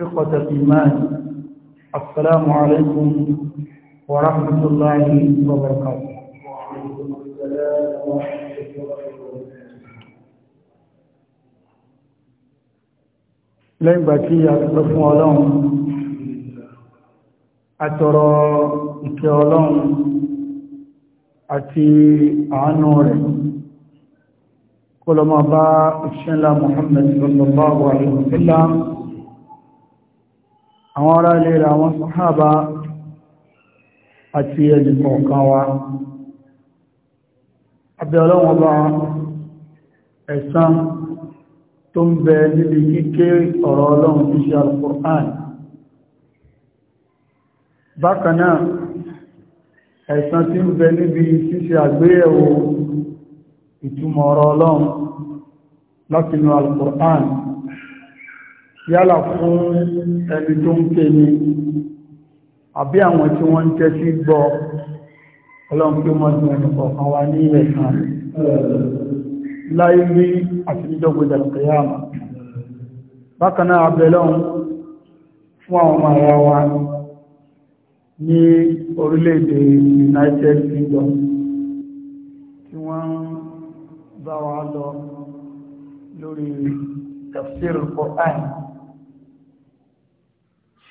إخوة الإيمان السلام عليكم ورحمة الله وبركاته لين باكي يا رفو علام أترى إكي علام أتي عنور كل ما با محمد صلى الله عليه وسلم àwọn ará ilé rẹ̀ àwọn sàhábà àti ẹnìkan kan wa abẹ́ ọlọ́wọ́n bá ẹ̀san tó ń bẹ níbi kíké ọ̀rọ̀ ọlọ́run tí ṣe al bákanáà ẹ̀san tí ń bẹ níbi ṣíṣe àgbéyẹ̀wò ìtumọ̀ ọ̀rọ̀ ọlọ́run látinú al yálà fún ẹni tó ń ké ní àbí àwọn tí wọ́n ń tẹ́ sí gbọ́ ọlọ́run fún àwọn ọmọ wa ní orílẹ̀-èdè United Kingdom tí wọ́n bá wa lọ lórí tafsir Qur'an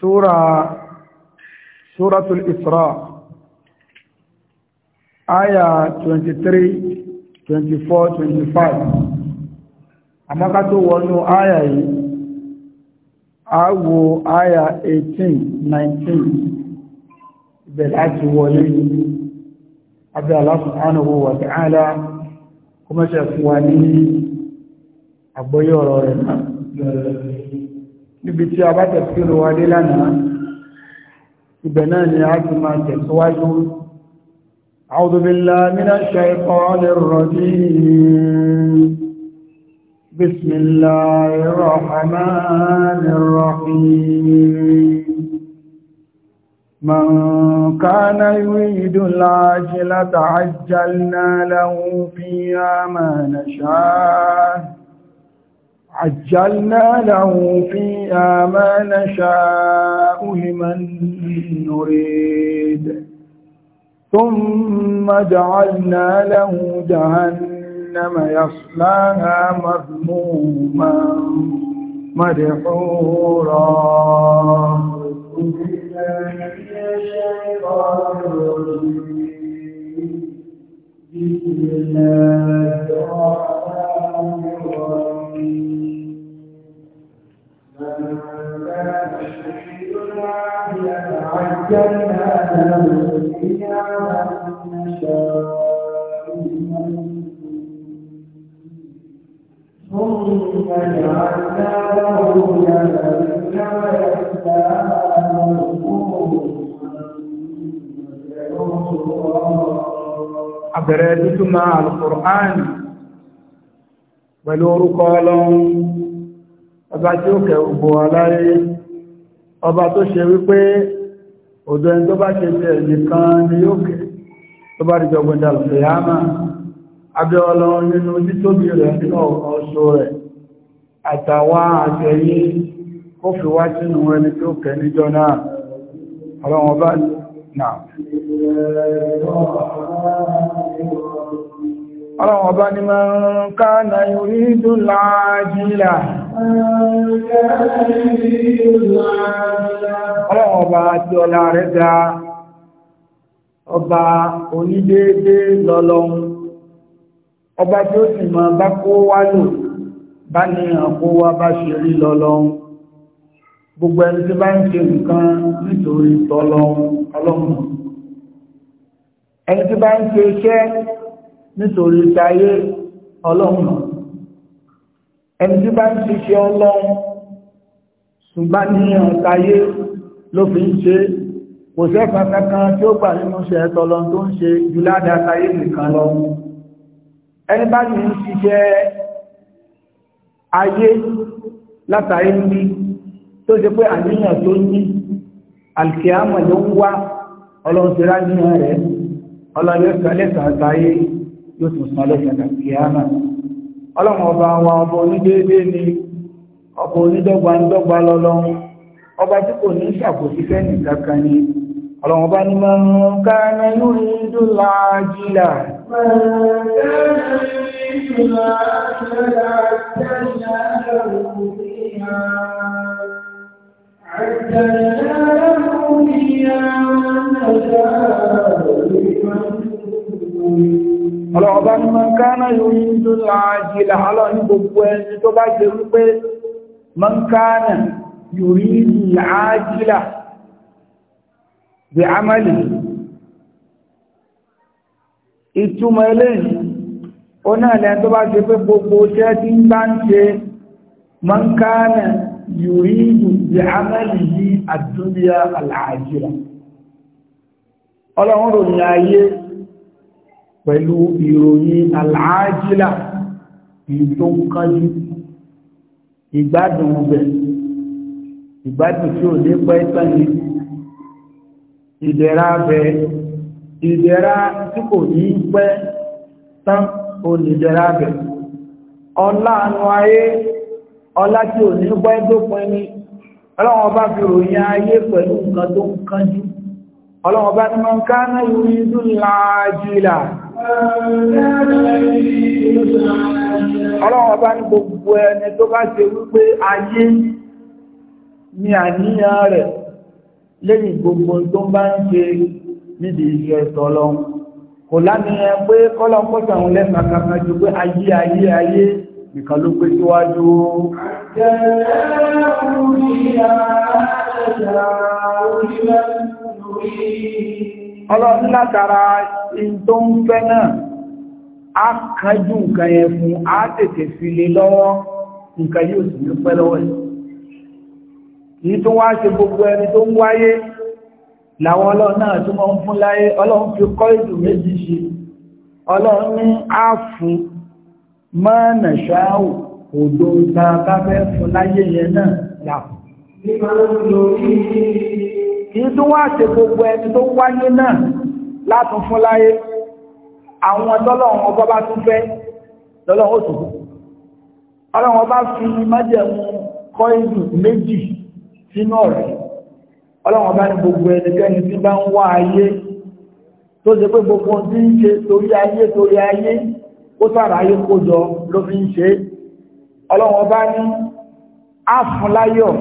سورة سورة الإسراء آية 23 24 25 àmọ́ ká tó wọnú àyà 18 19 ibẹ̀ láti wọlé abẹ́ Allah subhanahu wa ta'ala kó mẹ́ṣẹ̀ fún níbi tí a bá tẹ̀síro wa dé lánàá ibẹ̀ náà ni a ti máa tẹ̀síwájú أعوذ بالله من الشيطان الرجيم بسم الله الرحمن الرحيم من كان يريد العاجلة عجلنا له فيها ما نشاء عجلنا له فيها ما نشاء لمن نريد ثم جعلنا له جهنم يصلاها مذموما مدحورا بسم الله الرحمن الرحيم ومكنا له فيها من àbẹ̀rẹ̀ títúmọ̀ alùkùrán pẹ̀lú orúkọ ọlọ́run ọba tí ó aláyé ọba tó ṣe wípé òdó ẹni tó bá ṣe jẹ́ nìkan ni yóò kẹ́ tó bá rí jọgbọ́n jà lọ́fẹ́ yá máa abẹ́ ọlọ́run nínú títóbi rẹ̀ nínú ọ̀ṣọ́ rẹ̀ àtàwà àtẹ̀yí ó fi wá sínú ẹni tó kẹ́ níjọ náà bá Ọlọ́run ọba tí ọlá rẹ̀ ga ọba onídéédé lọ́lọ́run. Ọba tí ó sì mọ̀ bá kó wá lò bá ní àkó wá bá ṣe rí lọ́lọ́run. Gbogbo ẹni tí bá ń ṣe nǹkan nítorí tọ́lọ́run Ẹni tí bá ń ṣe iṣẹ́ nítorí tayé ọlọ́run ẹni tí bá ń ṣiṣẹ́ ọlọ́run ṣùgbọ́n ní ọ̀tayé ló fi ń ṣe kò sẹ́fà kankan tí ó gbà nínú ṣe ẹ̀tọ́lọ tó ń ṣe jù ládàá tayé nìkan lọ ẹni bá ní ṣiṣẹ́ ayé látàrí ní tó ṣe pé àníyàn tó ní alkiyama ló ń wá ọlọ́run ti ráníyàn rẹ̀ ọlọ́run lẹ́sàn-án táyé yóò tún san lẹ́sàn-án alkiyama ọlọ́run ọba wa ọba onídéédé ni ọba onídọ́gba ń lọ́lọ́run ọba tí kò ní ṣàkóso fẹ́ni ni ọlọ́run ọba ní máa ń kánà lórí dúlà jìlà عجلنا لهم إياما ọlọ́ọ̀bá ní mọ̀nkánà yóò yí tó láàájì láàálọ́ ní gbogbo ẹni tó bá jẹ wípé mọ̀nkánà yóò rí láàájìlá bí amálì ìtumọ̀ eléyìí ó náà lẹ́yìn tó bá ṣe pé gbogbo ṣẹ́ tí ń bá ń ṣe mọ̀nkánà yóò rí bí amálì yí àdúnyà àlàájìlá ọlọ́run ròyìn ayé pẹ̀lú ìròyìn àlàájílà tó ń kájú ìgbádùn ọbẹ̀ ìgbádùn tí ò ní pẹ́ tán ní ìdẹ̀ra bẹ ìdẹ̀ra tí kò ní pẹ́ tán ò ní dẹ̀ra bẹ ọlá àánú ayé ọlá tí ò ní pẹ́ dópin ní ọlọ́wọ́n bá fi ròyìn ayé pẹ̀lú nǹkan tó ń kájú ọlọ́wọ́n bá ní mọ̀ ń ká náà yóò rí dùn láàájílà Ọlọ́run ọba ní gbogbo ẹni tó bá ṣe wípé ayé ni àníyàn rẹ̀ lẹ́yìn gbogbo tó bá ń ṣe níbi iṣẹ́ ìtọ́lọ́run. Kò láníyàn pé kọ́lọ́n pọ́sàn òun lẹ́fà kàkà jù pé ayé ayé ayé nìkan ló pé síwájú. Ọlọ́run látara sí tó ń fẹ́ náà á kájú nǹkan yẹn fún á tètè fi lè lọ́wọ́ nǹkan yóò sì ní pẹ́ lọ́wọ́ ẹ̀ yìí tó wá ṣe gbogbo ẹni tó ń wáyé làwọn ọlọ́run náà tó mọ́ ń fún láyé ọlọ́run fi kọ́ ìdù méjì ṣe ọlọ́run ní á mọ́ọ̀nà ṣááwù òdo ta fẹ́ fún láyé yẹn náà làkùn kí ṣe gbogbo ẹni tó wáyé náà látún fún láyé àwọn tọ́lọ́run ọba bá tún fẹ́ lọ́lọ́run ó tún fún ọlọ́run ọba fi májẹ̀mú kọ́ìlù méjì sínú ọ̀rẹ́ ọlọ́run ọba ní gbogbo ẹnikẹ́ni tí bá ń wá ayé tó ṣe pé gbogbo ohun tí ń ṣe torí ayé torí ayé ó sára ayé kójọ ló fi ń ṣe ọlọ́run ọba ní àfúnláyọ̀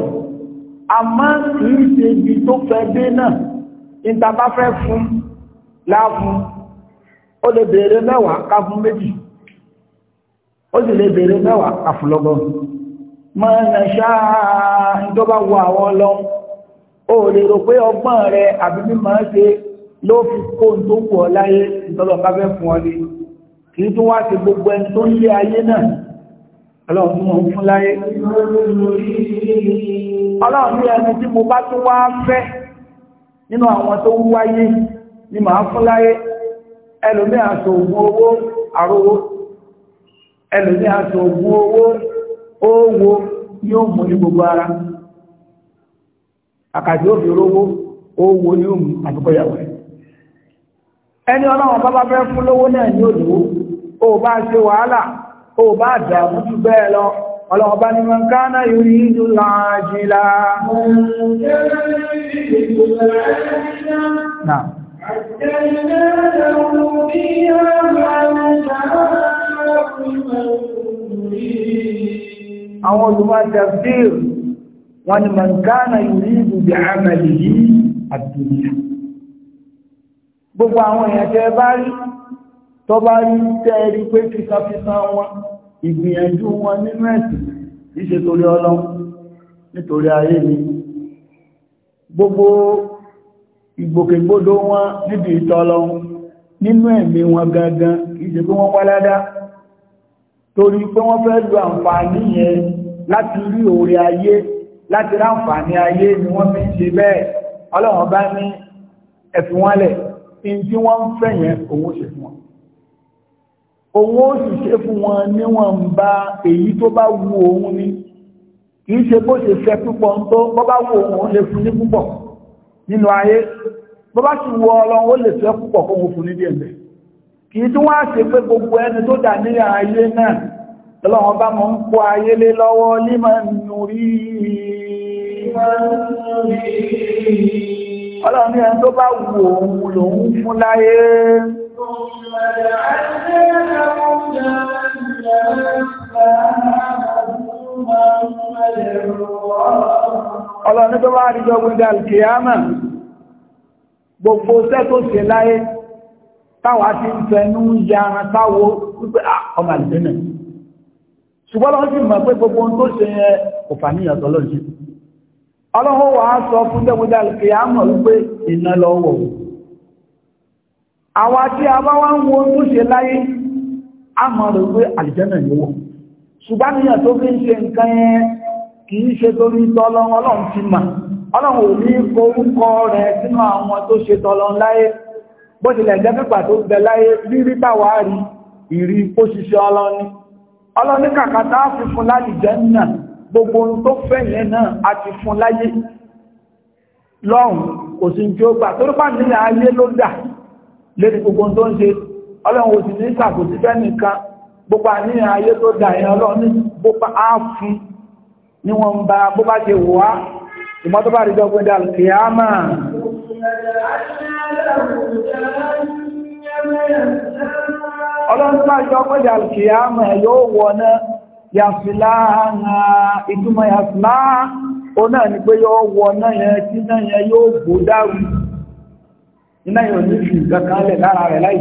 àmọ́ kìí ṣe ibi tó fẹ́ dé náà ìta bá fẹ́ fún láàfún ó lè bèèrè mẹ́wàá káfún méjì ó sì lè bèèrè mẹ́wàá káfúnlọ́gbọ́n mọ́nà ṣáà ń tó bá wọ àwọn lọ ó lè rò pé ọgbọ́n rẹ àbí mímọ̀ ṣe ló fi kó tó wù láyé ìtọ́lọ́ká fẹ́ fún ọ ni Kì í tún wá sí gbogbo ẹni tó ń lé ayé náà ọlọ́run tí mo ń fún láyé ọlọ́run ní ẹni tí mo bá tún wá fẹ́ nínú àwọn tó ń wáyé ni màá fún láyé ẹlòmí àti ògùn owó àrówó ẹlòmí àti ògùn owó owó yóò mú ní gbogbo ara àkàtí ó fi rówó owó ní òmù àtúkọ̀yàwó ẹni ọlọ́wọ̀n bá fẹ́ fún lówó náà o òdòwó ó bá ṣe wàhálà ó bá dàmú jù bẹ́ẹ̀ lọ ọlọ́wọ̀n bá ní mọ̀kánà yorí ìlú láàájìlá عجلنا له فيها ما نشاء لمن نريد أو تفسير wọ́n mọ̀ kánà yìí bí àmàlì yìí àdúnyà gbogbo àwọn èèyàn tẹ́ bá rí tọ́ bá rí tẹ́ rí pé fífàfífà wọn ìgbìyànjú wọn nínú ẹ̀sìn ìṣètòrí ọlọ́run nítorí ayé ni gbogbo ìgbòkègbodò wọn níbi ìtọ́lọ́un nínú ẹ̀mí wọn gangan ìṣe pé wọ́n wá ládá torí pé wọ́n fẹ́ lo àǹfààní yẹn láti rí oore ayé láti rí àǹfààní ayé ni wọ́n fi ń ṣe bẹ́ẹ̀ ọlọ́run bá ní ẹ̀fì wọn lẹ̀ in tí wọ́n ń fẹ́ yẹn òun ó ṣe fún wọn òun ó sì ṣe fún wọn níwọ̀n ń bá èyí tó bá wu òun ni kì í ṣe bó ṣe fẹ́ púpọ̀ ń tó bọ́ bá wu òun lè fún ní púpọ̀ nínú ayé bó bá ti wọ ọlọ́run ó lè fẹ́ púpọ̀ kó wọ́n fún níbi ẹ̀mẹ́ kì í tí wọ́n á ṣe pé gbogbo ẹni tó dà ní ayé náà ọlọ́run bá mọ́ ń kó ayé lé lọ́wọ́ límọ̀ nù rí ọlọ́run ẹni tó bá wù òun lòun fún láyé Ọ̀pọ̀lọpọ̀ Ọlọ́run tó bá ríjọ gbogbo ṣẹ́ tó ṣe láyé, táwà ti ń fẹnú yára táwọ wípé ah, ọmọ Ṣùgbọ́n sí mọ̀ pé gbogbo tó ṣe yẹ ní Ọlọ́run wà á sọ fún gbogbo alkiyama wípé iná lọ́wọ́. Àwa tí a ń wo tó ṣe láyé, mọ̀ rẹ̀ pé ṣùgbọ́n níyàn tó fi ń ṣe nǹkan yẹn kì í ṣe torí tọ́lọ́run ọlọ́run ti mà ọlọ́run ò ní orúkọ rẹ̀ sínú àwọn tó ṣe tọ́lọ́run láyé bó tilẹ̀ jẹ́ pípà tó bẹ láyé rírí báwa rí ìrí ó ṣiṣẹ́ ọlọ́ni ọlọ́ni kàkàtà fi fún lálìjẹ́ náà gbogbo ohun tó fẹ́ yẹn náà a ti fún láyé lọ́run kò sí tí ó gbà torí pà nílẹ̀ ayé ló dà lórí gbogbo ohun tó ń ṣe ọlọ́run gbogbo àníyàn ayé tó dà yẹn lọ ní gbogbo ní wọn bá bó bá ṣe wà ìmọ́ tó bá rí jọ gbẹ́dà kìíyàmà ọlọ́run tó yóò wọ̀ yàfìlá ààrẹ ìtumọ̀ yàfìlá ó náà ni pé yóò náà yẹn tí náà yẹn yóò gbó yóò ní fi lára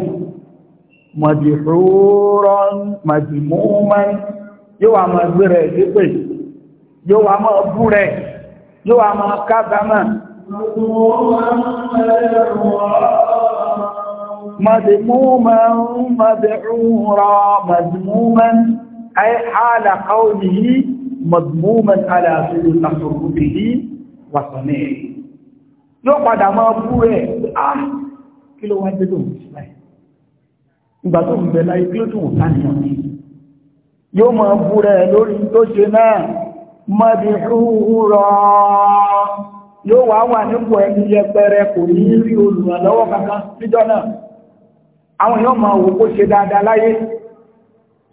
mọ̀dìhúrán mọ̀dìmúmán yóò wà máa gbé rẹ̀ dípẹ̀ yóò wà máa bú rẹ̀ yóò wà máa kábàámà mọ̀dìmúmán mọ̀dìhúrán mọ̀dìmúmán ay hálà qawlihi mọ̀dìmúmán aláàfin ìtàkùrùkùrù wàsànẹ́ yóò padà máa bú rẹ̀ ah kí ló wá jẹ́ lóòrùn síláì ìgbà tó ń otu láyé kílódù òtánìyàn ní yóò máa wà nípò ẹni yẹpẹrẹ kò ní rí olùrànlọ́wọ́ kankan níjọ́ náà àwọn yóò máa wò kó ṣe dáadáa láyé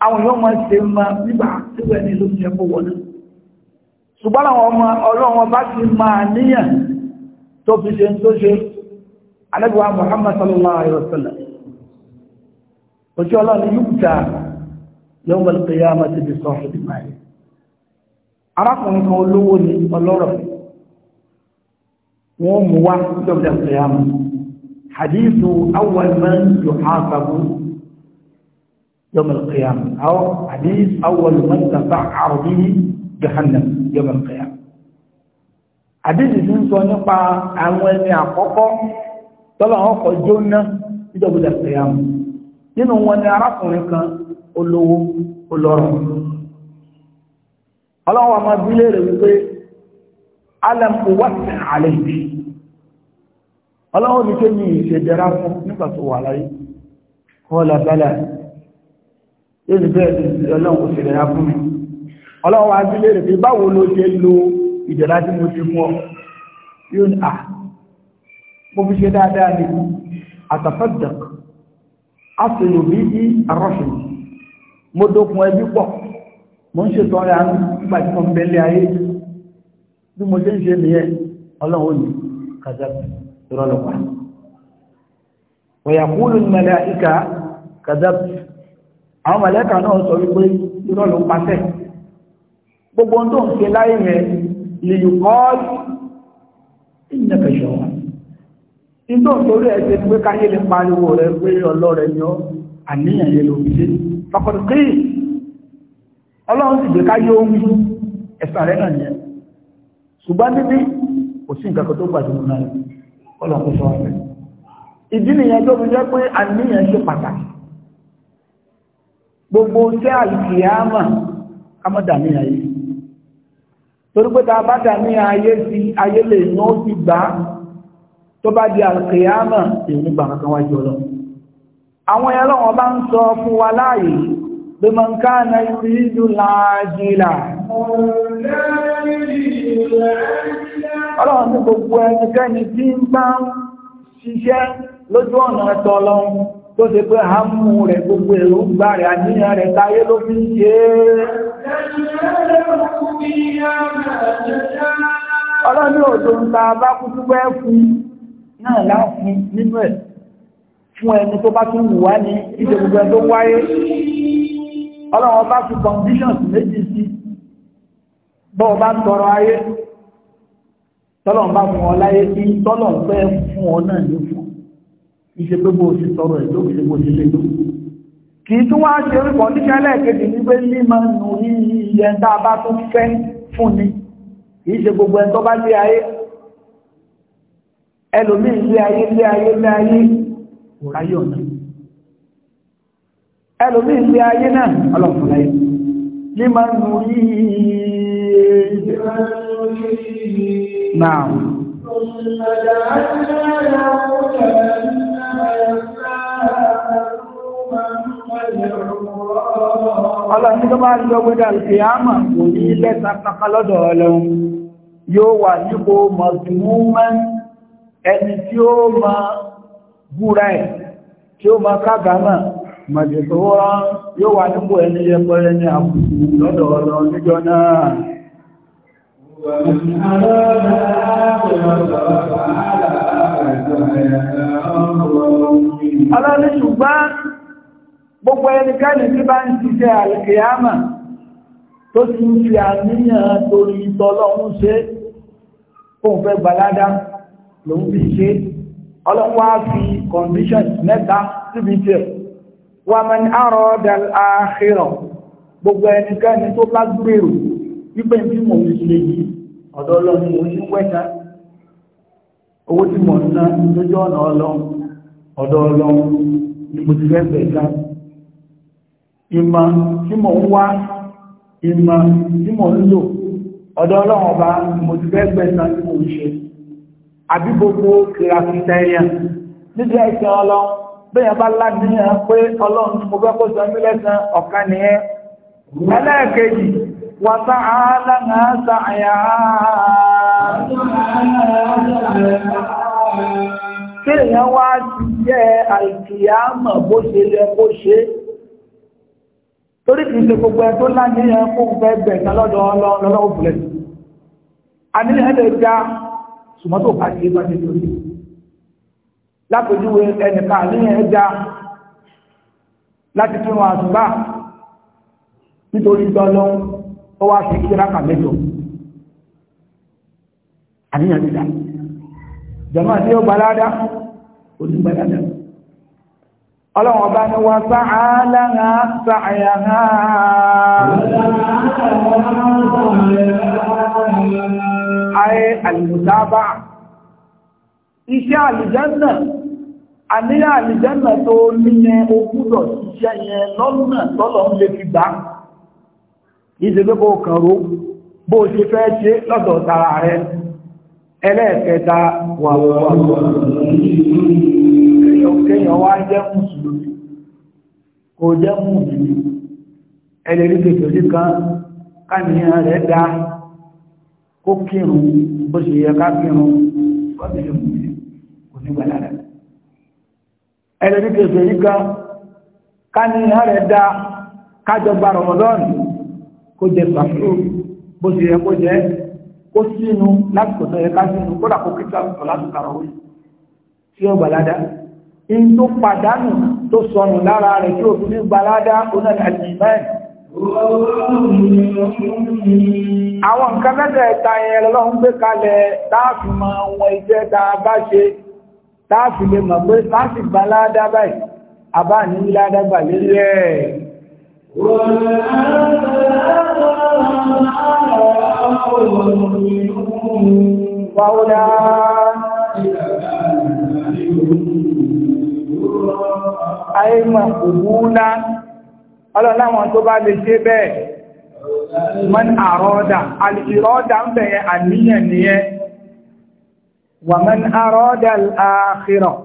àwọn yóò máa ṣe ma nígbà tí ní ló ń yẹ kó wọlé ṣùgbọ́n àwọn ọmọ ọlọ́wọ́n bá ti máa ojú ọlọ́run yóò jà yóò wọlé pé yá máa ti di sọ ọ̀hún ìgbà yìí arákùnrin kan olówó ni ọlọ́rọ̀ wọ́n mú wá yóò jà pé yá máa hadithu awwal man yuhasabu yawm al-qiyamah aw hadith awwal man tafa'ar bihi jahannam yawm al-qiyamah hadith tí ń sọ nípa àwọn ẹni àkọ́kọ́ tọ́lọ̀ ọkọ̀ jóná nítorí ìjọba ìjọba nínú wọn ni arákùnrin kan olówó olọ́rọ̀ ọlọ́wọ́ ọmọ abúlé rẹ̀ wípé alam wàtí àlẹ́ ìdí ọlọ́wọ́ ní pé mi ìṣèdẹ́ra fún nígbà tó wà láyé kọ́ọ̀lá bálà yóò bẹ́ẹ̀ ti ọlọ́wọ́ ìṣèdẹ́ra fún mi ọlọ́wọ́ abúlé ah, asèlò bí i arọ́ṣù mo dókun ẹbí pọ̀ mo ń ṣètò ọ̀rẹ́ àánú nígbà tí mo ń bẹ́lẹ̀ ayé bí mo ṣe ń ṣe nìyẹn ọlọ́run ní kàjá ìrọ̀lọ́pàá wọ̀yàkúlù mẹ́lẹ̀ ìkà kàjá àwọn mẹ́lẹ́kà náà sọ wípé ìrọ̀lọ́pàá tẹ̀ gbogbo ohun tó ń ṣe láyé yẹn lè yùkọ́ ìyẹn kẹsàn-án ìjọ torí ẹ̀ṣẹ̀ pé káyé lè pariwo rẹ̀ pé ọlọ́rẹ̀ yọ àníyàn yẹ lórí ṣe pàpàdé pé ọlọ́run sì gbé káyé omi ẹ̀sà rẹ̀ náà yẹn ṣùgbọ́n níbi kò sí nǹkan tó gbàdúrà náà ìdí nìyẹn tó fi jẹ́ pé àníyàn ṣe pàtàkì gbogbo yìí torí pé a bá dàníyàn ayé sí ayé lè ó tó bá di alkiyama èyí gbà kankan wájú ọlọ́ àwọn ẹ̀rọ wọn bá ń sọ fún wa láàyè bí mọ̀ ká na ìrìnlú láàájìlá ọlọ́run ní gbogbo ẹnikẹ́ni tí ń bá ń ṣiṣẹ́ lójú ọ̀nà tọ́lọ tó ṣe pé a mú rẹ̀ gbogbo èrò gbà rẹ̀ àníyàn rẹ̀ táyé ló fi ṣe é ọlọ́run ní òjò ń ta bá kú túbẹ́ fún náà láàfin nínú ẹ̀ fún ẹni tó bá tún wù wá ní ìdè gbogbo ẹ̀ tó wáyé ọlọ́wọ́ bá fi conditions méjì sí bọ́ọ̀ bá tọrọ ayé tọ́lọ̀n bá fún ọ láyé tí tọ́lọ̀n fẹ́ fún ọ náà ní fún iṣẹ́ pé bó ṣe tọrọ ẹ̀ tó ṣe bó ṣe lè tó kì í tún wá ṣe orí condition lẹ́ẹ̀kejì ní pé ní máa nù ní iye tá a bá tún fẹ́ fún ni kì í ṣe gbogbo ẹ̀ tó bá dé ayé ẹlòmí ilé ayé ilé ayé ilé ayé ayé ọ̀nà ẹlòmí ilé ayé náà ọlọ́fún láyé ní ma ń nù Ọlọ́run tó bá lọ kò ní ọlọ́run yóò wà nípo mọ̀túnmọ́ ẹni tí ó máa búra ẹ̀ tí ó máa kágàmà màjèsówọ́rọ́ yóò wà nípò ẹni yẹpẹrẹ ní àkùkù lọ́dọ̀ ọ̀rọ̀ níjọ náà Ọlọ́ni ṣùgbọ́n gbogbo ẹnikẹ́ni tí bá ń ṣiṣẹ́ àlìkìyàmà tó ti ń fi àníyàn torí ìtọ́lọ́run ṣe fún fẹ́ gbaládá lòun fi ṣe ọlọ́wọ́ á fi condition mẹ́ta síbi tẹ̀ wà mẹ́ni àrọ̀ dal àhírọ̀ gbogbo ẹnikẹ́ni tó bá gbèrò wípé tí mò ń ṣe yìí ọ̀dọ̀ ọlọ́run mò ń wẹ́ta owó tí mò ná lójú ọ̀nà ọlọ́run ọ̀dọ̀ ọlọ́run ni ti fẹ́ bẹ̀ẹ̀ká ìmọ̀ tí mò ń wá ìmọ̀ tí mò ń lò ọ̀dọ̀ ọlọ́run ọba mo ti fẹ́ gbẹ̀ẹ́ta tí mò ń ṣe àbí gbogbo kìràfìtẹ́yàn níbi ẹ̀sìn ọlọ́run bẹ́yàn bá ládìyàn pé ọlọ́run mo fẹ́ kó sọ mí lẹ́sàn ọ̀kan nìyẹn ẹlẹ́ẹ̀kejì wàtá àálànà sàáyà kí èèyàn wá ti jẹ́ àìkìyàmọ̀ bó ṣe yẹ kó ṣe torí kìí ṣe gbogbo ẹ tó ládìyàn kó fẹ́ bẹ̀ẹ̀kan lọ́dọ̀ ọlọ́run lọ́wọ́ ṣùgbọ́n tó bá ṣe é bá ṣe tó ṣe lápèjúwe ẹnìkan àníyàn ẹja láti tún wọn àṣùbà nítorí tọ́lọ́ ó wá sí kíráka mẹ́jọ àníyàn ti jọmọ́ àti ó gbalada ó ní gbalada ọlọ́run ọba ni wà sáà lára sáàyà náà ayé alìmùsáàbà iṣẹ́ àlìjẹ́nà àníyàn àlìjẹ́nà tó níyẹ ogúdọ̀ iṣẹ́ yẹn lọ́nà tọ́lọ̀ ń lè fi gbá ìṣẹ́gbẹ́gbẹ́ òkànrò bó ṣe fẹ́ ṣe lọ́dọ̀ tara rẹ̀ ẹlẹ́ẹ̀kẹta wà kéèyàn wá jẹ́ mùsùlùmí kò jẹ́ mùsùlùmí ẹlẹ́rí kékeré kan káníyàn rẹ̀ dá kó kírun bó ṣe yẹ ká kírun wọ́n ti ṣe mùsùlùmí kò ní kan káníyàn rẹ̀ dá kájọba rọmọdọ́ọ̀nù kó jẹ pàṣẹ bó ṣe yẹ kó jẹ kó sínú lásìkò tó yẹ ká sínú kó dà kó kíkà ọ̀làtúkà rọ̀ wí tí ó gbàládá in tó pàdánù tó sọnù lára rẹ̀ tí ó fi ní gbaládá onáni àjìmẹ́ àwọn nǹkan mẹ́ta ẹ̀ta yẹn lọ́wọ́n gbé kalẹ̀ táàfì ma wọn iṣẹ́ ta bá ṣe táàfì lè mọ̀ pé táàfì gbaládá báyìí àbá ní ládàgbà lérí ẹ̀ Wàhúdá àìmọ̀ òwúlá ọlọ́láwọn tó bá lè ṣe bẹ́ẹ̀ mọ́n àrọ́dà alìrọ́dà ń bẹ̀yẹ àníyàn nìyẹn wà mọ́n àrọ́dà al-akhirah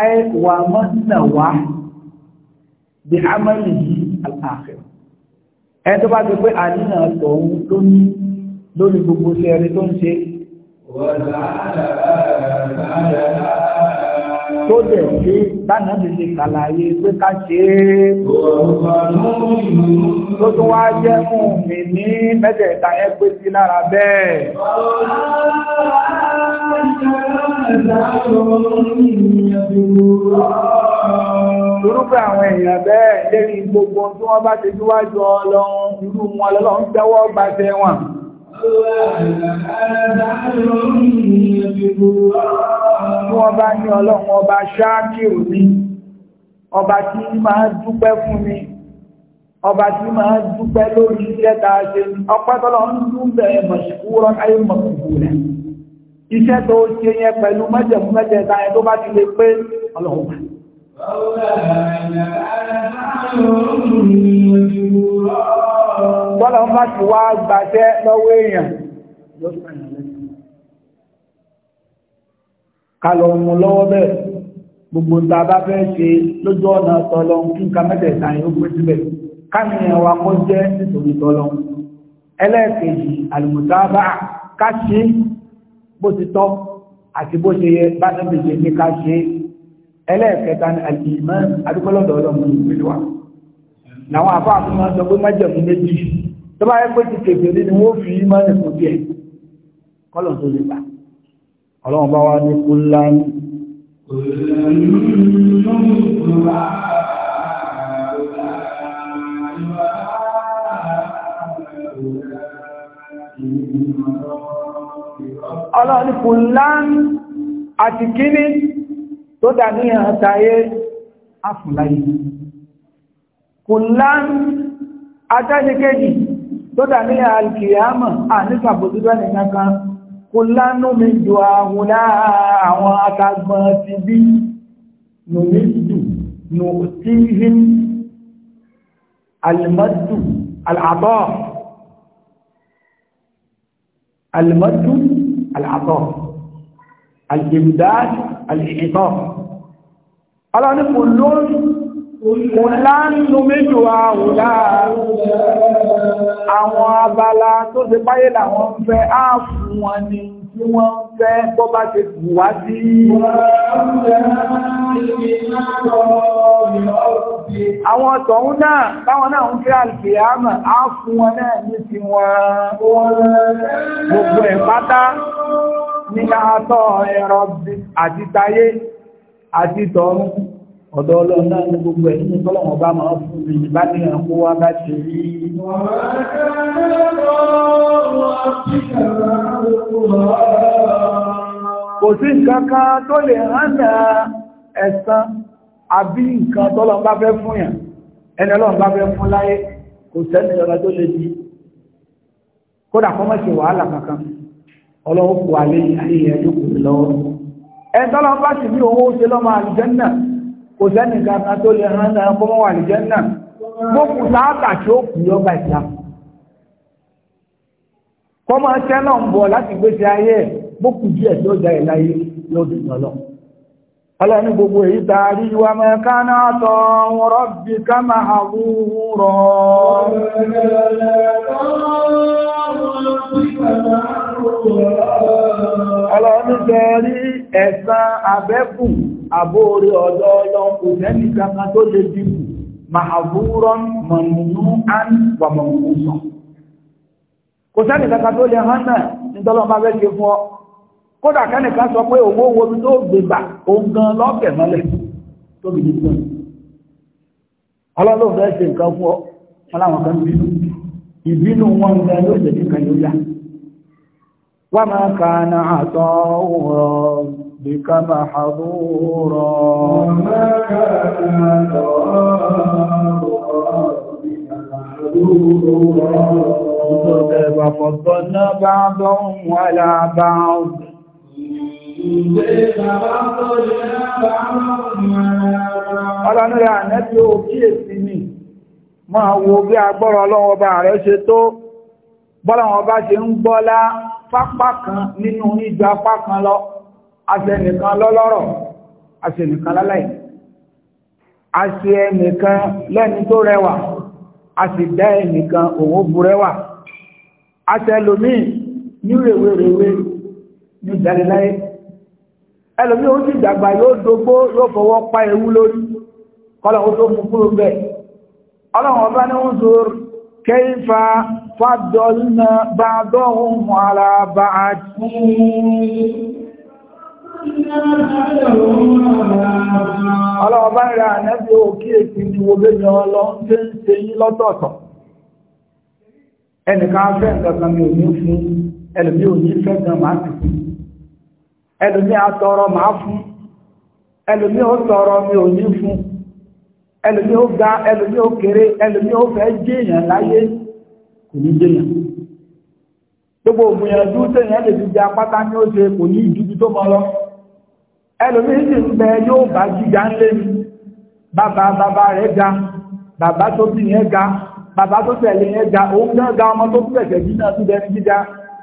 ay wà mọ́n nàwà bí amalihi al-akhirah ẹ tó bá ti pé àníyàn lórí gbogbo sí ẹni tó ń ṣe wọ́n tó dẹ̀ ṣe bánàbí lè kàlàyé pé ká ṣe é tó tó wá jẹ́ fún mi ní mẹ́tẹ̀ẹ̀ta yẹn pé sí lára bẹ́ẹ̀ Orúkọ àwọn èèyàn bẹ́ẹ̀ lérí gbogbo tí wọ́n bá ti síwájú ọlọ́run irú wọn lọ́lọ́run tẹ́wọ́ gbàṣẹ wọn. Wọ́n bá ní ọlọ́run ọba ṣáàkìrù ní, ọba tí máa dúpẹ́ fún mi, ọba tí máa dúpẹ́ lórí iṣẹ́ tàà ṣe, ọpẹ́ tọ́lọ ń dúnbẹ̀ mọ̀ṣíkúrọ́ ayé mọ̀kùnkù rẹ̀. Iṣẹ́ tó ṣe yẹn pẹ̀lú mẹ́jẹ̀mú mẹ́jẹ̀ta ẹ tó bá ti lè pé ọlọ́run Bọ́lá ń bá ti wá gbàṣẹ́ lọ́wọ́ èèyàn ló sàyàn lẹ́sìn. Kàlọ̀ mú lọ́wọ́ bẹ́ẹ̀, gbogbo ta bá fẹ́ ṣe lójú ọ̀nà tọ́lọ kí n ka mẹ́tẹ̀ẹ̀ta yóò pẹ́ síbẹ̀. Káàmìyàn wa kó jẹ́ nítorí tọ́lọ. Ẹlẹ́ẹ̀kejì, àlùmùtábà, bá ká ṣe ẹlẹ́ẹ̀kẹta ni àìmọ́ adúgbọ́lọ́dọ̀ ọlọ́run ìpínlẹ̀ wa làwọn àbá àfihàn sọ pé májẹ̀mú méjì tó bá yẹ pé ti kèfè ní ni wọ́n fi mọ́ nìkan bí ẹ̀ kọ́lọ̀ tó lè gbà ọlọ́run bá wá ní kúlá ní ọlọ́run kúlá àti kíní tó dàbí hàn táyé àfùláyé kò lán ajáṣekéjì tó dàbí hàn alkiyama àníkàbòsíwá nìkan kan kò lánú mi jù àwọn àwọn akagbọn ti bí nùmídù nùtíhìn alimadu al'abọ́ alimadu al'abọ́ al'imdad al'itọ́ ọlọ́ni lórí ńlá nínú méjò àwòlá àwọn abala tó ṣe báyé làwọn fẹ́ á wọn ni tí wọ́n ń fẹ́ bọ́ bá ṣe kù wá sí àwọn ọ̀tọ̀hún náà báwọn náà ń fẹ́ alìkìyàmà á fún wọn náà ní ti wọn gbogbo ẹ̀ pátá ní àtọ̀ ẹ̀rọ àti tayé àti tọ̀run ọ̀dọ̀ ọlọ́run náà ní gbogbo ẹ̀ nínú tọ́lọ̀wọ̀n bá máa fún mi bá ní ẹ̀kú wá bá ṣe rí kò sí nǹkan kan tó lè hánà ẹ̀san àbí nǹkan tọ́lọ́run bá fẹ́ fún yàn ẹni ọlọ́run bá fẹ́ fún láyé kò sẹ́ni ọ̀rọ̀ tó lè di kódà kọ́mọ̀ṣe wàhálà kankan ọlọ́run kò wà lẹ́yìn ayé ẹ̀dùn kò lọ́wọ́ ẹ̀tọ́lọ bá sì ní owó ṣe lọ́mọ àlìjẹ́nà kò sẹ́nì kankan tó lè rán náà kó mọ́ àlìjẹ́nà gbókù sáàtà tí ó kù yọba ìta kọ́ ń bọ̀ láti ayé gbókù díẹ̀ tí ó jáde láyé lóbi ọlọ́ni gbogbo èyí mẹ́kánná tọ́ ká máa wúrọ̀ ọlọ́run tẹ́rí ẹ̀san abẹ́kù àbóore ọ̀dọ́ ọlọ́run kò sẹ́ni kankan tó lè dìbò màhàbúrọ́ mọ̀nùnú án wà mọ̀nùnúsàn kò sẹ́ni kankan tó lè hàn náà nítọ́lọ́run bá fẹ́ ṣe fún ọ kódà kẹ́nìkan sọ pé owó wo tó gbégbà òun gan lọ́kẹ̀ mọ́lẹ̀ tó bìí ìbínú wọn gan yóò jẹ́ nǹkan yá وما كان عطاء ربك محظورا وما كان عطاء وفضلنا بعضهم ولا بعض Ọlọ́run rẹ̀ ànẹ́bí ó kíyèsí ni, máa wo bí agbọ́rọ̀ ọlọ́wọ́ bá rẹ̀ ṣe tó, bọ́lọ̀wọ́ bá ṣe ń gbọ́lá pápá kan nínú ìjọ apá kan lọ aṣẹ́nìkan lọ́lọ́rọ̀ aṣẹ́nìkan láláì aṣẹ́ ẹnìkan lẹ́ni tó rẹwà a sì dá ẹnìkan òwò burẹ́wà aṣẹ́ ẹlòmíì ní rèwerèwe ní ìdániláyé ẹlòmíì ó sì dàgbà yóò dogbó yóò fọwọ́ pa ewu lórí kọ́lọ̀ ó tó mú kúrò bẹ́ẹ̀ ọlọ́run ọba ní ń sọ̀rọ̀ كيف فضلنا بعضهم على بعض Ọlọ́ọ̀bá ìrà ànẹ́bí òkè èkì ni wo bẹ́jọ ọlọ́run tí ń ṣe yí lọ́tọ̀ọ̀tọ̀. Ẹnìkan fẹ́ ǹkan mi ò ní fún, ẹlòmí ò ní fẹ́ gan máa ti fún. Ẹlòmí àtọrọ máa fún, ẹlòmí ó tọrọ mi ò ní fún ẹlòmí ó ga ẹlòmí ó kéré ẹlòmí ó fẹ́ jẹ́yàn láyé kò ní jẹ́yàn gbogbo ògbìyànjú tẹ̀yàn lè fi jẹ apáta ní ó ṣe kò ní ìdúdú tó mọ lọ ẹlòmí sì ń bẹ yóò bá gíga ńlé mi bàbá bàbá rẹ̀ ga bàbá tó bí yẹn ga bàbá tó tẹ̀lé yẹn ga òun náà ga ọmọ tó tẹ̀sẹ̀ bí náà tún bẹni gíga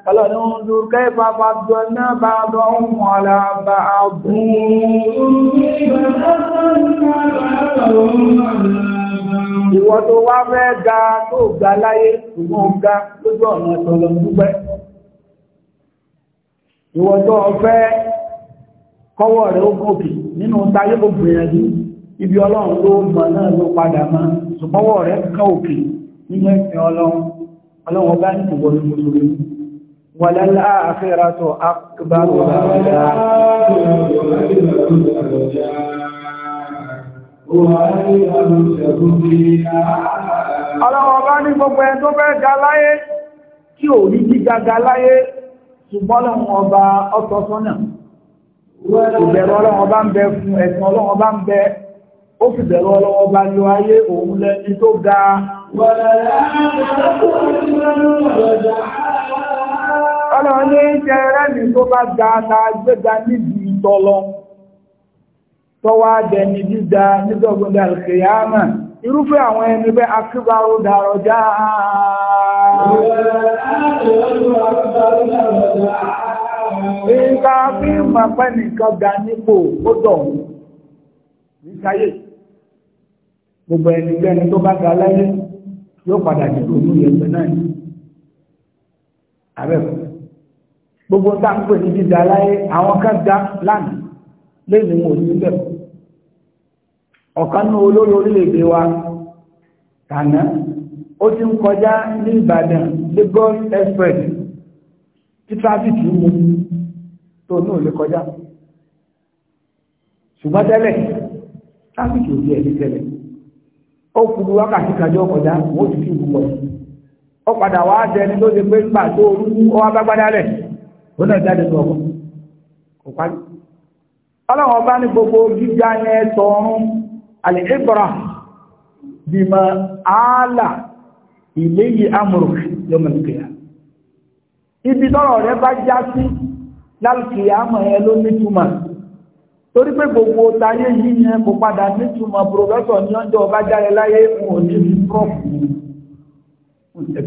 ọlọ́ni ń lú kẹfà fàbọ̀ náà bá bọ́ ohun ọ̀lá bá àbún ìwọ tó wá fẹ́ ga tó ga láyé ṣùgbọ́n ga lójú ọ̀nà ìṣọ̀lọ̀ dúpẹ́ tó fẹ́ náà ló padà mọ́ ṣùgbọ́wọ́ rẹ̀ kọ́ òkè nínú ẹ̀sìn ọlọ́run ọlọ́run ọba ní ìwọ̀n ìmọ̀lórí وللآخرة أكبر درجات Ọlọ́wọ́ bá ní gbogbo ẹ̀ tó fẹ́ ga láyé tí ò rí gíga ga láyé ṣùgbọ́n lọ́wọ́ ọba ọ̀tọ̀ sọ́nà. Ìbẹ̀rọ ọlọ́wọ́ bá ń bẹ fún ẹ̀sùn ọlọ́wọ́ bá ń bẹ, ó fi bẹ̀rọ ọlọ́wọ́ bá lọ ayé òun lẹ́ni tó ga. Wọ̀lẹ̀ Ọlọ́run ní ṣẹrẹ́ ní tó bá ga àtàgbéga níbi ìtọ́lọ tọ́wọ́ adẹni dídá nígbọ̀gbọ̀dà kìyàmà irúfẹ́ àwọn ẹni bẹ́ akíbárò dàrọ̀ já Ìgbà bí màpẹ́ nìkan ga nípò ó dọ̀ ní sáyé. Gbogbo ẹni bẹ́ni tó bá ga láyé yóò padà jù lórí ẹgbẹ́ náà. Àbẹ̀kọ̀. gbogbo tá à ń pè ní dídá láyé àwọn kan dá lánàá lẹ́yìn ní ọ̀kan ní olórí orílẹ̀-èdè wa tànà ó ti ń kọjá ní Ìbàdàn Lagos express tí tráfíkì mú tó ní òlé kọjá ṣùgbọ́n tẹ́lẹ̀ ò di tẹ́lẹ̀ ó wákàtí kọjá wọ́n ti ọ padà wá ṣe pé nígbà tó ó náà jáde lọ ọkọ kò parí ọlọ́run ọba ní gbogbo gíga yẹn tọrún àlè ibra bímọ àálà ìléyìí amúrò lọ́mọdékèyà ibi tọrọ rẹ bá já sí lálùkìyà mọ̀ ẹ ló torí pé gbogbo táyé yìí yẹn kò padà ní ọba jáde láyé ní ní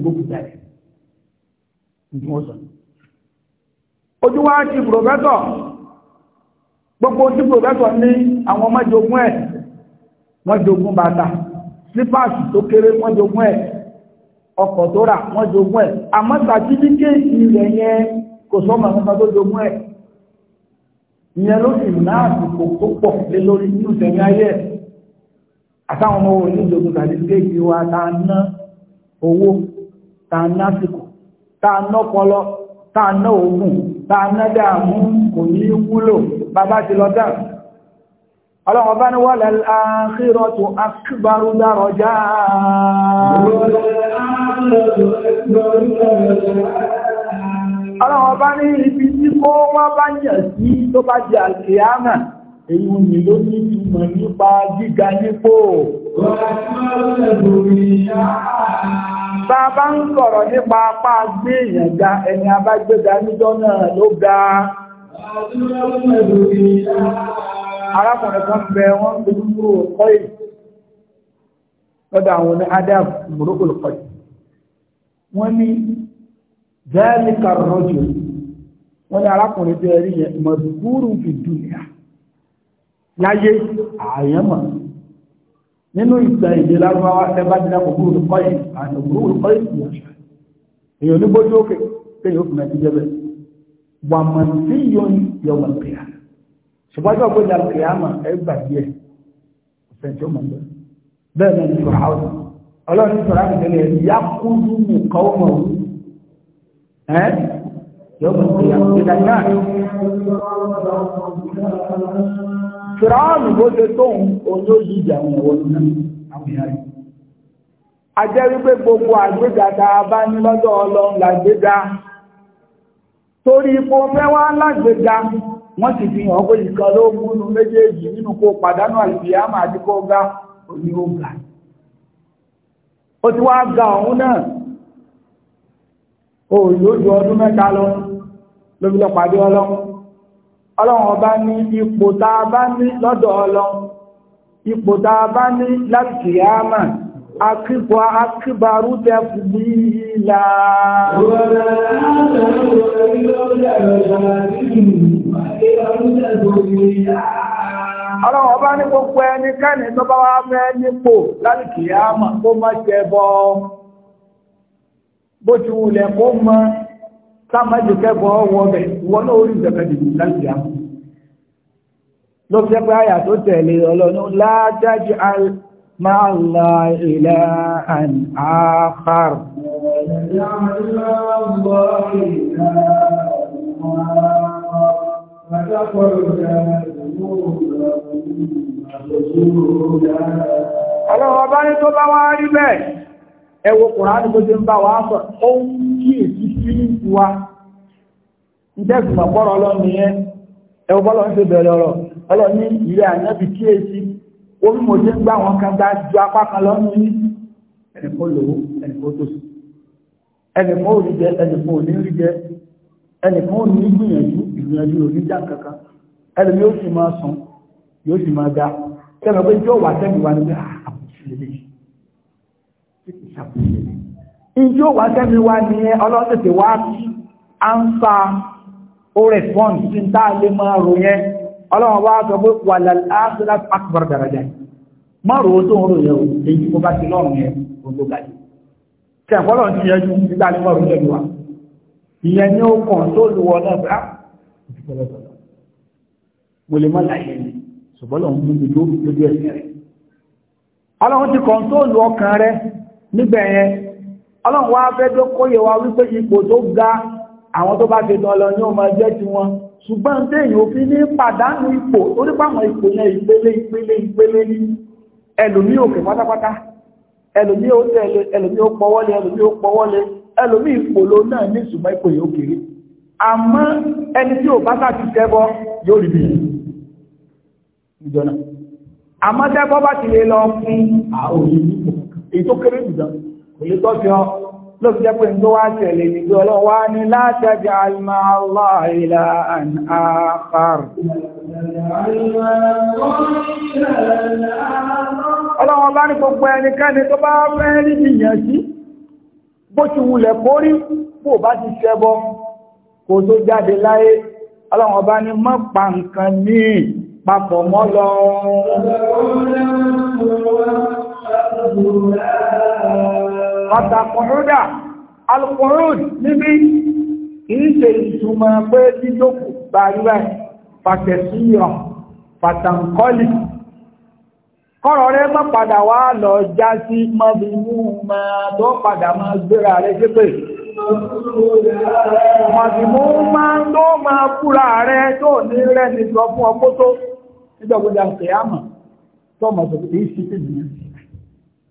òkúta ní ojú wá ti pòfẹ́sọ̀ gbogbo tí pòfẹ́sọ̀ ní àwọn ọmọ jogún ẹ̀ wọ́n jogún bàtà sípàsì tó kéré wọ́n jogún ẹ̀ ọkọ̀ tó rà wọ́n jogún ẹ̀ àmọ́ sàtífíkéètì rẹ̀ yẹn kò sọ́mọ̀ nǹkan tó jogún ẹ̀ ìyẹn ló sì ná àsìkò tó pọ̀ lé lórí nínú ìsẹ̀mí ayé ẹ̀ àtàwọn ọmọ òní ìjọba sàtífíkéètì wa ta ná owó ta ná àsìkò ta ná ọpọlọ ta ná oògùn bá nádà mú kò ní wúlò bàbá ti lọ dáa ọlọ́wọ́ bá ní wà láàáhírọ̀ tó akíbarú dárọ̀ já ọlọ́wọ́ bá ní ibi tí kó wọ́n bá yẹ̀ sí tó bá jẹ́ àkíyàmà èyí ni ló ní ìmọ̀ nípa gíga nípò Wọ́n bá bá ń sọ̀rọ̀ nípa apá gbé èèyàn ga ẹni abágbéga níjọ́ náà ló ga arákùnrin kan bẹ wọ́n ń gbogbo ọkọ̀ yìí lọ́dọ̀ àwọn ní adam morocco lọ́kọ̀ yìí wọ́n ní zalika rajul wọ́n ní arákùnrin bẹ́ẹ̀ rí yẹn mọ̀dúkúrú nínú ìgbà ìdè lárúbáwá ẹbá jẹ́ kòkúrò lùkọ́ yìí àti òkúrò lùkọ́ yìí ti yànṣà èyàn ní gbójú òkè pé yóò fún ẹbí jẹ́bẹ̀ wà mọ̀ sí yóò yọ wà pìyà ṣùgbọ́n tó gbójú àpìyà mà ẹ gbà díẹ̀ ọ̀sẹ̀ntì ó mọ̀ ń bẹ́ẹ̀ ní sọ̀rọ̀ àwọn ọlọ́run sọ̀rọ̀ àwọn ìdílé yá kúndú mú kọ́ mọ̀ ọ́ fìràánù bó ṣe tóun olóyìí ìjà àwọn ìwọ̀n náà àwọn ìyá rẹ̀ a jẹ́ wípé gbogbo àgbéga tá a bá ní lọ́dọ̀ ọlọ́run làgbéga torí ipò fẹ́ wá lágbéga wọ́n sì fi hàn pé ìkan ló múnú méjèèjì nínú kó pàdánù àlùfíàmà àti kó ga òní ó ga ó ti wá ga òun náà òòlù ojú ọdún mẹ́ta lọ lóbi lọ pàdé ọlọ́run ọlọ́run ọba ní ipò tá bá ní lọ́dọ̀ ọlọ́run ipò tá bá ní láti yáàmà akíbọ̀ akíbarú tẹ́ fìdí ìlà ọlọ́run ọba ní gbogbo ẹnikẹ́ni tó bá wá fẹ́ nípò láti yáàmà kó má jẹ bọ́ bó ti wulẹ̀ kó mọ́ sáàmájì kẹ́bọ̀ ọwọ́ ọbẹ̀ wọn náà orí ìjọkẹ́dì láti àmú ló fi pé àyà tó tẹ̀lé ọlọ́nu lájájú máa ilẹ̀ àn áhàr Ọlọ́run ní tó bá wá rí bẹ́ẹ̀ ẹwọ kùránì tó ṣe ń bá wa sọ ó ń kí èsì sí wa ń tẹ́sùmọ̀ pọ́rọ̀ ọlọ́run yẹn ẹwọ bọ́lọ̀ ń ṣe bẹ̀rẹ̀ ọ̀rọ̀ ọlọ́run ní ilé àyẹ́bì kí èsì orí mo ṣe ń gbá wọn kan gbá ju apá kan lọ́nu ní ẹnìkan lòó ẹnìkan tó sì ẹnìkan ò rí jẹ ẹnìkan ò ní rí jẹ ẹnìkan ò ní gbìyànjú ìgbìyànjú ò ní já kankan ẹnìkan yóò sì máa sùn yóò sì máa ga kẹ́mi ìjó wà sẹ́mi wá ní ọlọ́tẹ̀tẹ̀ wá ánsá ó rẹ̀spọ́n tí ń táà lè máa rò yẹn ọlọ́wọ́ wá sọ pé wà láàrín akbar daraja má rò o èyí mo bá ti lọ́rùn yẹn gbogbo gàdí tẹ̀fọ́lọ̀ ti yẹjú nígbà tí wọ́n rò yẹn wà ìyẹn ní ó kàn tó lu ọ náà bá ah, mo lè má láyé ni ṣùgbọ́n lọ́wọ́ mú nígbà yẹn ọlọ́run wá fẹ́ tó kóyè wa wípé ipò tó ga àwọn tó bá fi tán lọ ní ọmọ ẹgbẹ́ tí wọn ṣùgbọ́n téèyàn ò fi ní pàdánù ipò torí pàwọn ipò yẹn ìpele ìpele ìpele ní ẹlòmí òkè pátápátá ẹlòmí ó tẹ̀lé ẹlòmí ó pọ̀wọ́lé ẹlòmí ó pọ̀wọ́lé ẹlòmí ìpòló náà ní ṣùgbọ́n ipò yóò kéré àmọ́ ẹni tí ò bá sá ti tẹ́bọ́ yóò rí bí àmọ́ tẹ́bọ́ bá ti lè lọ fún àwọn òyìnbó èyí tó kéré jùlọ kò lè tọ́jú ọ ló fi jẹ́ pé ń tó wá tẹ̀lé ní pé ọlọ́run wá ní látẹ̀jẹ́ alma Allah ilahan akhar. ọlọ́run bá ní gbogbo ẹnikẹ́ni tó bá fẹ́ rí ìyàn sí bó ti wulẹ̀ kórí bó bá kò tó jáde láyé ọlọ́run ọba ní mọ́ pa nǹkan ní papọ̀ mọ́ lọ. Bàtà kùnrúdà, alkùnrúd níbi kìí ṣe ìtumọ̀ pé dídókù bàríwẹ̀ fàtẹ̀síyàn, fàtàǹkọ́lì. Kọ́rọ̀ rẹ má padà wá lọ já sí mọ́bìnú máa tó padà máa gbéra rẹ ṣe pé. Mọ̀bìnú máa tó máa fúra rẹ tó ní rẹ̀ nìtọ́ fún ọkó nígbàgbọ́dà kìí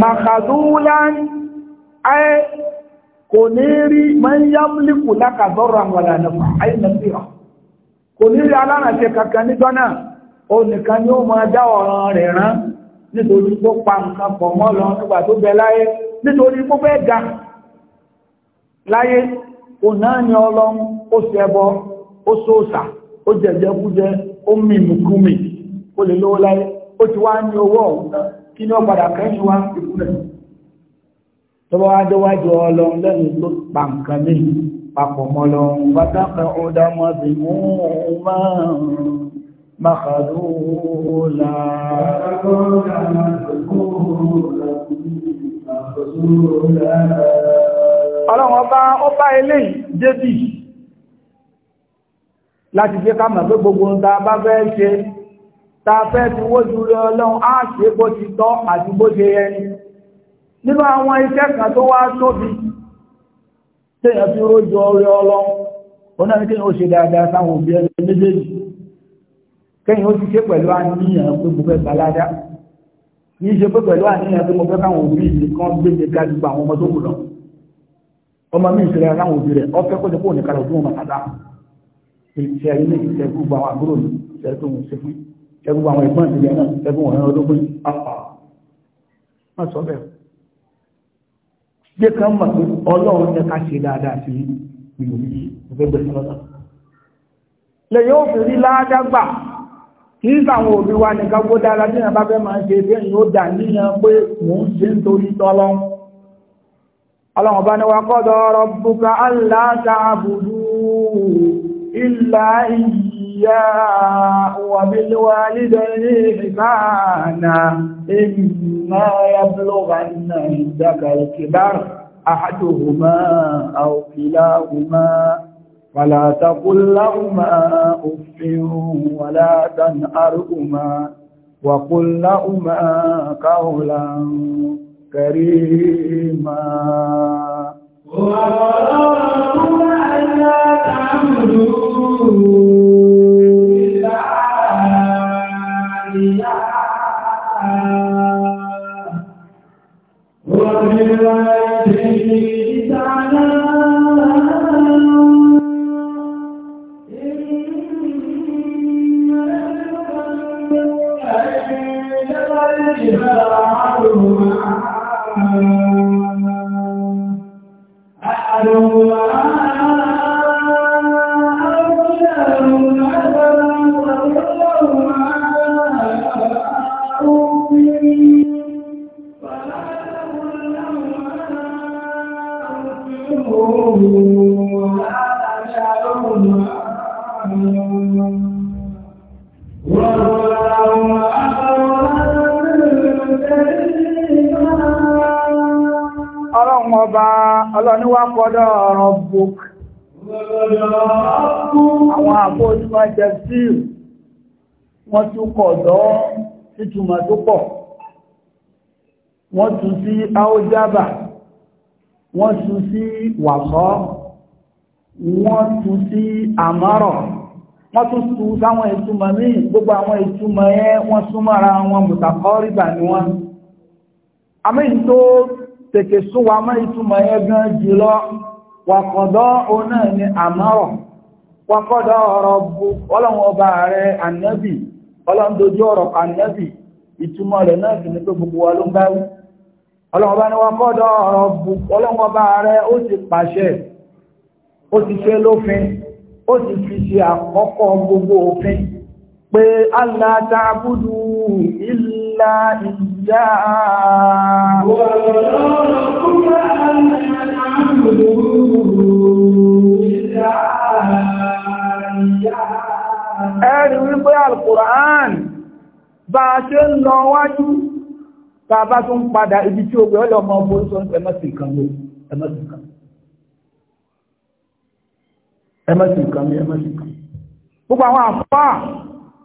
màkàdúlán ayé kò ní rí mẹ́yàmlìkù lákàdọ́rọ̀ àwọn àlànàfà ayé nàfíà kò ní rí alárànṣẹ́ kankan níjọ́ náà ó nìkan ni ó máa dá ọ̀ràn rẹ̀ rán nítorí tó pa nǹkan pọ̀ mọ́ lọ nígbà tó bẹ láyé nítorí tó fẹ́ ga láyé kò náà ni ọlọ́run ó ṣẹbọ ó sóòsà ó jẹjẹkújẹ ó mímùkúmì ó lè lówó láyé ó ti wá ní owó ọ̀hún tán kí ní ọ̀padà kẹ́yìn wá ìkúnlẹ̀ tọ́wọ́ adéwájú ọlọ́run lẹ́yìn tó pa nǹkan mí papọ̀ mọ́ lọ́run pátákẹ́ ọ̀dà mọ́ sí mú láti jẹ́ ká mọ̀ pé gbogbo ń bá fẹ́ ṣe tàfẹ́ fi wójú rẹ ọlọ́run á ṣe bó ti tọ́ àti bó ṣe yẹ ni nínú àwọn iṣẹ́ kan tó wá tóbi tẹ́yàn fi rójú ọrẹ ọlọ́run òun náà ní kéyàn ó ṣe dáadáa sáwọn òbí ẹni méjèèjì kéyàn ó ti ṣe pẹ̀lú àníyàn pé mo fẹ́ gbalada kì í ṣe pé pẹ̀lú àníyàn pé mo fẹ́ káwọn òbí mi kan gbéde ga ju àwọn ọmọ tó kù lọ ọmọ mi ìṣẹ̀lẹ̀ láwọn òbí rẹ̀ ọfẹ́ kó ti kó nìkan lọ fún ọmọ kàdá ìṣẹ̀lẹ̀ ìṣẹ̀lẹ̀ gbogbo àwọn àbúrò mi ìṣẹ̀lẹ̀ tó ń ṣe fún yìí ẹgbù àwọn ẹ̀gbọ́n ìdílé náà ẹgbù wọn ẹran ológun apá má sọ bẹ́ẹ̀ jẹ́ ká mọ̀ pé ọlọ́run ní ká ṣe dáadáa sí ìlú yìí ìgbẹ́gbẹ́ sọ́nà lẹ́yìn obìnrin ládàgbà kì í sàwọn òbí wa nìkan kó dára tí ìyàn bá fẹ́ máa ṣe bí ẹ̀yìn ó dà níyàn pé mò ń ṣe nítorí tọ́lọ́ ọlọ́run bá ní wa qada rabbuka allā ta'budū إلا إياه وبالوالدين إحسانا إما يبلغن عندك الكبر أحدهما أو كلاهما فلا تقل لهما أف ولا تنهرهما وقل لهما قولا كريما نعبد إلا إياه ọba ọlọ́niwá kọ́dọ̀ ọ̀rọ̀ book àwọn àpójúmọ̀ jẹ́síl wọ́n tún kọ̀dọ̀ títùmọ̀ tó pọ̀ wọ́n tún sí áójábà wọ́n tún sí wàsọ́ wọ́n tún sí àmọ́rọ̀ wọ́n tún tún sáwọn ìtumọ̀ míì gbogbo àwọn ìtumọ̀ yẹn wọ́n súnmọ́ra wọn mùtàkọ́ rígbà ni wọ́n àmì tó tètè sún wa mọ́ ìtumọ̀ yẹn gan jùlọ wàkọ̀dọ́ òun náà ni àmọ́rọ̀ wàkọ̀dọ́ ọ̀rọ̀ bu ọlọ́run ọba ààrẹ ànábì ọlọ́run dojú ọ̀rọ̀ ànábì ìtumọ̀ rẹ̀ náà sì ni pé gbogbo wa ló ń ọlọ́run gbogbo òfin pé aláta abúdú ìlú إلا إياه ونرجوك أن نعبده إلا bá ṣe ń lọ wájú tàbá tún padà ibi tí ó gbé ọlọ́mọ bóríṣọ́ ẹmọ́sì kan ló ẹmọ́sì kan ẹmọ́sì kan ló ẹmọ́sì kan gbogbo àwọn àfáà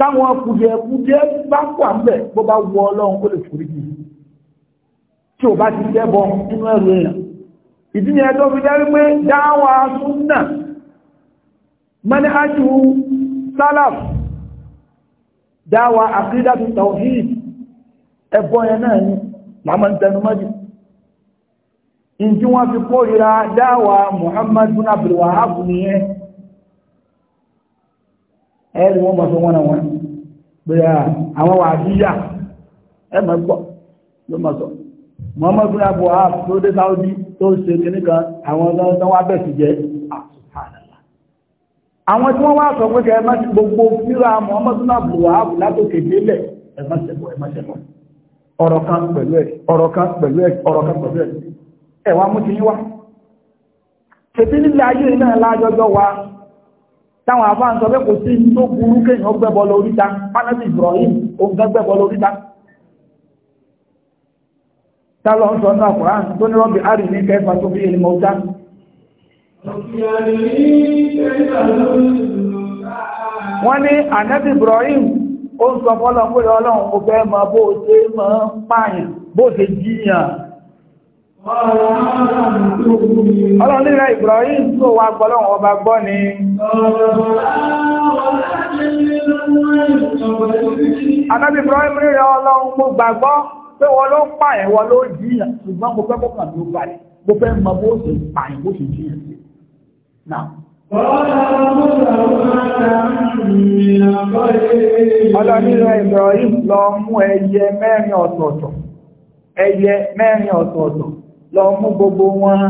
táwọn kùdìẹ̀kùdìẹ̀ bá wà ń bó bá wọ ọlọ́run ó lè forí jì tí ò bá ti jẹ́bọ nínú ẹ̀rù èèyàn ìdí ni ẹjọ́ fi jẹ́ wípé dáwà súnà mẹ́nìhájú sálàf dáwà àkídàtù tawhid ẹbọ yẹn náà ni màmá ń tẹnu mọ́jú ìdí wọ́n fi kórìíra dáwà Muhammad bin Abdul nìyẹn ẹ̀rí wọ́n nwanyị wọn náà wọn àwọn wà bíyà ẹ mọ̀ gbọ́ ló mọ̀ sọ tó dé tó ń ṣe kìnnì àwọn ọ̀dọ́ wa bẹ̀ sí jẹ́ àwọn tí wọ́n wá sọ pé gbogbo fíra látòkè délẹ̀ ọ̀rọ̀ kan pẹ̀lú ẹ̀ ọ̀rọ̀ kan pẹ̀lú ẹ̀ ọ̀rọ̀ kan pẹ̀lú ẹ̀ wá táwọn afáà ń sọ pé kò sí tó burú kéèyàn gbẹ́bọ lọ oríta pánẹ́tì Ibrahim òun fẹ́ gbẹ́bọ lọ oríta tálọ́ ń sọ náà Quran tó ní rọ́bì ari ní kẹfà tó fi ènìyàn ọjà. wọ́n ní ànẹ́tì Ibrahim ó ń sọ fọ́lọ́ pé ọlọ́run kò fẹ́ mọ bó máa pààyàn bó ṣe Ọlọ́run nílẹ̀ Ibrahim tó wà gbọ́lọ́wọ́ ọba gbọ́ ni. Anábì Ibrahim rírẹ ọlọ́run mo gbàgbọ́ pé wọ́n ló pa ẹ̀wọ́ ló jíyàn ṣùgbọ́n mo fẹ́ mọ́kàn ló balẹ̀, mo fẹ́ mọ bó ṣe pààyàn bó ṣe jíyàn sí. Ọlọ́run nílẹ̀ Ibrahim lọ mú ẹyẹ mẹ́rin ọ̀tọ̀ọ̀tọ̀. Ẹyẹ lọ mú gbogbo wọn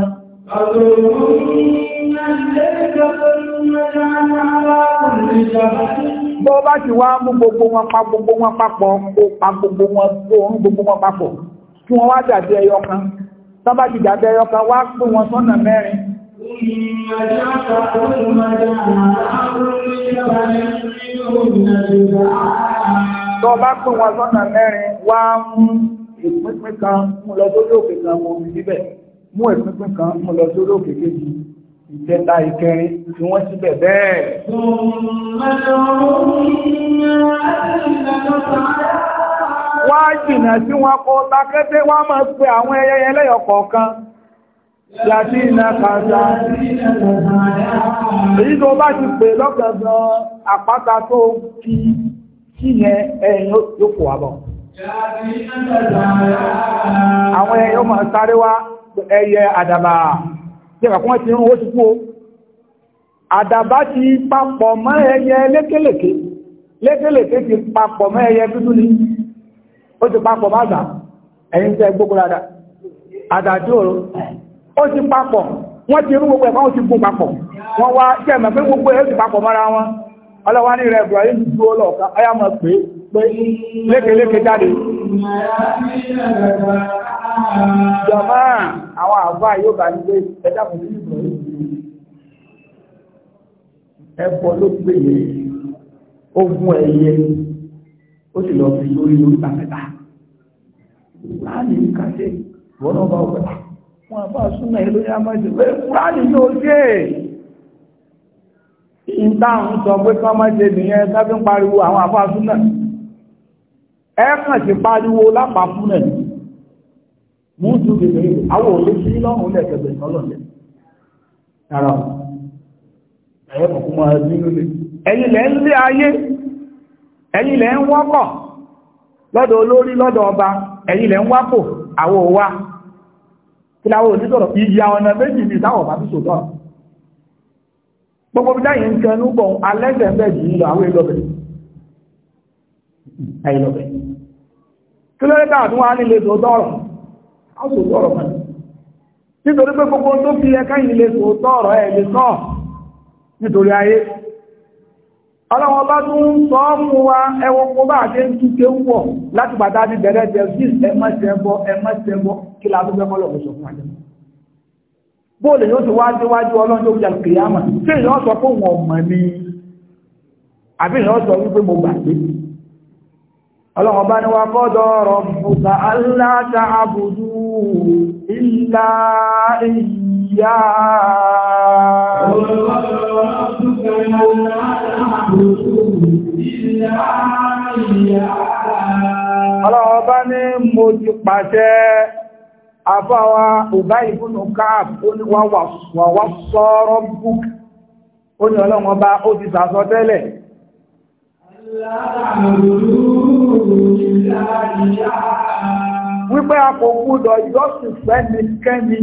bọ́ bá ti wá mú gbogbo wọn pa gbogbo wọn papọ̀ kó pa gbogbo wọn oòrùn gbogbo wọn papọ̀ kí wọ́n wá dàbí ẹyọ kan tán bá ti dàbí ẹyọ kan wá pé wọn sọ́nà mẹ́rin tọ́ bá pé wọn sọ́nà mẹ́rin wá mú ìpínpín kan mú lọ sórí òkè kan mú omi síbẹ̀ mú ìpínpín kan mú lọ sórí òkè kejì ìkẹta ìkẹrin tí wọ́n síbẹ̀ bẹ́ẹ̀. wọ́n á jìnà sí wọn kó takété wọ́n máa pe àwọn ẹyẹyẹ lẹ́yọ kọ̀ọ̀kan láti iná kàńtà èyí tó bá ti pè lọ́kàn àpáta tó kí kí yẹn ẹ̀yìn yóò fò wá bọ̀ àwọn ẹyẹ ọmọ sáré wá ẹyẹ àdàbà jẹ́bà kún ti rún ó ti kú o àdàbà ti papọ̀ mọ́ ẹyẹ lékèlèké lékèlèké ti papọ̀ mọ́ ẹyẹ dúdú ni ó ti papọ̀ mọ́ àdà ẹ̀yìn tẹ́ gbogbo àdà àdà tí ó ó ti papọ̀ wọ́n ti rún gbogbo ẹ̀kọ́ ó ti gún papọ̀ wọ́n wá jẹ́mẹ̀ pé gbogbo ẹ̀ ó ti papọ̀ mọ́ra wọn ọlọ́wọ́ ní rẹ̀ Ibrahim dúró lọ́ọ̀ká ọyá pé lékeléke jáde jọmọ́ àwọn àbá yóò bá ní pé ẹjá kò sí ìbọ̀lú ẹ̀pọ̀ ló pè é ogun ẹ̀yẹ ó sì lọ fi lórí lóríta mẹ́ta láàrín ìkàṣẹ́ wọ́n náà bá ọgbẹ́ wọn àbá súnmọ̀ ẹ̀ lórí amájú pé kúránì yóò ṣe ìtàn sọ pé kọ́mọ́ ṣe nìyẹn tábí ń pariwo àwọn àbá súnmọ̀ ẹ̀kàn ti pariwo lápá fún ẹ̀ mú tún bèbè àwọn òye sí lọ́rùn lẹ̀ kẹ̀bẹ̀ ìtọ́lọ̀lẹ̀ ara ẹ̀yẹ́ kọ̀kọ́ máa nínú lé ẹ̀yin lẹ̀ ń lé ayé ẹ̀yin lẹ̀ ń wọ́kọ̀ lọ́dọ̀ olórí lọ́dọ̀ ọba ẹ̀yin lẹ̀ ń wápò àwọ̀ wa kí láwọ̀ onítọ̀rọ̀ ìyà ọ̀nà méjì ní ìtawọ̀ bá fi sòtọ̀ gbogbo bí dáyìí ń kẹnu bọ̀ alẹ́sẹ̀ ń bẹ̀ jù lọ àwọn ìlọ́bẹ̀ àìlọ́bẹ̀ kí ló dá àdúrà nílé tó dọ́rọ̀ á sò dọ́rọ̀ mọ́ nítorí pé gbogbo tó fi ẹ̀ka ìlé tó dọ́rọ̀ ẹ̀ lè sọ nítorí ayé ọlọ́wọ́n bá tún sọ fún wa ẹwọ kó bá àti ń túnké ń pọ̀ láti bàtà ti bẹ̀rẹ̀ jẹ sí ẹmọ́sẹ̀bọ́ ẹmọ́sẹ̀bọ́ kí la tó fẹ́ mọ́ lọ́wọ́ ọlọ́run bá ní wa qada rabbuka allā ta'budū illā iyyāhu ọlọ́run bá ní mo ti pàṣẹ àfáwa ọba ìbúnú káàkó ní wà wà sọ́rọ̀ rabbuka ó ní ọlọ́run bá ó ti sàsọ tẹ́lẹ̀ Wípé a kò gbúdọ̀ ìjọsìn fẹ́nikẹ́ni,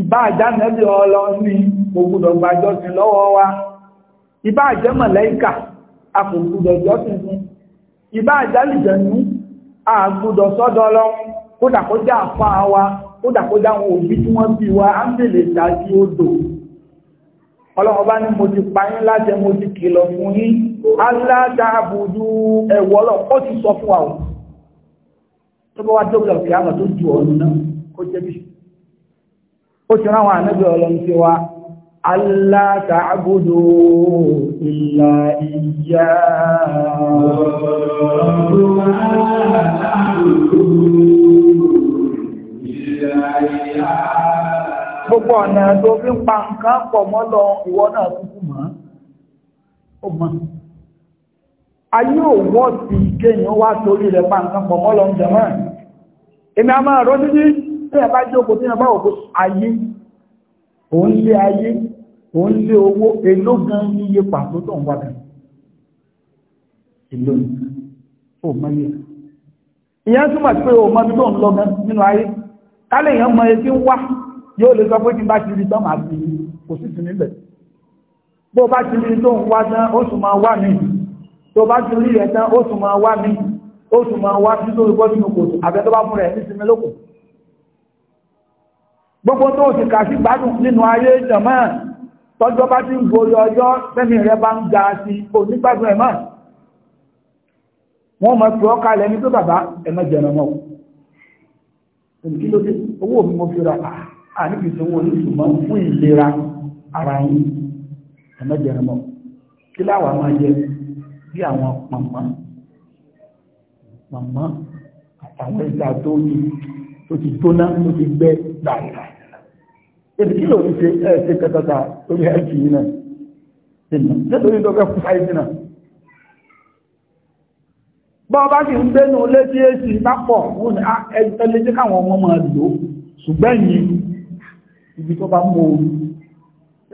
ìbá àjánẹ́bí ọlọ ní kò gbúdọ̀ gba ìjọsìn lọ́wọ́ wa. Ìbá àjẹ́ mọ̀lẹ́ìkà, a kò gbúdọ̀ ìjọsìn fún. Ìbá àjálìjẹ̀nú, a gbúdọ̀ sọ́dọ̀ lọ, kódà kó jẹ́ àfáà wa, kódà kó jẹ́ àwọn òbí tí wọ́n bí wa, á ń bèèrè ìdájí odò. Ọlọ́run bá ní mo ti pa yín láti mo ti kìlọ̀ fún yín aládàbùdú ẹ̀wọ̀ lọ ó ti sọ fún àwọn tó bọ́ wá dókè tó náà kó jẹ́ bí ó ti ráwọn Ala ọlọ́run sí wa aládàbùdú ìyá gbogbo ọ̀nà tó fi ń pa nǹkan pọ̀ mọ́ lọ ìwọ náà kúkú mọ́ ó mọ́ ayé òwò ti kéèyàn wá torí rẹ̀ pa nǹkan pọ̀ mọ́lọ ń jẹmọ́ èmi a máa rọ́ títí tí ẹ bá jókòó tí ẹ bá òkú ayé òun lé ayé òun lé owó èló gan níye pàtó tó ń wà bẹ̀rẹ̀ èló ni ó mọ iye ìyẹn túmọ̀ sí pé o mọ ibi tó ń lọ gan nínú ayé kálẹ̀ èèyàn mọ etí ń wá yóò lè sọ pé kí n bá ti rí tán màá fi kò sí sí nílẹ̀ bó o bá ti rí tó ń wá tán ó sì máa wà ní ìlú tó bá ti rí rẹ̀ tán ó tún máa wá mi ó tún máa wá sí lórí bọ́ọ̀dù nù kòtò àbẹ́ tó bá fún rẹ̀ nísìnyí lóko gbogbo tó ti kà sí gbádùn nínú ayé jọ̀mọ́ tọ́jọ́ bá ti ń gorí ọjọ́ sẹ́mi rẹ̀ bá ń ga sí onígbàgbọ́ ẹ̀ mọ́ wọ́n mọ̀ pé ọkà rẹ̀ ní tó bàbá ẹ̀mọ́ jẹ̀rọ mọ́ òkìlódé owó mi mo fi ra àníbi ah, tí owó oníṣùmọ́ fún ìlera ara yín ẹ̀mọ́ jẹ̀rọ mọ́ kí láwàá máa jẹ́ bí àwọn pọ̀nmọ́ pọ̀nmọ́ àtàwọn ẹja tó ní tó ti tóná tó ti gbẹ gbàgbà èdè kí ló ń ṣe ẹ ṣe kẹtàkà lórí ẹjì yìí náà nítorí tó fẹ́ fún fáìsì náà bọ́ bá sì ń gbénu létí èsì lápọ̀ wọ́n ni ah, ẹgbẹ́lẹ́ jẹ́ káwọn ọmọ máa lò ṣùgbẹ́yìn ibi tó bá mú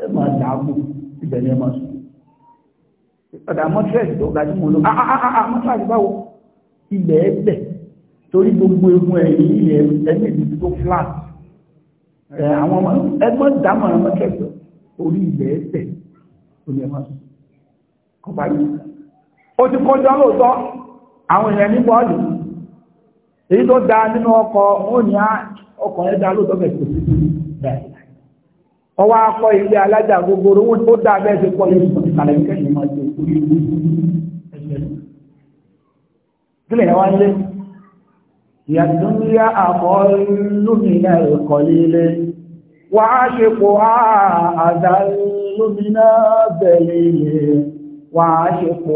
ẹ máa dàágùn ibẹ̀ ni ẹ máa ọ̀dà mọ́tírẹ̀sì tó gbájú mọ́ ló ah, ah, ah, mọ́tírẹ̀sì báwo ilẹ̀ ẹ̀bẹ̀ torí gbogbo egun ẹ̀yìn ilẹ̀ ẹ̀mí ìlú tó flat àwọn ọmọ ẹgbọ́n dámọ̀ràn mọ́tírẹ̀sì orí ilẹ̀ ẹ̀bẹ̀ orí ẹ̀mọ́ kọpa yìí ó ti kọjọ lóòótọ́ àwọn èèyàn ní bọ́ọ̀lù èyí tó da nínú ọkọ̀ ó ní ọkọ̀ yẹn da lóòótọ́ bẹ̀ kò sí ọwọ́ akọ ilé alájà gbogbo ó da bẹ́ẹ̀ ti kọ́ ilé ìsọ̀tìkàlẹ̀ ìkẹ́yìn máa jẹ orí ìwé ẹgbẹ́ kílẹ̀ wá lé yàtúnyà àmọ́ lómìnà ìkọ̀lélẹ̀ wà á ṣe pò àdá lómìnà bẹ̀lẹ̀lẹ̀ wà á ṣe pò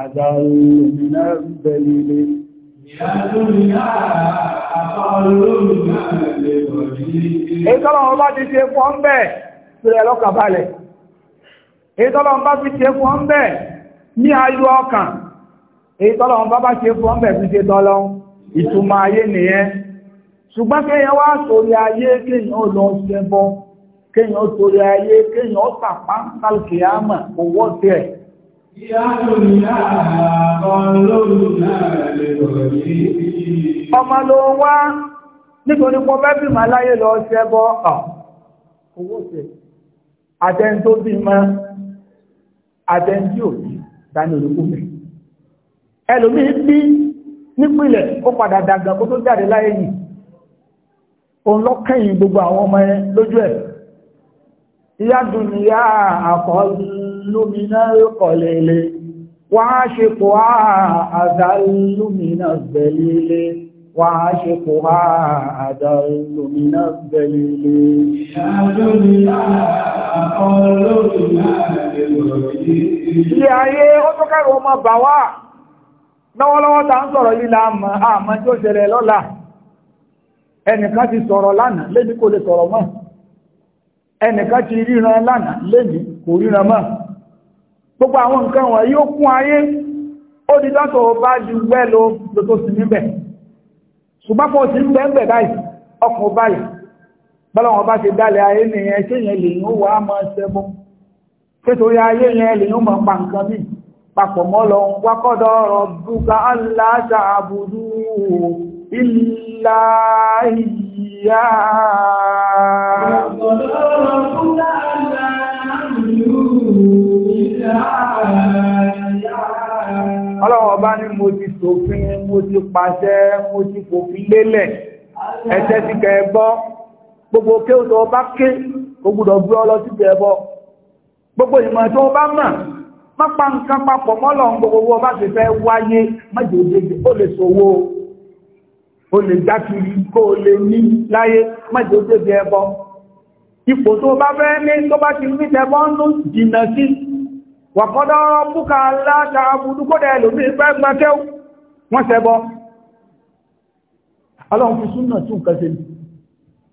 àdá lómìnà bẹ̀lẹ̀lẹ̀ yàtúnyà àmọ́ lómìnà ìkọ̀lélẹ̀ èyí tọ́lọ́run bá fi ṣe fún ọ́n bẹ́ẹ̀ ní ayọ̀ ọkàn èyí tọ́lọ́run bá bá ṣe fún ọ́n bẹ́ẹ̀ fi ṣe tọ́lọ́run ìtumọ̀ ayé nìyẹn ṣùgbọ́n kéèyàn wá sórí ayé kéèyàn lọ ṣẹbọ kéèyàn sórí ayé kéèyàn sàpá sálùkì àmà owó tẹ̀ ọmọ ló wá nítorí pọ́ bẹ́ bímọ láyé lọ ṣẹbọ owó tẹ̀ àtẹ́ntó bímọ àtẹ́ntí òbí dání olùkúfẹ́ ẹlòmí bí nípìnlẹ̀ ó padà dàgbà kó tó jáde láyé yìí òun lọ́kẹ́yìn gbogbo àwọn ọmọ ẹ lójú ẹ̀ ìyá dùnìyà àkọlùmínà kọ̀lẹ̀lẹ̀ wọ́n á ṣe kò á àzàlùmínà وعاشقها أدل من الدليل Ilé ayé ó tó kẹrù ọmọ bà wá lọ́wọ́lọ́wọ́ ta ń sọ̀rọ̀ líla àmà tí ó ṣẹlẹ̀ lọ́la. Ẹnìkan ti sọ̀rọ̀ lánàá lẹ́ni kò lè sọ̀rọ̀ mọ́. Ẹnìkan ti ríran lánàá lẹ́ni kò ríran mọ́. Gbogbo àwọn nǹkan wọ̀nyí ó kún ayé, ó di dọ́tọ̀ bá ju wẹ́ lo tó sí níbẹ̀ ṣùgbọ́n kò sí gbẹ́ngbẹ̀ báyìí ọkùn báyìí bọ́lọ́wọ́n bá ti dálẹ̀ ayé nìyẹn ṣé yẹn lè yún wà á máa ṣẹbọ kétorí ayé yẹn lè yún máa pa nǹkan mí papọ̀ mọ́ lọ ọlọ́run ọba ní mo ti ṣòfin mo ti pàṣẹ mo ti fòfin lélẹ̀ ẹ̀tẹ́ ti kẹ ẹbọ gbogbo kí o tó bá ké gbogbo gbé ọlọ sí ẹbọ gbogbo ìmọ̀ tó bá mọ̀ má pa nǹkan papọ̀ mọ́lọ̀ gbogbo owó ọba ti fẹ́ wáyé májèjì ó lè sòwò ó lè dákiri kó o lè ní láyé májèjì ẹbọ ipò tó bá fẹ́ ní tó bá ti ní tẹbọ́ ń wàkọ́dọ́ búkà láta abúdú kódẹ̀ ẹlòmí pẹ́ gbákẹ́wò wọ́n ṣẹbọ ọlọ́run fi súnà tún kẹsẹ̀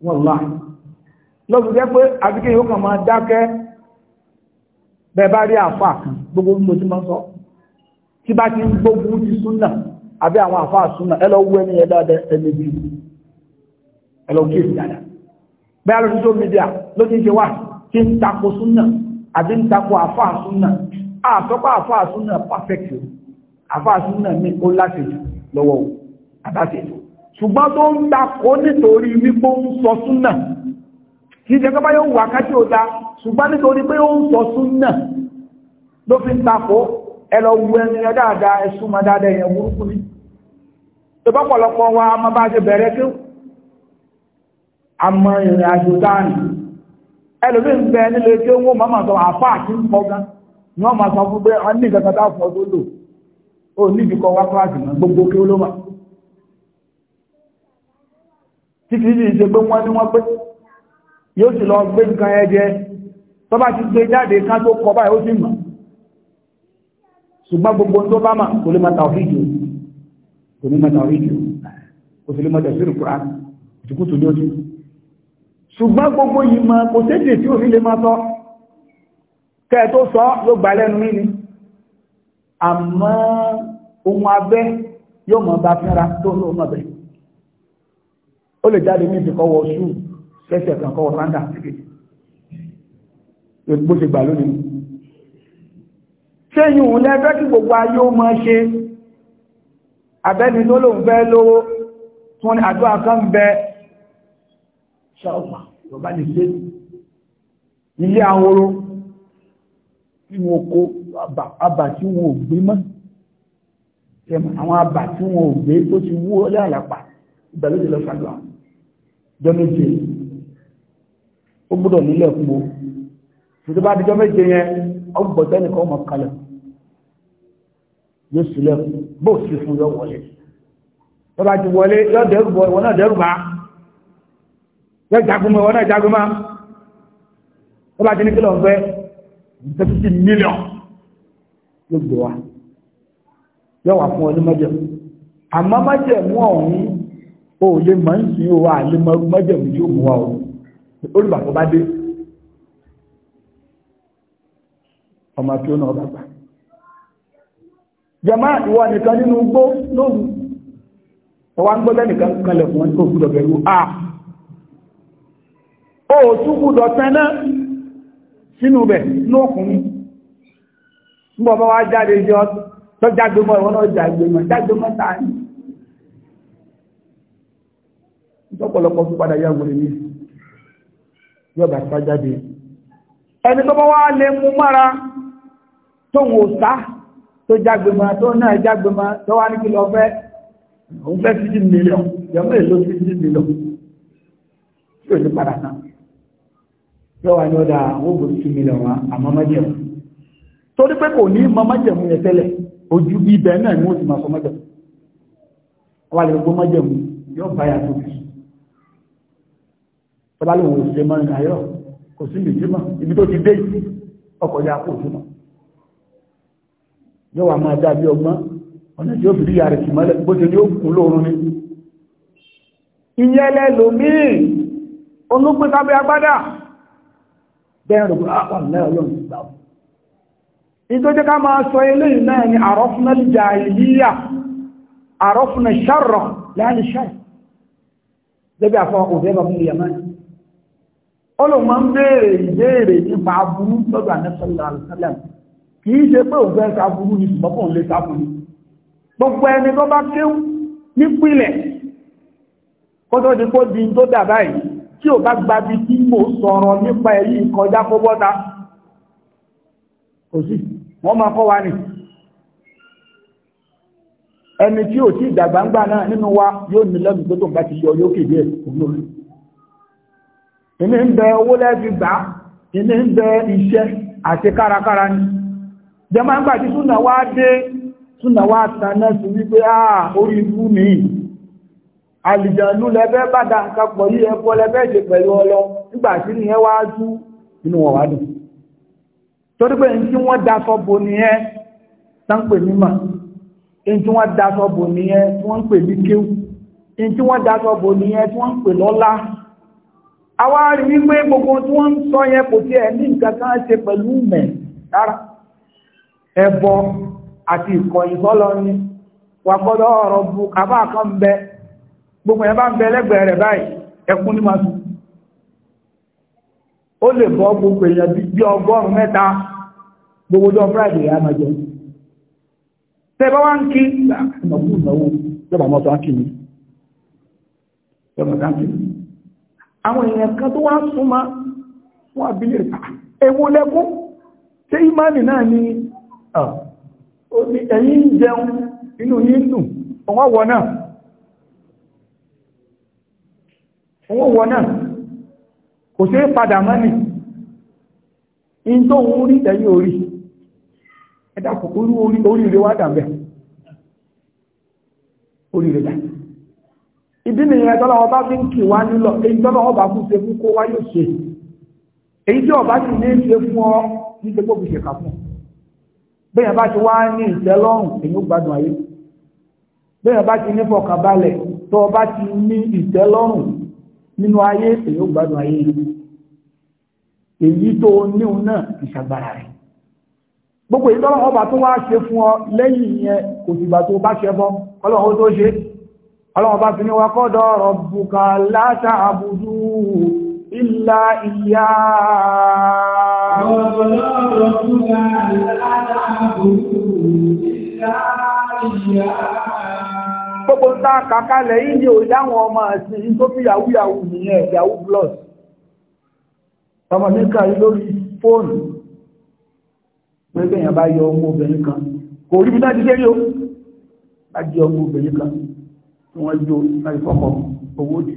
wọ́n láà lọ́bù jẹ́ pé àbíkẹ́ yóò kàn máa dákẹ́ bẹ́ẹ̀ bá rí àfà kan gbogbo mo ti máa sọ tí bá ti ń gbógun ti súnà àbí àbí ń takò àfáà súnà àtọ́kọ̀ àfáà súnà perfect o àfáà súnà mi ó láṣejù lọ́wọ́ o àtàṣejù ṣùgbọ́n tó ń takò nítorí wípé ó ń sọ súnà kì í ṣe kọ́bá yóò wà kájí ó da ṣùgbọ́n nítorí pé ó ń sọ súnà ló fi ń takò ẹ lọ wu ẹni yẹn dáadáa ẹ súnmọ́ dáadáa yẹn burúkú ni tó bá pọ̀lọpọ̀ wa máa bá ṣe bẹ̀rẹ̀ kí àmọ́ ìrìn àjò dáa ẹlòmí ń bẹ nílé tí ó ń wọ́n máa sọ àfá ń pọ̀ gan ni wọ́n máa sọ fún pé a ní ìgbàgbà tá fọ́ lò ó gbogbo kí ló mà tí kìí sì pé wọ́n ní wọ́n pé yóò sì lọ gbé nǹkan ẹ tó jáde ká tó kọ gbogbo tó bá mà kò lè má ta kò ṣùgbọ́n gbogbo ìmọ̀ kò séjì tí ò fi lè máa sọ kẹ́ tó sọ ló gbà lẹ́nu mí ni àmọ́ ohun abẹ́ yóò mọ̀ bá fínra tó ló mọ̀ bẹ́ ó lè jáde ní ìfikọ́ wọ ṣú sẹ́sẹ̀ kan kọ́ sáńdà bó ṣe gbà lónìí ṣé yìí òun lẹ́fẹ́ kí gbogbo ayé ó mọ̀ ṣe abẹ́ni tó lóun fẹ́ lówó tí wọ́n ní àdúrà kan bẹ́ẹ̀ ṣọ́ọ̀fà tó bá lè ṣe ilé ahoro tí wọn kó abà tí wọn ò gbé mọ́ àwọn abà tí wọn ò gbé tó ti wú ọlẹ́ àlàpà ìgbàlódé lọ ṣàdùn àwọn jọ́ méje ó gbọ́dọ̀ nílẹ̀ kúmọ́ títí bá dijọ́ méje yẹn ọgbọ̀tẹ́ nìkan ọmọ kalẹ̀ yóò sílẹ̀ bó sì fún yọ wọlé tó bá ti wọlé yọ dẹrù bọ ìwọ náà dẹrù bá yọ jagunmọ̀ wọn náà jagunmọ̀ wọ́n bá ti ní kí lọ́n fẹ́ thirty million ló gbé wa yọ wà fún ọ ní májẹ̀mú àmọ́ májẹ̀mú ọ̀hún o ò lè máa ń sìn o wa lè máa májẹ̀mú yóò mú wa o olùbàdàn bá dé ọmọ tí ó náà bàbá jama ìwọ nìkan nínú gbó lóhùn ọwọ́ ń gbọ́ lẹ́nìkan kanlẹ̀ fún wọn tó gbúdọ̀ bẹ̀rù ah! ó tún gbúdọ̀ tẹ́ná sínú bẹ̀ lókùnrin nígbà bá wá jáde jọ tó jágbémọ́ ìwọ́n náà jágbémọ́ jágbémọ́ tààrí ìtọ́pọ̀lọpọ̀ fún padà yàwó rẹ̀ ní yọba sájáde ẹni tó bá wá lè mú mára tó ń òsá tó jágbémọ́ tó náà jágbémọ́ tó wá ní kí lọ fẹ́ òun fẹ́ 50 mílíọ̀n yọmọ́ èlò 50 mílíọ̀n tí ò ní padà náà yọ́wà ní ọ̀dà owó tí mílẹ̀ wọn àmọ́ májẹ̀mú torí ní ma májẹ̀mú yẹ tẹ́lẹ̀ ojú ibẹ̀ náà ni ó ti máa sọ májẹ̀mú wà lè gbọ́ májẹ̀mú yọ́ báyà tó fi tọ́bá lè wò ó ṣe máa kò sí ibi tó ti dé ọkọ̀ ya kò jímọ̀ yọ́wà máa ọgbọ́n ọ̀nà tí ó fi rí bó ṣe ní ó lóorun ni bẹ́ẹ̀ rògbò àpọ̀n náà yóò ní ìgbà ìtọ́jú ká máa sọ eléyìí náà ni àrọ́fúnà jàìlíyà àrọ́fúnà ṣàrọ̀ láàrin ṣàrọ̀ gẹ́gẹ́ àfọ òbẹ́ bàbá ilẹ̀ mẹ́rin ọlọ́mọ ń béèrè ìbéèrè nípa aburú lọ́dọ̀ ànẹ́sọ̀lá àlùsálẹ̀m kì í ṣe pé òun fẹ́ sa aburú ni ṣùgbọ́n kò ń lè sá fún ni gbogbo ẹni tó bá kéwú nípìnlẹ̀ kó tó di kó di tó dà báyìí tí ò bá gbábi tí mò sọ̀rọ̀ nípa èyí kọjá kó kò sí wọ́n máa kọ́ wa nì ẹni tí ò tí ìdàgbàǹgbà náà nínú wa yóò ní lẹ́nu tó tó ń bá ti yọ yóò kéde ẹ̀ ń bẹ gbà ń bẹ iṣẹ́ àlìjànú lẹ́fẹ́ bàdà kápọ̀ yí ẹ̀kọ́ lẹ́fẹ́ ṣe pẹ̀lú ọlọ nígbà tí ní ẹ wá tú inú wọn wá dùn torí pé ní tí wọ́n daṣọ bò nìyẹn tá ń pè ní mà ní tí wọ́n daṣọ bò nìyẹn tí wọ́n ń pè ní kéwù ní tí wọ́n daṣọ bò nìyẹn tí wọ́n ń pè lọ́lá àwa wípé gbogbo tí wọ́n ń sọ yẹn kò tiẹ̀ ní nǹkan kan ṣe pẹ̀lú mẹ̀ rárá ẹbọ àti ìkọ̀yìn sọ́lọ ni wàkọ́dọ̀ ọ̀rọ̀ bu kàbá kan bẹ́ẹ̀ gbogbo ẹ̀ bá ń bẹ lẹ́gbẹ̀ẹ́ báyìí ẹkún ní máa tún ó lè bọ́ gbogbo èèyàn bí ọgọ́rùn mẹ́ta gbogbo ọjọ́ friday yà máa jẹ wá ń kí ìnáwó ìnáwó yọba mọ́tò owó wọ náà kò ṣe é padà mọ́nì in tó ń rí tẹ̀yí orí ẹ̀dà kòkòrò orí oríire wá dàbẹ̀ oríire dà ìdí nìyẹn tọ́lọ́wọ́ bá fi ń kì wá nílọ èyí ọba sì ní ṣe fún ọ ní ṣe ṣe bẹ́ẹ̀ bá ti wá ní ìtẹ́lọ́rùn èyí ó ti ní ọba ti ní nínú ayé èyí ó gbádùn ayé èyí tó níhun náà ìṣàgbára rẹ̀ gbogbo ìtọ́lọ̀ ọba tó wá ṣe fún ọ lẹ́yìn ìyẹn kò sígbà tó bá ṣe bọ́ ọlọ́run tó ṣe ọlọ́run bá fi ní wa qada illa iya gbogbo ń tá kàkálẹ̀ ìdí ò dáwọn ọmọ àti tó fi yahoo yahoo nìyẹn yahoo plus ọmọ mi kà í lórí fóònù pé bá yọ ọmọ obìnrin kan kò rí bí ti dé rí o bá jẹ ọmọ obìnrin kan tí wọ́n jó láti fọ́kọ̀ owó jù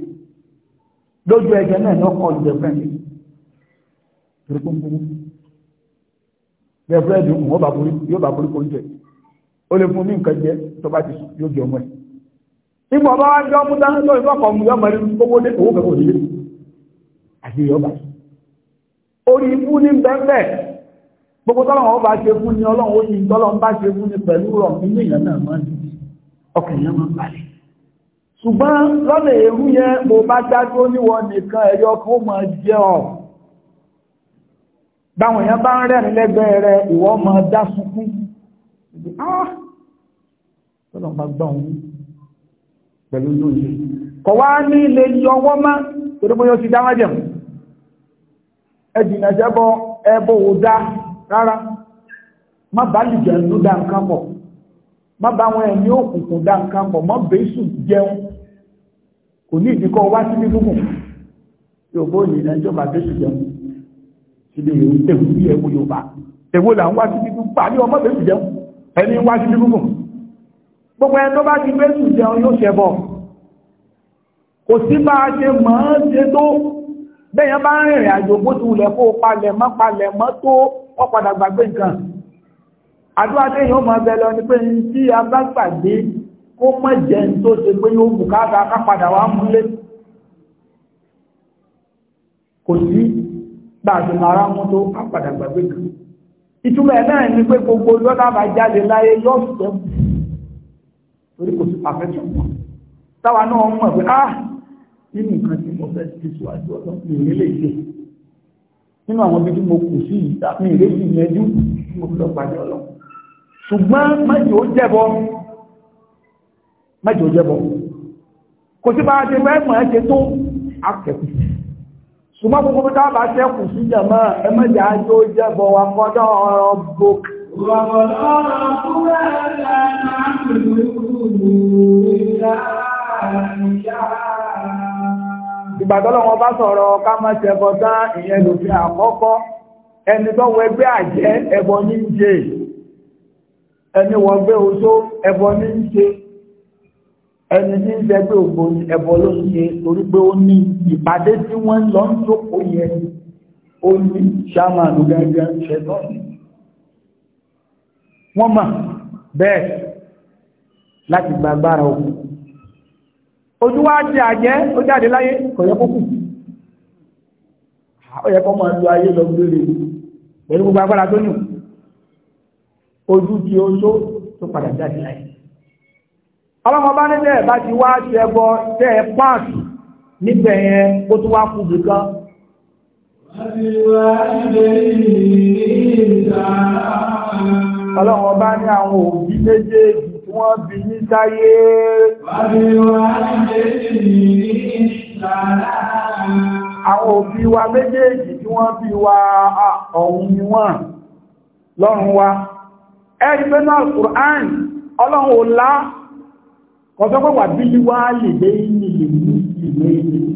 lójú ẹgbẹ́ náà ní ọkọ̀ ìjẹ̀fẹ́ mi torí kó ń burú bẹ́ẹ̀ búrẹ́dì yóò bá burú kó ń jẹ ó lè fún ní nǹkan jẹ tó bá ti yóò jẹ ọmọ ẹ̀ nígbà ọba wá jọ múta lọ ìfọ́kọ̀ mú yọmọ ní owó ní owó kẹfọ́ nílé àti yọba orí ikú ní bẹ́ẹ̀ gbogbo tọ́lọ́wọ́ ọba ṣe fún ni ọlọ́run ó yin tọ́lọ́run bá ṣe fún ni pẹ̀lú rọ̀ nínú ìyá náà máa ní ọkàn yẹn máa ń balẹ̀ ṣùgbọ́n lọ́nà èrú yẹn mo bá dájú níwọ nìkan ẹ̀yọ kan ó máa jẹ ọ báwọn èèyàn bá ń rẹ́rìn lẹ́gbẹ̀ẹ́ rẹ ah tọ́lọ́run bá gbọ́ pẹ̀lú niile ṣe kọ̀ wá ní ilé yọwọ́ má torí bóyá ti dá wájẹ̀ mú ẹ̀dìnà jẹ́bọ ẹbọ ò dá rárá má bá lìjẹ̀ ló dá nǹkan pọ̀ má bá wọn ẹ̀mí òkùnkùn dá nǹkan pọ̀ bẹ́sù jẹun kò ní ìdíkọ́ wá sí bí gúngùn yòòbó ìlànà ìjọba bẹ́sù jẹun gbogbo ẹni tó bá ti gbé sùn jẹun yóò ṣẹbọ kò sí bá a ṣe mọ̀ ọ́n ṣe tó bẹ́yàn bá ń rìnrìn àjò bó ti wulẹ̀ kó palẹ̀ mọ́ palẹ̀ mọ́ tó ọ̀padà gbàgbé nǹkan àdúrà téèyàn mọ̀ ọbẹ̀ lọ ni pé ní tí a bá gbàgbé kó mọ̀ jẹ́ ní tó ṣe pé yóò bùkátà ká wá múlé kò sí bá a ṣe mọ ara mú tó á gbàgbé nǹkan ìtumọ̀ ẹ̀ náà ni pé gbogbo lọ́dà bá jáde láyé yóò fẹ́ torí kò sí pàfẹ́tì wọn táwa náà mọ̀ pé ah nínú nǹkan tí mo fẹ́ ti síwájú ọ̀dọ́ mi ò nílé ìṣe nínú àwọn ibi tí mo kù sí ìta mi ìrè sí ìyẹjú tí mo fi lọ pàdé ọlọ ṣùgbọ́n mẹ́jọ ó jẹ́bọ mẹ́jọ ó jẹ́bọ kò sí bá ṣe fẹ́ mọ̀ ẹ́ ṣe tó akẹ́kù ṣùgbọ́n gbogbo bí táwa bá ṣẹ́kù sí jàmọ́ ẹ وقضى ألا نعبد إلا Ìgbàtọ́lọ́wọ́ bá sọ̀rọ̀ ká máa ṣẹ̀kọ́ tán ìyẹn lòfin àkọ́kọ́, ẹni tó wọ ẹgbẹ́ àjẹ́ ẹbọ ní ń ṣe, ẹni wọ gbé oṣó ẹbọ ní ń ṣe, ẹni tí ń jẹ́ pé ògbò ẹbọ ló ń ṣe torí pé ó ní ìpàdé tí wọ́n lọ ń jókòó yẹn, ó ní ṣáàmà lù gẹ́gẹ́ wọ́n mọ̀ bẹ́ẹ̀ láti gba agbára o ojú wa jẹ àjẹ́ ó jáde láyé kò yẹ kó kù ó yẹ kó máa ayé lọ gbére pẹ̀lú gbogbo agbára tó nù ojú tí ó tó tó padà jáde láyé ọlọ́mọ bá ní bá ti wá ṣe ẹbọ tẹ́ ẹ páàkì níbẹ̀ yẹn ó tún wá kú bìkan. wọ́n ti wá ilé ìlú ìta àwọn ọlọ́run ọba ní àwọn òbí méjèèjì tí wọ́n bí ní sáyé àwọn òbí wa méjèèjì tí wọ́n bí wa ọ̀hún ni wọ́n lọ́run wa ẹ̀rí pé náà Qur'an ọlọ́run ò lá kọ̀sọ́pọ̀ wà bí wá lè dé ní ìlú ìlú ìlú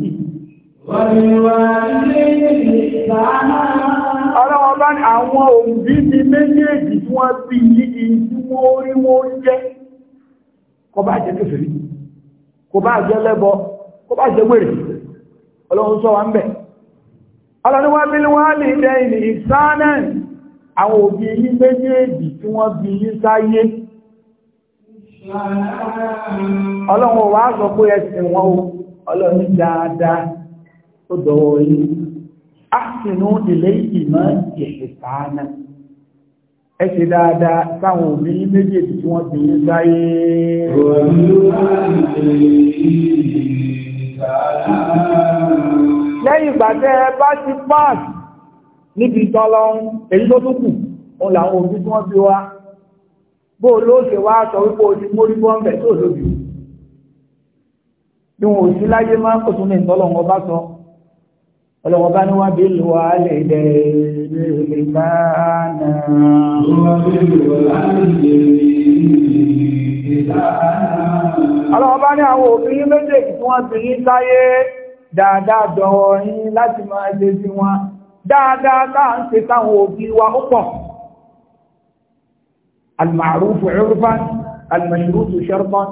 ọlọ́wọ́ bá ní àwọn òbí mi méjèèjì tí wọ́n bí ní ìjú wọ́n rí wọ́n jẹ́ kó bá jẹ́ kéfèrí kó bá jẹ́ lẹ́bọ kó bá jẹ́ wèrè ọlọ́run sọ wa ń bẹ̀ ọlọ́run wá bí wọ́n lè dẹ ìní ìsánẹ̀ àwọn òbí yí méjèèjì tí wọ́n bí yí sáyé ọlọ́run wá sọ pé ẹsẹ̀ wọn ọlọ́run dáadáa ó dọ̀wọ́ yìí ahsinu ilayhima ihsana ẹ ṣe dáadáa sáwọn òbí méjèèjì tí wọ́n ti ń sáyé lẹ́yìn ìgbà tẹ́ ẹ bá ti pass níbi ìtọ́lọ́run èyí tó tún kù òun làwọn òbí tí wọ́n bí wá bó ló ṣe wá sọ wípé o ti mórí bọ́m̀bẹ̀ tó lóbi bí wọn ò sí láyé máa ń kò tún ní ìtọ́lọ́run ọba sọ ọlọ́wọ́ bá ní wá bí lù wá lè dẹ̀ ìlànà ọlọ́wọ́ bá ní àwọn òbí méjèèjì tí wọ́n ti ní sáyé dáadáa dọ̀wọ̀ yín láti máa lè sí wọn dáadáa káà ń ṣe táwọn òbí wa ó pọ̀ almarufu urfan almashrutu shartan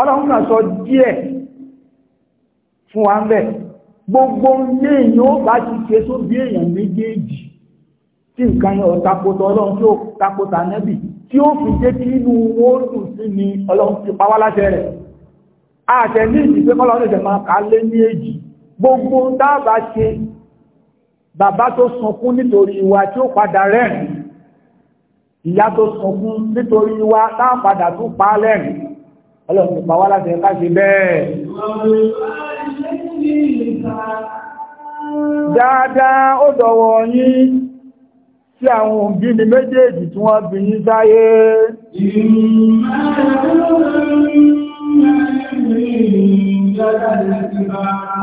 ọlọ́run kà sọ díẹ̀ fún wa ń bẹ̀rẹ̀ gbogbo ilé èyàn ó bá ti ṣe tó bí èyàn méjèèjì tí nǹkan yẹn ọ̀takòtò ọlọ́run tí ó takòtà nẹ́bì tí ó fi jẹ́ kí inú wọn dùn sí ni ọlọ́run ti pa wá láṣẹ rẹ̀ àṣẹ ní ìdíje kọ́lọ́run ìṣẹ̀ máa kà á lé ní èjì gbogbo dáàbà ṣe bàbá tó sunkún nítorí wa tí ó padà rẹ́rìn ìyá tó sunkún nítorí wa táà padà tó pa á lẹ́rìn ọlọ́run ti pa láṣẹ ká ṣe bẹ́ẹ̀ dáadáa ó dọ̀wọ́ yín tí àwọn òbí ni méjèèjì tí wọ́n bí yín sáyé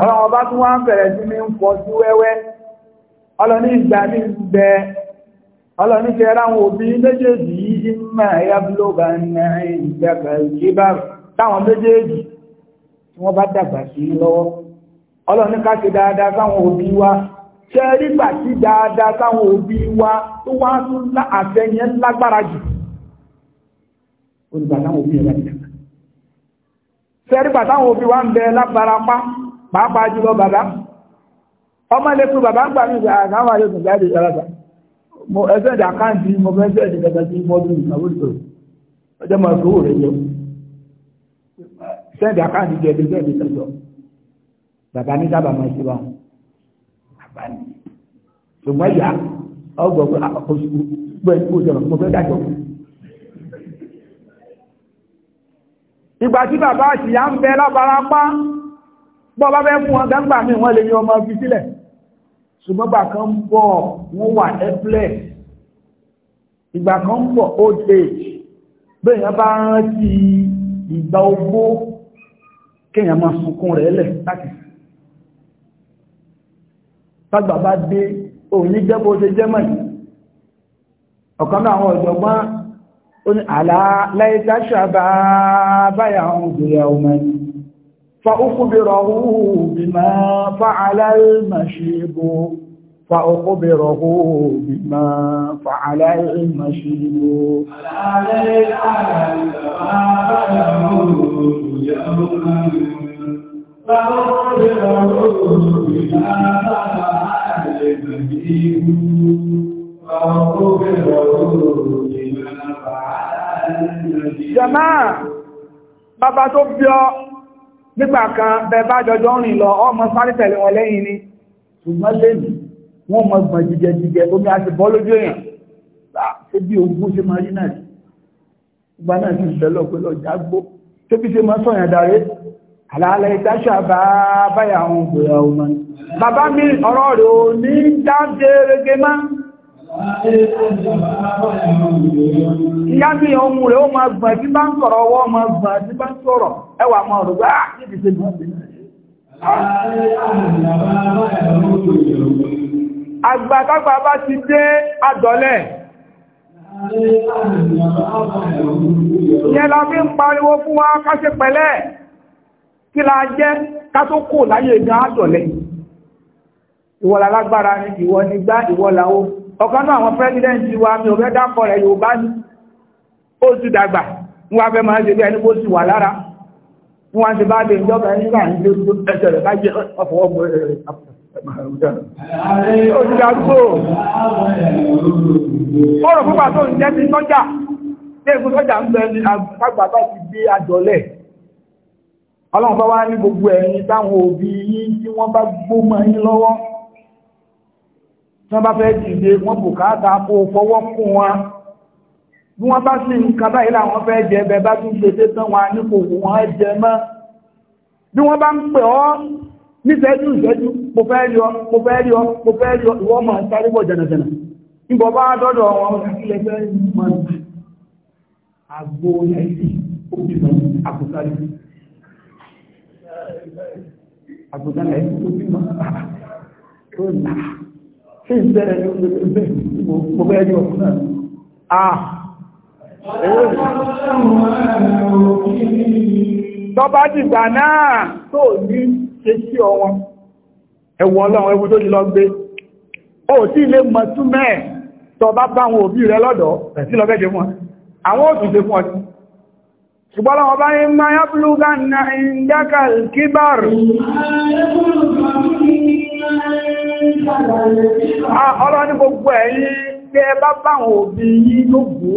ọ̀rọ̀ ọba tí wọ́n ń bẹ̀rẹ̀ sí ní ń pọ̀ sí wẹ́wẹ́ ọlọ́ní ìgbà ní ìgbẹ́ ọlọ́ní kẹrẹ àwọn òbí méjèèjì yìí mẹ́ ẹ̀yà búlọ́gbà ní ìgbẹ̀kẹ̀ ìgbẹ̀rẹ̀ ọlọ́run ká ṣe dáadáa sáwọn òbí wa ṣe rígbà tí dáadáa sáwọn òbí wa tó wá tún àtẹ̀yẹn lágbára jù olùgbà táwọn òbí ẹ̀rọ ìjọba ṣe rígbà táwọn òbí wa ń bẹ lágbára pa pàápàá jùlọ bàbá ọmọ ilé fún bàbá ń gbà mí àwọn ah, àyọkùn mo ẹgbẹ́ ìdá mo fẹ́ ṣe ìdí kẹta sí mọ́dún ìgbàwó ìṣòro ọjọ́ mọ̀ ẹ̀kọ́ rẹ̀ yẹ sẹ́ẹ̀dì àkáàntì jẹ́ bàbá ní sábà máa ṣe wa bàbá ní ṣùgbọ́n ìyá ọgbọ̀n pé àkóso gbẹ̀yìn kó sọ̀rọ̀ mo fẹ́ dájọ́. ìgbà tí bàbá àṣìyá ń bẹ lábarapá bọ́ bá fẹ́ fún ọgá gbà mí wọ́n lè yọ ọmọ fi sílẹ̀ ṣùgbọ́n gbà kan bọ̀ wọ́n wà ẹ́pẹ́lẹ̀ ìgbà kan bọ̀ old age bẹ́ẹ̀yàn bá rántí ìgbà ogbó kéèyàn máa sunkún rẹ̀ lẹ̀ láti tágbà bá dé òní jẹ́ bó ṣe jẹ́ mọ̀yí ọ̀kan náà àwọn ọ̀jọ̀gbọ́n ó ní àlá láìta ṣàbá báyà àwọn òjòyà ọmọ ẹni fa ókúbìrọ̀ bìmọ̀ fa aláìmọ̀ṣíbò fa ókúbìrọ̀ bìmọ̀ fa aláìmọ̀ṣíbò Fa ókúbìrọ̀ bìmọ̀ fa aláìmọ̀ṣíbò المجيب فاغفر لمن فعل المجيب جماعة bàbá tó bí ọ nígbà kan bẹ̀bá jọjọ́ rìn lọ ọmọ sáré tẹ̀lé wọn lẹ́yìn ni ṣùgbọ́n lẹ́nu wọ́n mọ gbọ̀n jíjẹ jíjẹ omi àti bọ́ lójú èèyàn ṣe bí ogún ṣe máa rí náà sí ìgbà náà sì bẹ̀lọ̀ pé lọ́jà gbó ṣé bí ṣe máa sọ̀yàn darí àlàálẹ̀ ìdáṣà bá báyà àwọn ògbèrè ọmọ ni bàbá mi ọ̀rọ̀ rẹ̀ ò ní jáde rege má ohun rẹ̀ ó máa gbọ̀n tí bá ń sọ̀rọ̀ ọwọ́ máa gbọ̀n bá ń sọ̀rọ̀ ẹwà máa rò gbá ah, níbi àgbàtàgbà bá ti dé àdọ́lẹ̀ yẹn la fi ń pariwo fún wa kí la jẹ́ ká tó kò láyé àdọ́lẹ̀ ìwọ̀lá lágbára ní ìwọ nígbà ìwọ̀lá ó ọ̀kan náà àwọn pẹ́sidẹ́ntì wa mi ò fẹ́ dákọ̀ rẹ̀ Yorùbá ní ó ti dàgbà ń wá fẹ́ máa ṣe bí ẹni bó sì wà lára ń wá ṣe bá lè jọba ẹni náà ní ẹsẹ̀ rẹ̀ bájẹ́ ọ̀fọ̀ ọmọ rẹ̀ ó ti dàgbò ó rò fún pàtó ìjẹ́ ti sọ́jà léèkú sọ́jà ń bẹ ní àgbà bá ti gbé àjọlẹ̀ ọlọ́run bá wá ní gbogbo ẹ̀yin táwọn òbí yín tí wọ́n bá gbó mọ́ yín lọ́wọ́ tí wọ́n bá fẹ́ dìde wọ́n bùkátà kó fọwọ́ kún wọn bí wọ́n bá sì ń kaba ilé àwọn fẹ́ jẹ bẹ bá tún ṣe tẹ́ tán wọn ní kò wù wọ́n jẹ mọ́ bí wọ́n bá ń pè ọ́ níṣẹ́jú ìṣẹ́jú mo fẹ́ rí ọ mo fẹ́ rí ọ mo fẹ́ rí ọ ìwọ́n máa sáré bọ̀ jẹ̀nàjẹ̀nà ìbọ̀ bá dọ́dọ̀ wọn ilẹ̀ tó náà ṣe ìbẹ̀rẹ̀ ní oúnjẹ mo bẹ́ẹ̀ ní ọ̀pọ̀ náà àà tọ́bá dìgbà náà tó ní ṣe sí ọwọ́ ẹ̀wọ̀ ọlọ́run ẹwú tó lọ gbé ó tí ilé mọ̀ túnmẹ́ tọba bá àwọn òbí rẹ lọ́dọ̀ ẹ̀sí lọ bẹ́jẹ̀ wọn àwọn òtún ṣe fún ọdún ṣùgbọ́n lọ́wọ́ bá ní máa yábùlúgá Ah, Ọlọ́ ní gbogbo ẹ̀yìn tí ẹ bá báwọn òbí yí ló gbó,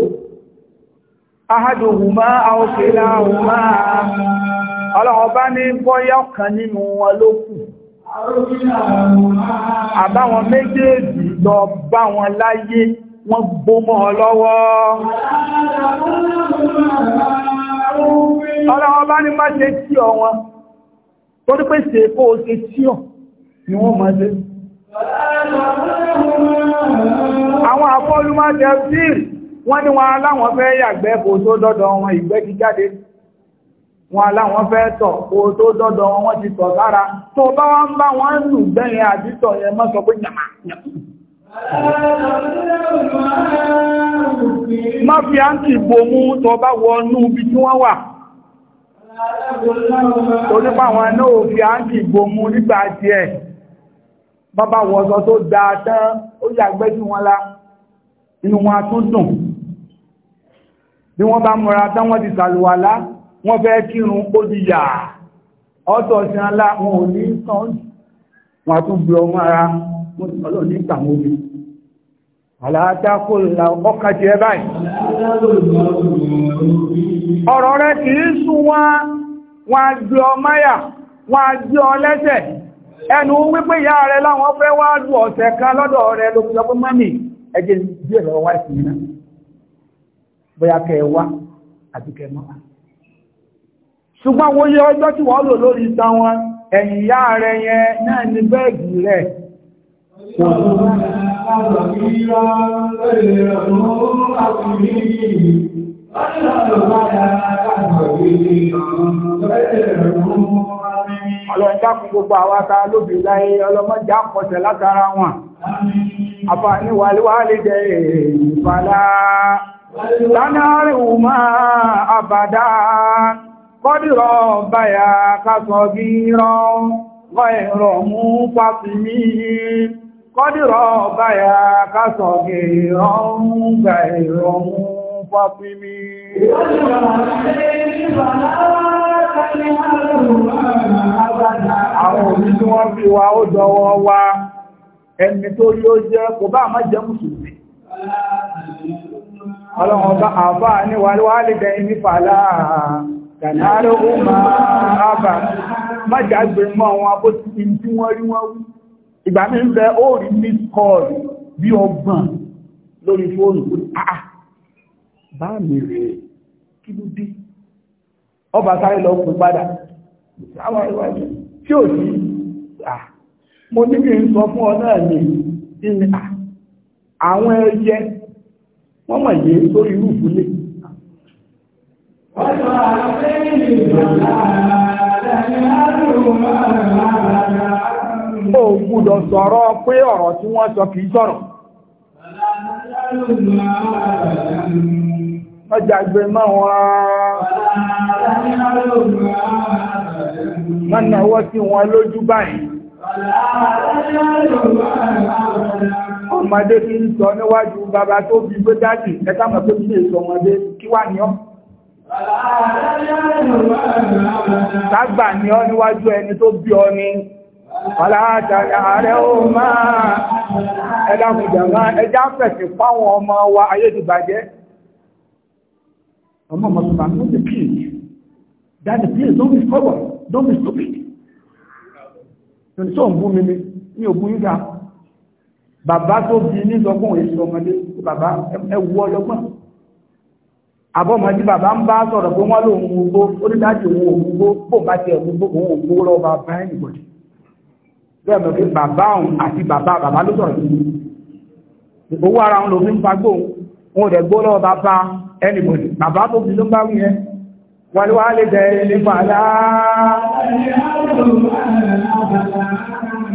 ahádòhùn máa àókè láàrùn máa, ọlọ́wọ́ bá ní bọ́yá ọ̀kan nínú wọn ló kù. Àbáwọn méjèèjì lọ bá wọn láyé, wọ́n gbó mọ́ lọ́wọ́. Ọlọ́wọ́ bá ní má ṣe tí ọ wọn, torí pé ṣe kó o ṣe tí ọ ni wọ́n máa Àwọn àfọ́lúmọ́ Jẹ́fìr, wọ́n ní wọn aláwọn fẹ́ yàgbẹ́ kò tó dọ́dọ̀ wọn ìgbẹ́ ti jáde. Wọn aláwọn fẹ́ tọ̀ kò tó dọ́dọ̀ wọn wọ́n ti tọ̀ sára. Tó bá wá ń bá wọ́n nù gbẹ́rin àdítọ̀ yẹn mọ́ sọ pé yàmà. Má fi áńkì bomú tó bá wọnú ibi tí wọ́n wà. Torípa àwọn náà fi áńkì bomú nígbà díẹ̀ bàbá wọ̀sọ tó dáa tán ó yàgbẹ́ sí wọn la inú wọn tún dùn bí wọ́n bá múra tán wọ́n ti sàlùwàlá wọ́n fẹ́ kírun ó di yà ọ́tọ̀ sí ńlá wọn ò ní tán wọn tún bí ọmọ ara wọn ti sọ́lọ̀ ní ìtàwọn omi àlàájákò là ọkà jẹ báyìí ọ̀rọ̀ rẹ̀ kìí sún wọn wọn á gbé ọmáyà wọn á gbé lẹ́sẹ̀ ẹnu wípé ìyá rẹ̀ láwọn fẹ́ wá lù ọ̀sẹ̀ kan lọ́dọ̀ rẹ̀ ló fi sọ pé ẹjẹ́ díẹ̀ lọ wá ìsinmi náà bóyá kẹ àti kẹ ṣùgbọ́n yẹ ọjọ́ tí wọ́n lò lórí itan ẹ̀yìn ìyá rẹ̀ yẹn náà ní bẹ́ẹ̀gì rẹ̀ ọlọ́ọ̀dá fún gbogbo àwátá lóbi láyé ọlọ́mọdé àpọ̀tẹ̀ látara wọn àfàní ní wàlíwàlí lánàárìwò máa àbàdá kọ́dìrọ̀ báyà kásọ̀ bí mú báyà kásọ̀ ìfàlá Àwọn òbí tí wọ́n fi wa ó jọwọ́ wa ẹni tó yóò jẹ́ kò bá àmá jẹ́ mùsùlùmí. Ọlọ́run ọba àbá ní wà lè dẹ ní fàlá kànáàrí ó máa bà má jágbé mọ́ wọn bó ti ń tí wọ́n rí wọ́n wú. Ìgbà mi ń bẹ ó rí miss call bí ọgbọ̀n lórí fóònù. Ah, ah. kí ló dé? ọba sáré lọ kú padà àwọn ìwájú tí ò sí mo ní kí n sọ fún ọ náà ní ìní àwọn ẹyẹ wọ́n mọ̀ yé sórí rúùfù lè ó gbúdọ̀ sọ̀rọ̀ pé ọ̀rọ̀ tí wọ́n sọ kìí sọ̀rọ̀ ọjà wọ́n Má náwọ́ sí wọn lójú báyìí. Ọmọdé fi ń sọ níwájú bàbá tó fi gbé dájì, ẹ̀ká mọ̀ tó fi lè sọ ọmọdé kí wà ní ọ́. Tágbà ní ọ́ níwájú ẹni tó bí ọ ni. Aláàtàrà ẹjá fẹ̀sì fáwọn ọmọ wa ayé ti Among Muslims, don't be pleased. That is please, don't be stubborn, don't be stupid. Yòní tó ń bú mi ní òbú yíga. Bàbá tó bí ní lọ́gbọ̀n èsì ọmọdé, bàbá ẹwú ọlọ́gbọ̀n. Àbọ̀mọdé bàbá ń bá sọ̀rọ̀ pé wọ́n lòun gbogbo, onídájú òun ògbogbo, bò bá ti ẹ̀gbogbo, òun ògbogbo lọ́wọ́ bàbá ẹnìbọ̀dì. Bẹ́ẹ̀ mọ̀ pé bàbá òun àti bàbá bàbá ló sọ̀rọ̀ sí. Owó ara òun lòun fi ń fagbó, òun rẹ̀ gbó lọ́wọ́ bàbá anybody bàbá bòbí ló bá wíyẹn wọ́n ni wọ́n á lè bẹ̀rẹ̀ nípa aláà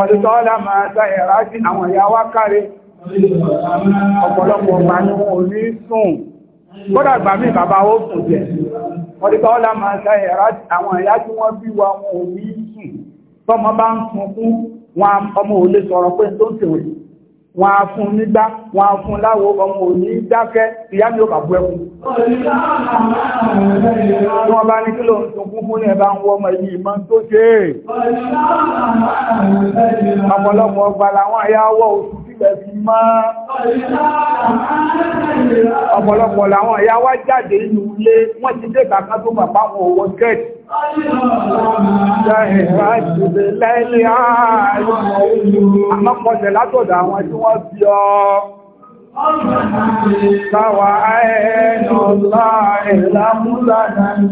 ọ̀dọ̀tọ́ọ́lá máa ta ẹ̀rá sí àwọn ìyá wá káre ọ̀pọ̀lọpọ̀ ọ̀gbà ní orí sùn kódà gbà mí bàbá ó sùn jẹ ọ̀dọ̀tọ́ọ́lá máa ta ẹ̀rá sí àwọn ìyá tí wọ́n bí wa wọn orí sùn tọ́mọ bá ń sunkún wọn ọmọ òlé sọ̀rọ̀ pé tó ń wọn á fún nígbà wọn á fún láwo ọmọ òní dákẹ́ ìyá mi ò bà bú ẹkùn tí wọ́n bá ní kí ló ń sunkún fún ní ẹ̀bá ń wọ́ ọmọ yìí mọ́ tó ṣe é ọ̀pọ̀lọpọ̀ ọgbà làwọn àyáwọ́ oṣù tẹ̀sí máa ọ̀pọ̀lọpọ̀ làwọn ìyá wá jáde inú ilé wọ́n ti dé kàkà tó bàbá wọn owó gẹ́ẹ̀tì Àmọ́pọ̀lẹ̀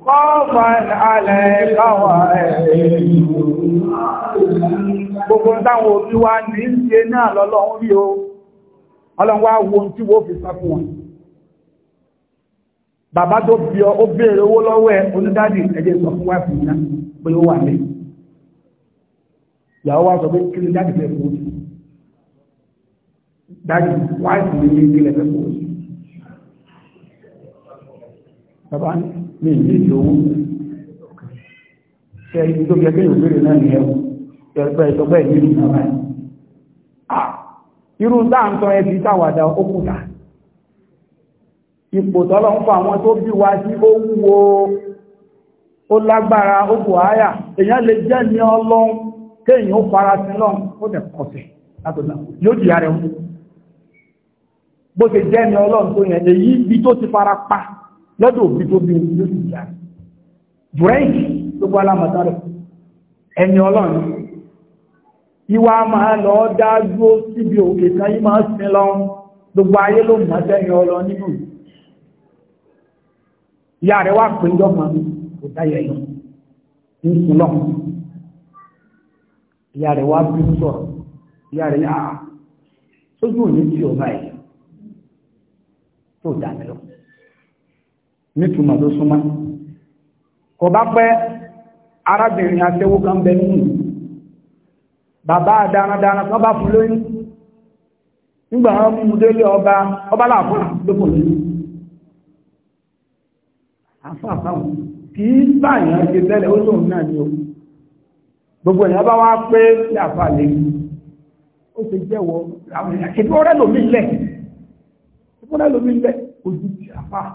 Gbogbo táwọn òbí wa ní ṣe náà lọ́lọ́run rí o, ọlọ́run wá tí wó fi sọ fún wọn. Bàbá tó bí ọ, ó béèrè owó lọ́wọ́ ẹ, onídádì ẹjẹ́ sọ fún wáìfù náà pé ó wà ní. ní ìlú ìlówó ṣe ibi tó gẹ́gẹ́ ìwòrè náà ní ẹwù ẹgbẹ́ ìtọgbẹ́ ìlú náà irú dáǹtọ́ ẹbí táwàdà ókùnà ipò tọ́lọ ń fa àwọn tó bí wá sí ó wúwo ó lágbára ó bù áyà èyàn lè jẹ́ ní ọlọ́run kéèyàn ó fara sí lọ́n ó dẹ̀ kọsẹ̀ látọ̀lá yóò jìyà rẹ̀ mú bó ṣe jẹ́ ní ọlọ́run tó yẹn èyí bí tó ti fara pa lọ́dọ̀ òbí tó bí ló sì jà bùrẹ́ǹkì ló gbọ́ alámọ̀tá rẹ̀ ẹni ọlọ́run ìwà máa lọ dá dúró síbi òkè kan yí máa sin lọ gbogbo ayé ló mọ̀ sẹ́yìn ọlọ nínú ìyá rẹ̀ wà pé jọ́mọ̀ mi kò dáyẹ lọ ń sun lọ ìyá rẹ̀ wá bí sọ̀rọ̀ ìyá rẹ̀ yà á ah, sójú òní tí ò báyìí tó dá mi lọ nítumọ̀ tó súnmọ́ kò bá pẹ́ arábìnrin aṣẹ́wó kan bẹ nínú bàbá dáradára kan bá fún lóyún nígbà wọn mú délé ọba ọba láàfún lókò lóyún àfáàfáwọn kì í báyàn ṣe tẹ́lẹ̀ ó lóun náà ni o gbogbo èèyàn bá wá pé láàfáà lè ó ti jẹ́wọ́ àwọn èèyàn ìfowórẹ́lòmí lẹ̀ ìfowórẹ́lòmí lẹ̀ ojú ti àfáà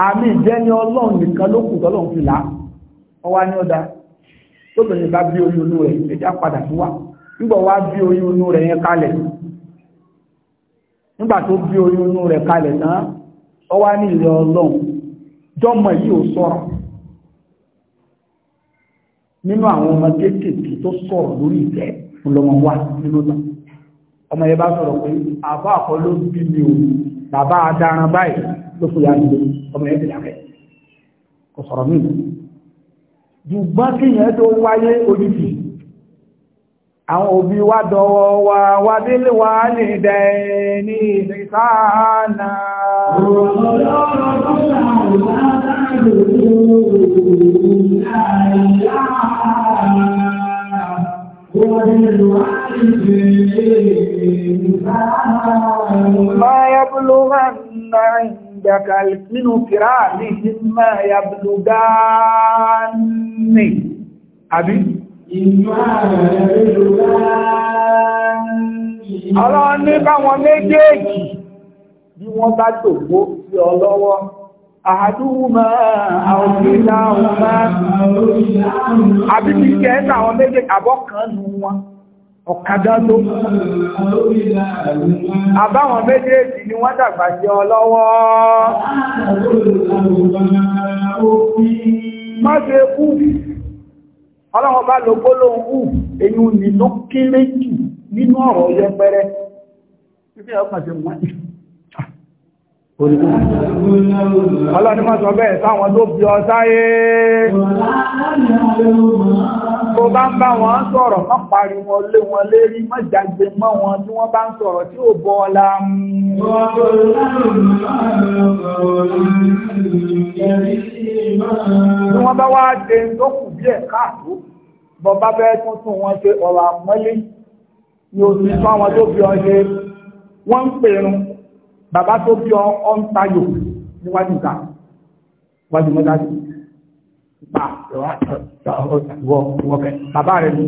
àmì ìjẹni ọlọ́run nìkan ló kù tọ́lọ́run fi là ọwá ní ọ̀dà tó bẹ̀rẹ̀ bá bí oyún inú rẹ̀ ẹ̀já padà sí wa nígbà wá bí oyún inú rẹ̀ yẹn kalẹ̀ nígbà tó bí oyún inú rẹ̀ kalẹ̀ náà ọwá ní ilẹ̀ ọlọ́run jọmọ yìí ò sọ̀rọ̀ nínú àwọn ọmọ kéékèèké tó sọ̀rọ̀ lórí ìfẹ́ ńlọmọ wa nínú náà ọmọ yẹn bá sọ̀rọ̀ pé àbá àkọ́ ló bí mi ò bàbá adaran báyìí ló fòyà nílé ọmọ ẹ̀ ti kò sọ̀rọ̀ mí kíyàn tó wáyé àwọn òbí dọ̀wọ́ wa wà ní ìsáànà Thank you. ما يبلغن عندك الكن كرامهم ما يبلغاني أبي Ọlọ́run ní káwọn méjèèjì bí wọ́n bá tògbó sí ọ lọ́wọ́ àádúhùmá àwòrìláhùmá àbí kí kẹ́ ẹ́ta àwọn méjì àbọ́kànnù wọn ọ̀kadà tó àbáwọn méjèèjì ni wọ́n dàgbà jẹ́ ọ lọ́wọ́ má ṣe kú ọlọ́wọ́n bá lọ gbólóhùn hù èyí ni ló kéré jù nínú ọ̀rọ̀ yẹpẹrẹ Ibi Ọlọ́ni máa sọ bẹ́ẹ̀ sáwọn tó bí ọ sáyé. Tó bá ń bá wọn sọ̀rọ̀, má parí wọn lé wọn lérí, má jàgbé mọ́ wọn tí wọ́n bá ń sọ̀rọ̀ tí ò bọ́ ọlá mú. Tí wọ́n bá wá dé tó kù bí ẹ̀ káàkó, bọ̀bá bẹ́ẹ̀ tuntun wọn ṣe ọ̀rọ̀ àmọ́lé ni ó ti fáwọn tó bí ọ ṣe. Wọ́n ń pèrún bàbá tó bí ọ ń tayò níwájú ìta wájú mọ́dájú ìpa ìwọ̀fẹ́ bàbá rẹ̀ ní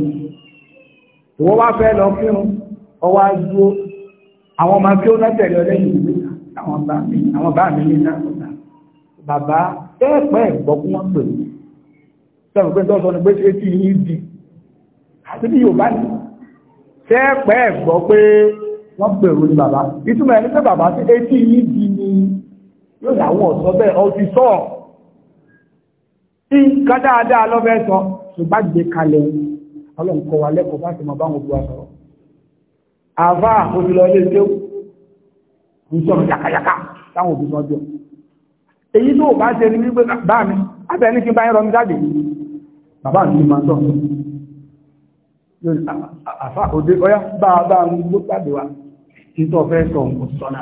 ìwọ wá fẹ́ lọ fírun ọwá dúró àwọn ọmọ kí ó lọ́tẹ̀lẹ̀ ọlẹ́yìn ìwé àwọn bá mi ní náà bàbá tẹ́ẹ̀pẹ́ ìgbọ́kún wọn pè mí sẹ́wọ̀n pé tọ́sọ ni pé ṣe tí yín di àti bí Yorùbá ní tẹ́ẹ̀pẹ́ ìgbọ́ pé wọ́n bẹ̀rù ní bàbá ìtumọ̀ ẹni pé bàbá sí etí yìí di ni yóò láwọn ọ̀sọ́ bẹ́ẹ̀ ọtí sọ nǹkan dáadáa lọ́fẹ́ sọ ṣùgbọ́n gbé kalẹ̀ ọlọ́nkọ wa lẹ́kọ̀ọ́ bá ti mọ báwọn òbí wa sọ̀rọ̀ àfa òjìlọ ilé iṣẹ́ ń sọ̀rọ̀ yàkàyàkà táwọn òbí sọ́jọ́ èyí tó bá ṣe ní wípé bá mi abẹ́ ní kí bá ń rọ mi jáde bàbá mi máa sọ̀rọ̀ àfa òde wa títọ́ fẹ́ sọ nǹkan sọ́nà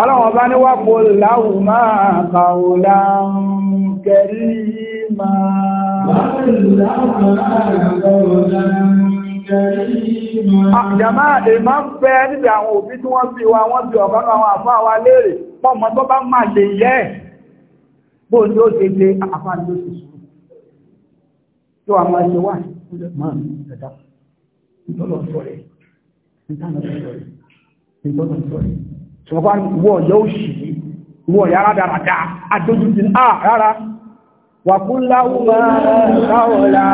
ọlọ́wọ́n bá ní wápò láwù máa kàwò láàrùn kẹrí máa jàmá èmá ń fẹ́ níbi àwọn òbí wa wọ́n wa léèrè pọ̀mọ́ tó bá máa lè yẹ́ bó ní ó ṣe ṣe àfáà ní ó ṣe ṣe tó àmọ́ ẹ̀ṣẹ̀ wà ní ọjọ́ ṣùgbọ́n wọ́ yóò ṣì wọ́ yára dáradá adójú ti rárá wà kú láwùmọ́ láwọ̀lá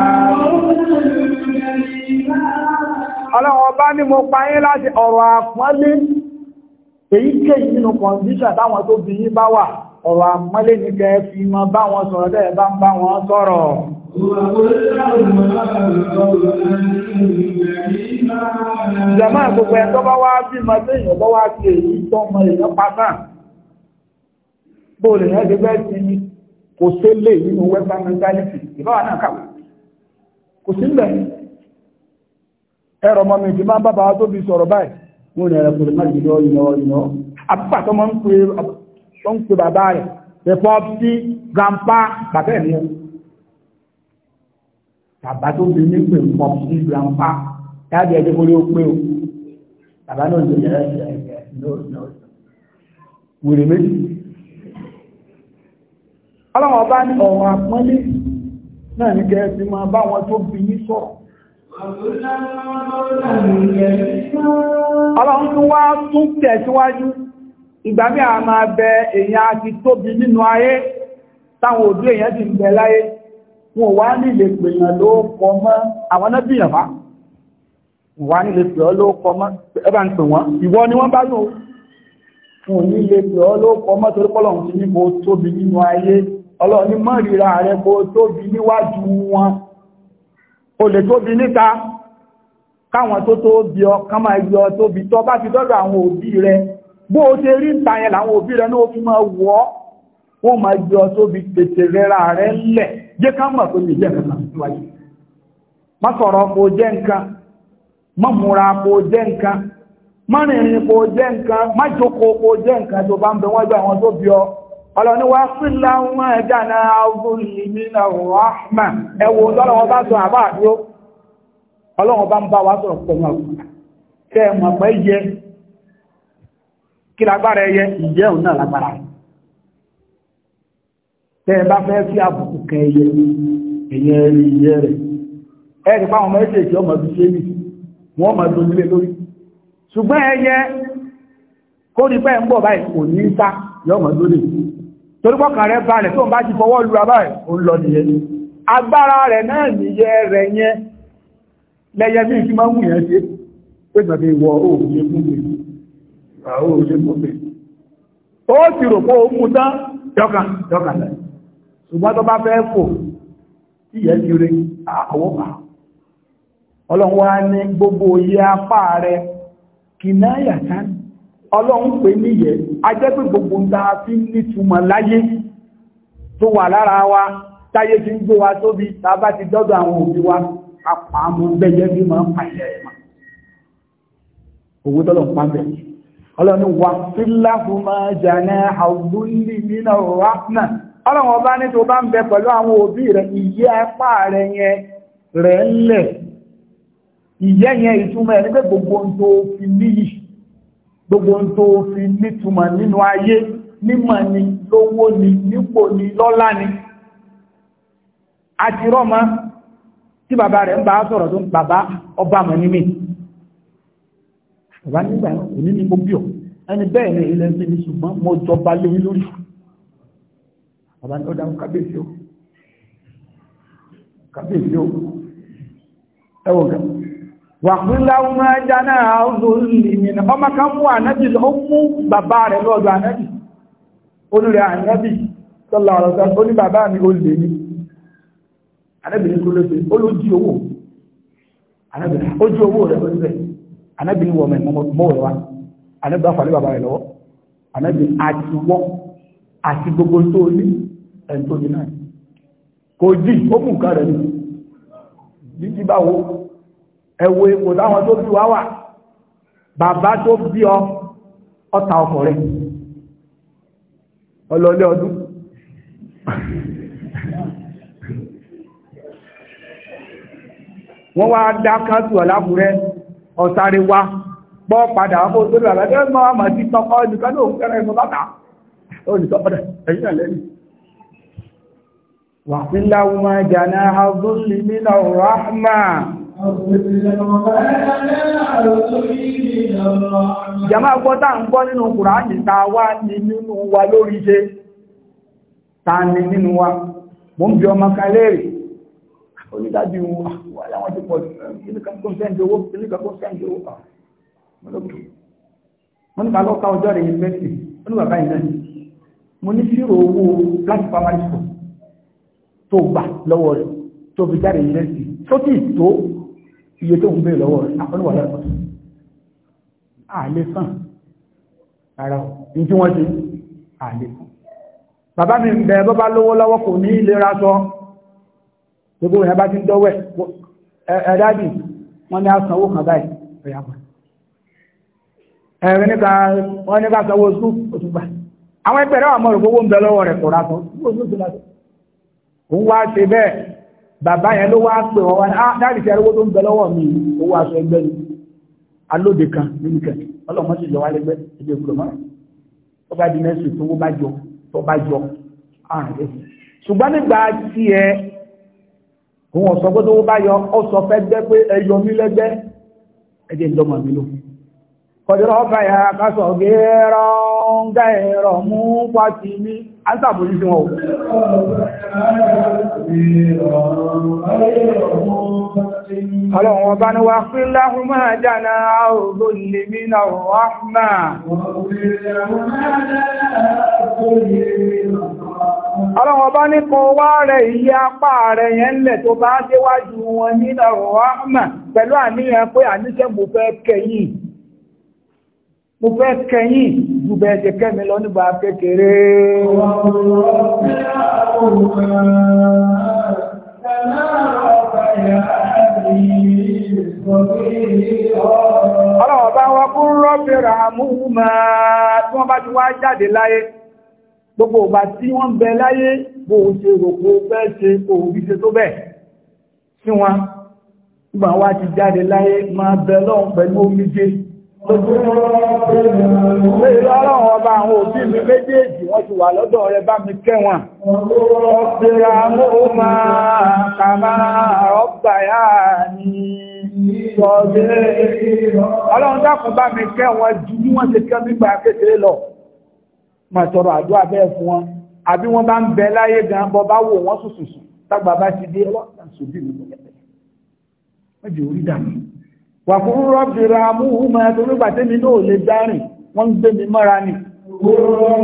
ọlọ́wọ́ bá ní mo payé láti ọ̀rọ̀ àpọ́nlé èyíkéyìí nínú kọ̀ǹdíṣà táwọn tó bí yí bá wà ọ̀rọ̀ àpọ́nlé ní kẹ́ fi mọ́ bá wọn sọ̀rọ̀ Ìjàmá gbogbo ẹ̀ wá bí ma tó èèyàn bọ́ wá sí èyí tó ọmọ èèyàn pátá. Bóòlù èèyàn ti bẹ́ẹ̀ ti ní kò sí lè nínú wẹ́fà mẹ́ntálítì, ìbáwà náà kàwé. Kò sí Ẹ̀rọ ọmọ ti máa ń sọ̀rọ̀ báyìí. bàbá tó fi ní pè mọ sí grandpa dáàbì ẹjẹ kó ló pé o bàbá náà ló yẹ ẹ wèrè méjì ọlọ́run ọba ní ọ̀rọ̀ àpọ́nlé náà ní kẹ́ẹ̀sì máa bá wọn tó bí ní sọ̀rọ̀ ọlọ́run tún wá tún tẹ̀síwájú ìgbà mí a bẹ èèyàn àti tóbi nínú ayé táwọn òdú èèyàn ti ń bẹ láyé wọn wá nílé pèèyàn ló kọ mọ́ àwọn nẹ́bìyàn fa wọn wá nílé pèèyàn ló kọ mọ́ ẹbà ń pè wọ́n ìwọ ni wọ́n bá lò wọn nílé pèèyàn ló kọ mọ́ torí pọ́lọ̀hún ti ní kó tóbi nínú ayé ọlọ́run ní mọ́rìíra rẹ kó tóbi níwájú wọn o lè tóbi níta káwọn tó tó bí ọ ká máa yọ tóbi tó bá ti dọ́dọ̀ àwọn òbí rẹ bó o ṣe rí ìta yẹn làwọn òbí rẹ ní fi máa wọ́ wọ́n máa jẹ ọ tó fi tètè rẹ́ra rẹ̀ lẹ̀ jẹ́ ká mọ̀ tó lè jẹ́ nǹkan síwájú má sọ̀rọ̀ kò jẹ́ nǹkan má múra kò jẹ́ nǹkan má rìnrìn kò jẹ́ nǹkan má kò jẹ́ nǹkan tó bá ń bẹ wọ́n àwọn ọ ọlọ́ni wá sí láwọn ẹ̀dá náà ọdúnlì lọ́lọ́wọ́ bá sọ àbá àdúró ọlọ́wọ́ bá ń bá sọ̀rọ̀ tẹ́ ẹ bá fẹ́ fi àbùkù kan ẹyẹ ẹ̀yẹ rí iye rẹ̀ ẹ̀rì pa àwọn méjèèjì ọmọ bí ṣe nì wọ́n máa lo nílé lórí ṣùgbọ́n ẹyẹ kó ní pẹ́ ń bọ̀ báyìí kò ní sá yọmọ lórí torí pọ́kàn rẹ̀ balẹ̀ tó ń bá ti fọwọ́ lu abá fún mi mú tán dọ́kàn dọ́kàn lẹ́yìn ṣùgbọ́n tó bá fẹ́ fò tí yẹ ti rí àwọ́pá ọlọ́run wá ní gbogbo oyé apá rẹ kìnnáyà tán ọlọ́run pè níyẹ ajẹ́ pé gbogbo ń dáa fi nítumọ̀ láyé tó wà lára wa táyé fi ń gbé wa tóbi tàbá ti dọ́dọ̀ àwọn òbí wa apàmọ́ bẹ́yẹ bí máa ń pàṣẹ ẹ̀mà owó tọ́lọ̀ ń pa bẹ̀rẹ̀ ọlọ́run wà fíláhùn máa jà náà àwùjọ nílì nínú ọ̀rọ̀ ọlọ́run ọba ní tó bá ń bẹ pẹ̀lú àwọn òbí rẹ̀ ìyẹ́ apá rẹ̀ yẹn rẹ̀ ńlẹ̀ ìyẹ́ yẹn ìtumọ̀ ẹ̀ ní pé gbogbo ohun tó fi níyì gbogbo ohun tó fi nítumọ̀ nínú ayé mímọ̀ ni lówó ni nípò ni lọ́lá ni àti rọ́mọ tí bàbá rẹ̀ ń bá sọ̀rọ̀ tó ń bàbá ọba mọ̀ ní mi bàbá nígbà òní ni mo bí ọ ẹni bẹ́ẹ̀ ni ilẹ̀ ń fi ní ṣùgbọ́n mo jọba lé lórí bàbá ní ọ̀dà kábíyèsí o kábíyèsí o ẹwọ gẹ wà pínláwó máa dáná ọdún ìlìmìnà ọmọ kan mú ànábì lọ mú bàbá rẹ lọ́dọ̀ ànábì olùrẹ ànábì sọlá ọ̀rọ̀ sọ ó ní bàbá mi ó lè ní ànábì ní kó ló ṣe ó ló jí owó ànábì ó jí owó rẹ lórí rẹ ànábì ní wọmọ ìmọ̀wé wa ànábì bá falẹ̀ bàbá rẹ lọ́wọ́ ànábì àtiwọ́ àti gbogbo tó ní ẹ̀tọ́ ní náà kò jí ó mú nǹkan rẹ̀ ní jíjí báwo ẹwọ epo táwọn tó bí wá wà bàbá tó bí ọ ọta ọkọ rẹ̀ ọlọ́lẹ́ ọdún wọ́n wá dá káàtù ọ̀lábùrẹ́ ọ̀sáré wá gbọ́ padà ọmọ òṣèlú àbájẹ́ mọ́ àmà sí tọkọ́ ẹnìkan lóòun fẹ́rẹ̀ ẹ̀mọ́ bàtà ó ní tọ́pọ̀dà ẹ̀yìn àlẹ́yìn واغفر لهما جناح الذل من الرحمة jama gbọ́ta ń gbọ́ nínú kùránì ta wá ní nínú wa lórí ṣe ta ní nínú wa mọ́ ń bí ọmọ kan léèrè onídájú wà láwọn tí pọ̀ nílùkà kọ́nsẹ́ntì owó wọ́n ah, ní bá lọ́ka ọjọ́ rẹ̀ yìí pẹ́sì wọ́n ní bàbá ìnáyìí mo ní ṣírò owó láti primary school tó gbà lọ́wọ́ rẹ̀ tó fi jáde ilé sí tó tí tó iye tó ń bèèrè lọ́wọ́ rẹ̀ àpọ́nùwà lẹ́kọ̀ọ́ àlé sàn ara ní tí wọ́n ti àlé sàn bàbá mi bẹ bọ́bá lówó lọ́wọ́ kò ní ìlera sọ gbogbo ìyẹn bá ti ń dọ́wẹ́ ẹ̀dájì wọ́n ní àsanwó kan báyìí ẹ̀yàgbà ẹ̀rin nípa wọ́n ní ká sanwó sùn òtùgbà àwọn ẹgbẹ̀rẹ̀ àwọn ọmọ rẹ̀ gbogbo ń bẹ lọ́wọ́ rẹ̀ kò rà sọ gbogbo òun wá ṣe bẹ́ẹ̀ bàbá yẹn ló wá pè wọ́n wá ní ah, dáàdì tí arúgbó tó ń bẹ lọ́wọ́ mi owó aṣọ ẹgbẹ́ ni alóde kan nínú kẹ ọlọ́mọ sì jọ wá lẹ́gbẹ́ ẹgbẹ́ ìgbìmọ̀ mọ́ra tó bá di mẹ́sì tó wó bá jọ tó bá jọ àrùn ah, rẹ̀ ṣùgbọ́n nígbà tí ẹ òun ọ̀sọ́ pé tó wó bá yọ ọ sọ fẹ́ gbẹ́ pé ẹ yọ mí lẹ́gbẹ́ ẹ jẹ́ ìjọba mi lò kọ̀dọ̀rọ̀ ọ̀fà yà kásọ̀ gẹ́rọ̀ ń gẹ́ mú pàtì mi a ń sí wọn o ọlọ́run ọba ni wà fí láhùn máa jàna àòrò lè mínà rọ́hùnmá ọlọ́run ọba ní kọ wá rẹ̀ iye apá rẹ̀ yẹn lẹ̀ tó bá déwájú wọn nínà rọ́hùnmá pẹ̀lú àníyàn pé àníṣẹ́ mo fẹ́ kẹ́yìn mo fẹ́ kẹyìn ju bẹ́ẹ̀ ṣe kẹ́mi lọ nígbà kékeré ọlọ́wọ́ bá wọ́n kún rọ́bìnrin àmúhùmá tí wọ́n bá ti wá jáde láyé gbogbo ọba tí wọ́n bẹ láyé bó ṣe rògbò bẹ́ẹ̀ ṣe òbí ṣe tó bẹ́ẹ̀ sí wọn nígbà wá ti jáde láyé máa bẹ lọ́hùn pẹ̀lú omijé Ìlọ́rọ̀ ọba àwọn òbí mi méjèèjì wọ́n ti wà lọ́dọ̀ rẹ bá mi kẹwàá. Ọ̀pẹ̀rẹ̀ àmú máa kàmà ọgbà yá ní ọ̀gbẹ̀rẹ̀. Ọlọ́run dákun bá mi kẹwàá jù ní wọ́n ti kẹ́ nígbà kékeré lọ. Mà tọrọ àdúrà bẹ́ẹ̀ fún wọn. Àbí wọ́n bá ń bẹ láyé gan bọ́ bá wò wọ́n sùsùsù. Tágbà bá ti dé ọlọ́run sòbí mi lọ wàkúrú rọ́bì ra múhú mọ́ ẹ̀tọ́ nígbà mi náà lè dárìn wọ́n ń gbé mi mọ́ra ni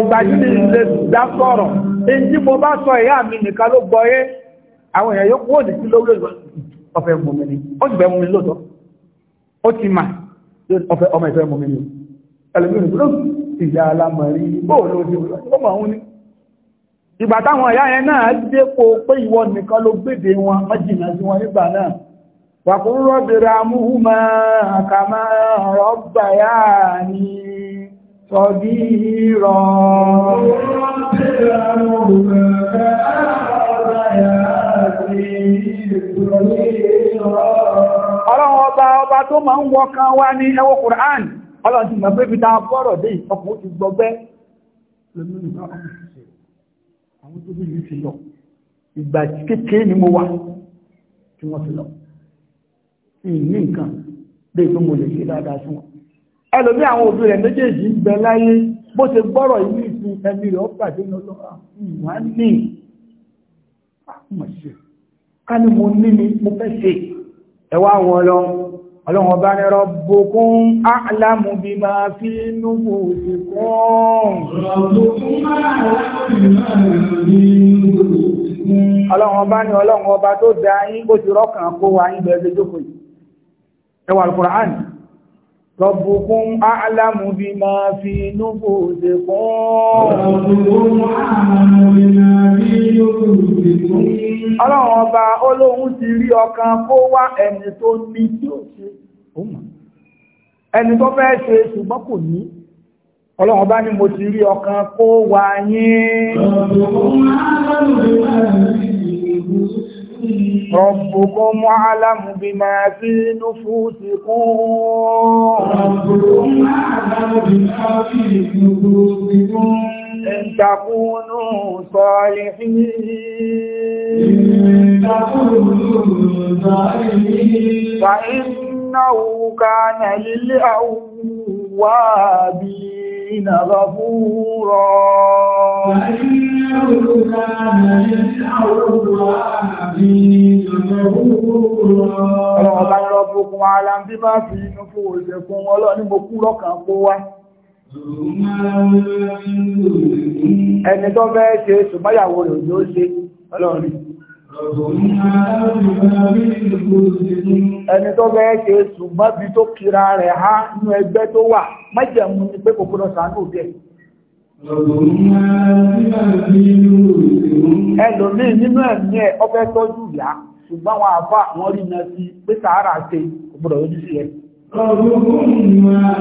ìgbàjílẹ̀ ilẹ̀ dá sọ̀rọ̀ mo bá sọ ìyá mi nìkan ló gbọ́yé àwọn èèyàn yóò wò ní sí lórí ọ̀fẹ́ mọ̀mí ni ó sì bẹ̀rù mi lóòótọ́ ó ti mà ọ̀fẹ́ ọmọ ìfẹ́ ni ẹlòmíràn ló ìyá alámọ̀rí bóòlù ojú ọmọ òun ni ìgbà táwọn ìyá yẹn náà dépò pé ìwọ nìkan ló gbèdè wọn فقل رب ارحمهما كما ربياني صغيرا Ọlọ́run ọba ọba tó máa ń wọkan wá ní ẹwọ́ Kùrán, ọlọ́run ti mọ̀ pé fi ta fọ́rọ̀ dé ọkùn ti gbọgbẹ́ lónìí àwọn tó bí i ti lọ. Ìgbà kékeré ni mo wà tí wọ́n ti lọ ìní nǹkan I tó mo lè ṣe dáadáa fún wọn ẹlòmí àwọn òbí rẹ̀ méjèèjì ń bẹ láyé bó ṣe gbọ́rọ̀ ìwé ìsìn ẹni rẹ̀ ọ̀pàdé lọ́lọ́wọ́ ah, ìwà ní àmọ̀ṣe ah, ká ní mo ní ni mo fẹ́ ṣe ẹwà àwọn ọlọ́run ọlọ́run ọba ní rabbukum a'lamu bima fi nufusikum ọlọ́run ọba ní ọlọ́run ọba tó dá yín bó ti rọ́kàn kó wa yín bẹ̀rẹ̀ lójókòó yìí ẹwà alukur'an rọ̀bùkún aláàmù bí máa fi núfò ṣe kún ọlọ́run ọba olóhun ti rí ọkàn kó wá ẹni tó ní tí ó ṣe ẹni tó fẹ́ ṣe ṣùgbọ́n kò ní ọlọ́run bá ní mo ti rí ọkàn kó wá yín ربكم أعلم بما في نفوسكم ربكم أعلم بما في نفوسكم إن تكونوا صالحين إن تكونوا صالحين فإنه كان للأوابين للمؤمنين غفورا وإنه كان Ọlọ́ọ̀bá lọ́bùkún ara ń bí bá fi inú fún òṣèkún ọlọ́ni mo Ẹni tó bẹ́ẹ̀ ṣe ṣùgbọ́n bí tó kira rẹ̀ ha nínú ẹgbẹ́ tó wà, májẹ̀mú ní pé kòkòrò sàánù bẹ̀. Ẹlòmíì nínú ẹ̀mí ẹ̀ ọfẹ́ tọ́jú ìyá, ṣùgbọ́n wọn àfá wọn rí na sí pé sàárà ṣe kòkòrò ojú sí ẹ. máa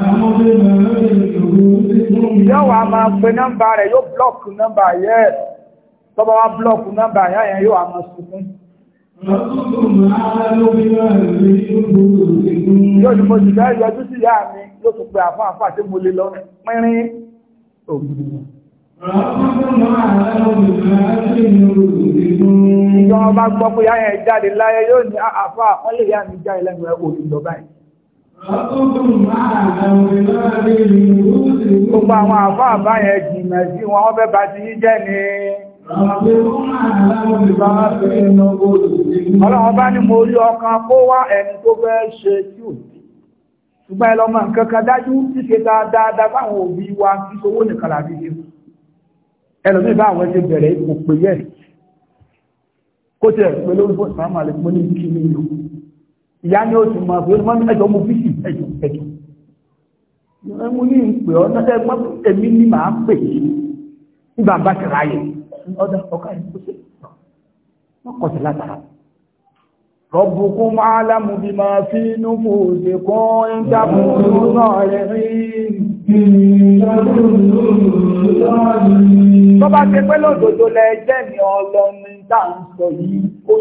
nọ́mbà rẹ̀ yóò blọ́ọ̀kì nọ́mbà yẹ́ tọ́bọ̀ wa blọ́ọ̀kù nọ́mbà àyá yẹn yóò àmọ́ sunkún yóò ní mo sì fẹ́ yọjú sí ìyá mi ló tún pé àfáà fà tí mo lè lọ pínrín ògùn Ìjọ ọba gbọ́ pé yáyẹ jáde láyé yóò ní ah, àfáà wọ́n yá mi jáde lẹ́nu ẹ̀wò ìjọ báyìí. Gbogbo àwọn àfáà báyẹn jìnnà sí wọn, wọ́n fẹ́ bá ti yí jẹ́ ni. Ọlọ́run bá ní mo rí ọkàn kó wá ẹni tó fẹ́ ṣe tí ò ní. Ṣùgbọ́n ẹlọ́mọ nǹkan kan dájú tí ṣe dáadáa báwọn òbí wa tí sówó nìkan làbí ṣe. Ẹlòmí bá àwọn ẹṣẹ́ bẹ̀rẹ̀ kò pè yẹ. Kó tẹ̀ pé lórí bó ni ó ti mọ̀ pé mọ́ ẹjọ́ mo fíṣì ẹjọ́ ẹjọ́. Mo ní ìpè ọ̀dà ọ̀ká yìí wọ́n kọ̀ sí látara. Rabbukum a'lamu bima fi nufusikum in takunu salihin. Tó bá ṣe pé lódodo Gbogbo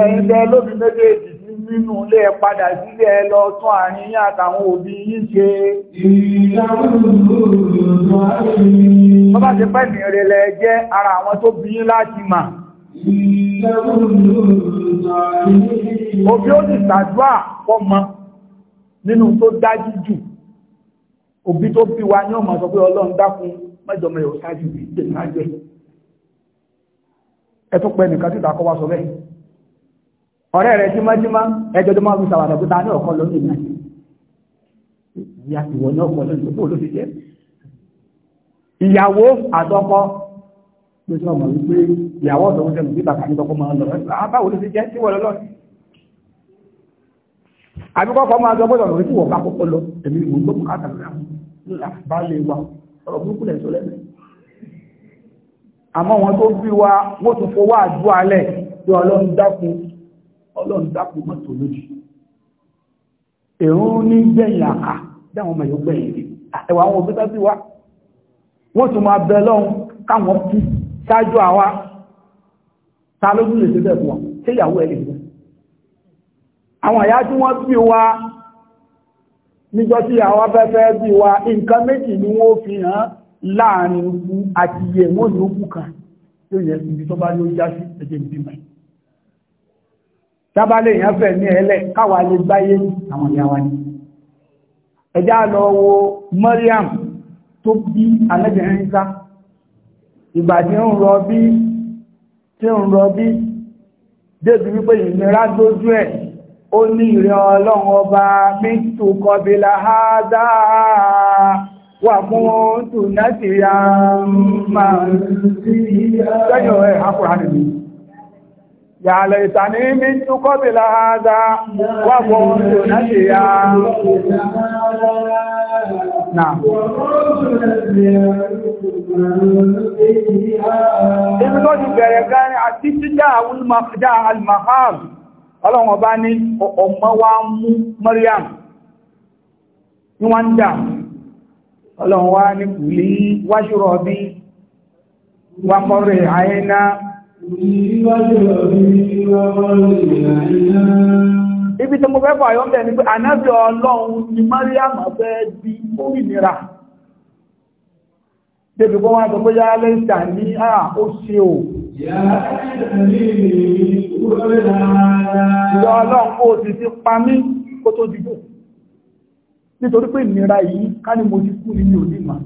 ẹ̀yin tẹ lóbi méjèèjì nínú ilé padà sílé ẹ lọ tún àárín yín àtàwọn òbí yín ṣe tó bá ti pẹ́ lẹ jẹ́ ara àwọn tó bí yín láti mà òbí ó sì ṣàdúrà fọ́mọ nínú tó dájú jù òbí tó bí wa ní ọmọ sọ pé ọlọ́run dákun mẹ́jọmọ̀ ẹ̀ ò ṣáájú ìgbè ṣáájú tó pẹ́ nìkan títà kọ́ sọ bẹ́ẹ̀ ọ̀rẹ́ rẹ̀ tímọ́tímọ́ ẹjọ́ tó máa fi sàwàdà pé ta ní ọ̀kọ́ lónìí náà ìyá ti wọ̀ ní ọ̀kọ́ lónìí tó ló fi jẹ́ ìyàwó àtọkọ ló sọ mọ̀ wípé ìyàwó ọ̀dọ́ sẹ́nu bí bàtà nípa kó máa lọ ah, báwo ló fi jẹ́ tí wọ́n lọ lọ́nìí àbí kọ́kọ́ máa sọ gbọ́dọ̀ lórí tí wọ́n bá kọ́kọ́ lọ èmi ìwò gbọ́ bùkátà lórí àmọ́ wọn tó bí wa wó tún fowó àdúrà ọlọ́run dákò mọ́tò lójú èrún ní gbẹ̀yìn àká dáwọn ọmọ yóò gbẹ̀yìn rí ẹwà àwọn òbí sábí wá wọ́n tún máa bẹ lọ́run káwọn kú ṣáájú àwa ta lójú lè ṣe bẹ́ẹ̀ fún wọn ṣé ìyàwó ẹ̀ lè fún àwọn àyá tí wọ́n bí wa níjọ́ tí àwọn afẹ́fẹ́ bí wa nǹkan méjì ni wọ́n fi hàn láàrin ikú àti iye wọn ní ó kù kan yóò yẹ ibi tó bá ní ó já sí ẹjẹ ìbímọ yìí tábálẹ̀ èèyàn fẹ̀ ní ẹlẹ́ káwà lè gbáyé àwọn ìyá wa ni ẹjá lọ wo Mariam tó bí alẹ́bìnrin sá ìgbà tí ń rọ bí tí ń rọ bí débi wípé ìnira lójú ẹ̀ ó ní ìrìn ọlọ́run ọba mítù kọbílá hádá wà fún tùnátìyà máa ń sí ẹ̀yọ̀ يا ليتني مت قبل هذا وكنت نسيا نعم Ibi tó ti bẹ̀rẹ̀ gan àti títà olùmọ̀dá al-mahal, ọlọ́run ọba ní ọmọ wa mú Maryam ní wọ́n ń Ọlọ́run wá ní kùlí wáṣúrọ̀ bí wákọ́rẹ̀ Ibi tí mo fẹ́ fà yọ́n bẹ̀ ni pé ànábì ọlọ́run ni Máríàmà fẹ́ di òmìnira. Débì kọ́ wọ́n ní àà ó ṣe ò. Ìjọ ọlọ́run kó ti pa mí kó tó dìbò. Nítorí pé ìnira yìí ká ní mo ti kú ní mi ò màá.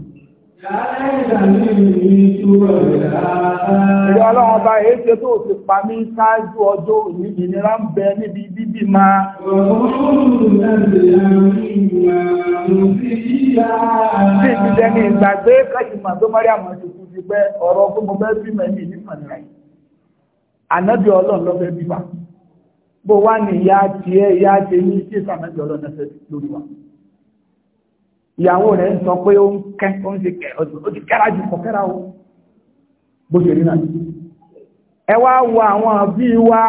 Ìjọ ọlọ́run ọba èé ṣe tó ti pa mí ṣáájú ọjọ́ òní ìnira ń bẹ níbi bíbí máa. Bí na ni ìgbàgbé káṣìmà tó mọ́rí àmọ́ ti pẹ́ ọ̀rọ̀ fún mo bẹ́ mẹ́rin ní Fàníra. Ànábì lọ́fẹ́ Bó wá ní ìyá ìyá ní ìyàwó rẹ̀ ń sọ pé ó ń kẹ́ ó ń ṣe kẹ́ ó ti kẹ́ra jù kọ́ o bó ṣe rí náà ẹ wá wo àwọn àbí wa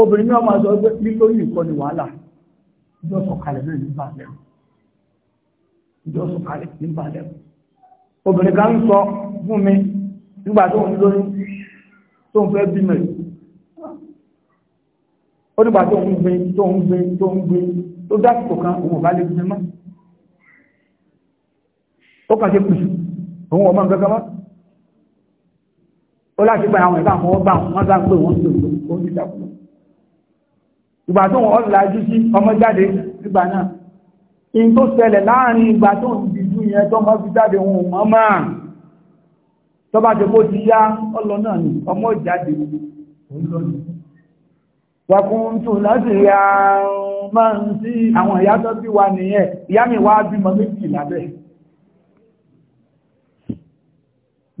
obìnrin náà máa sọ pé lílóyún ìkọni wàhálà ìjọ sọ̀kalẹ̀ náà nígbà lẹ́rù ìjọ sọ̀kalẹ̀ nígbà lẹ́rù obìnrin kan ń sọ fún mi nígbà tó ń lóyún tó ń fẹ́ bímọ ó nígbà tó ń gbin tó ń gbin tó ń gbin tó dásìkò kan òun ò bá lè gbin mọ́ ó kàn ṣe pùsù òun ọmọ nǹkan kan mọ́ ó láti gba àwọn ìbá àwọn ọba wọn sá ń pè wọn lòlò ó ti dàkú ìgbà tó wọn lajú sí ọmọ jáde nígbà náà in tó ṣẹlẹ̀ láàrin ìgbà tó ń dìjú yẹn tó mọ́ fi jáde wọn ò mọ́ máa tó bá ti kó ti yá ọlọ náà ni ọmọ ìjáde wàkùntù láti ya máa ń sí àwọn ìyá tó bí wa nìyẹn ìyá mi wá bímọ méjì lábẹ́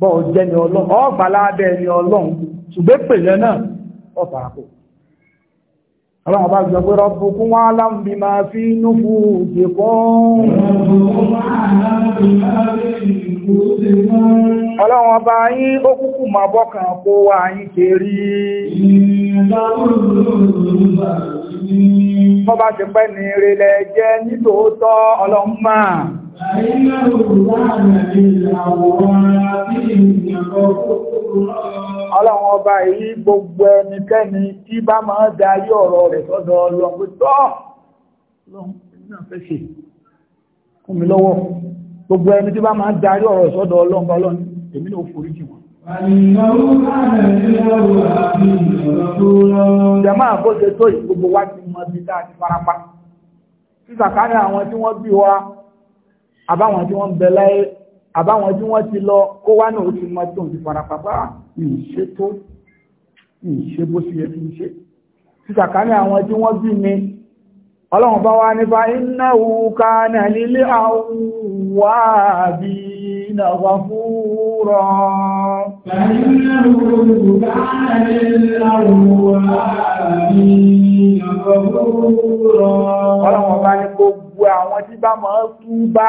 bọ́ ọ jẹ́ ni ọlọ́run ọgbà lábẹ́ ni ọlọ́run ṣùgbọ́n pèlẹ́ náà ọ̀fà àpò ọlọ́run bá gbọ́ pé rọ́bù kún wá láǹbì máa fi inú fún òjè kan ọlọ́run bá yín ó kúkú máa bọ́kàn kó wá yín kéré bọ́ bá ti pẹ́ ní rẹ̀ lẹ́jẹ́ nítòótọ́ ọlọ́run máa Ọlọ́run ọba èyí gbogbo ẹnikẹ́ni tí bá máa darí ọ̀rọ̀ rẹ̀ sọ́dọ̀ ọlọ́run pé tọ́ lọ́n náà fẹ́ ṣe kún mi lọ́wọ́. Gbogbo ẹni tí bá máa darí ọ̀rọ̀ sọ́dọ̀ ọlọ́run ọlọ́run èmi náà forí jì wọ́n. Jẹ̀mọ́ àkóṣe tó ìgbogbo wá ti mọ àbáwọn tí wọ́n ń bẹ láyé àbáwọn tí wọ́n ti lọ kó wá náà ó ti mọ tó ń ti fara pàpà ìṣe ah, tó ìṣe bó ṣe yẹ kí n ṣe títàkà ní àwọn tí wọ́n bí mi ọlọ́run bá wá nípa iná òkà náà lílé àwọ̀ àbí ìnàwà fúrọ̀ ọlọ́run bá ní gbogbo àwọn tí bá mọ́ tú bá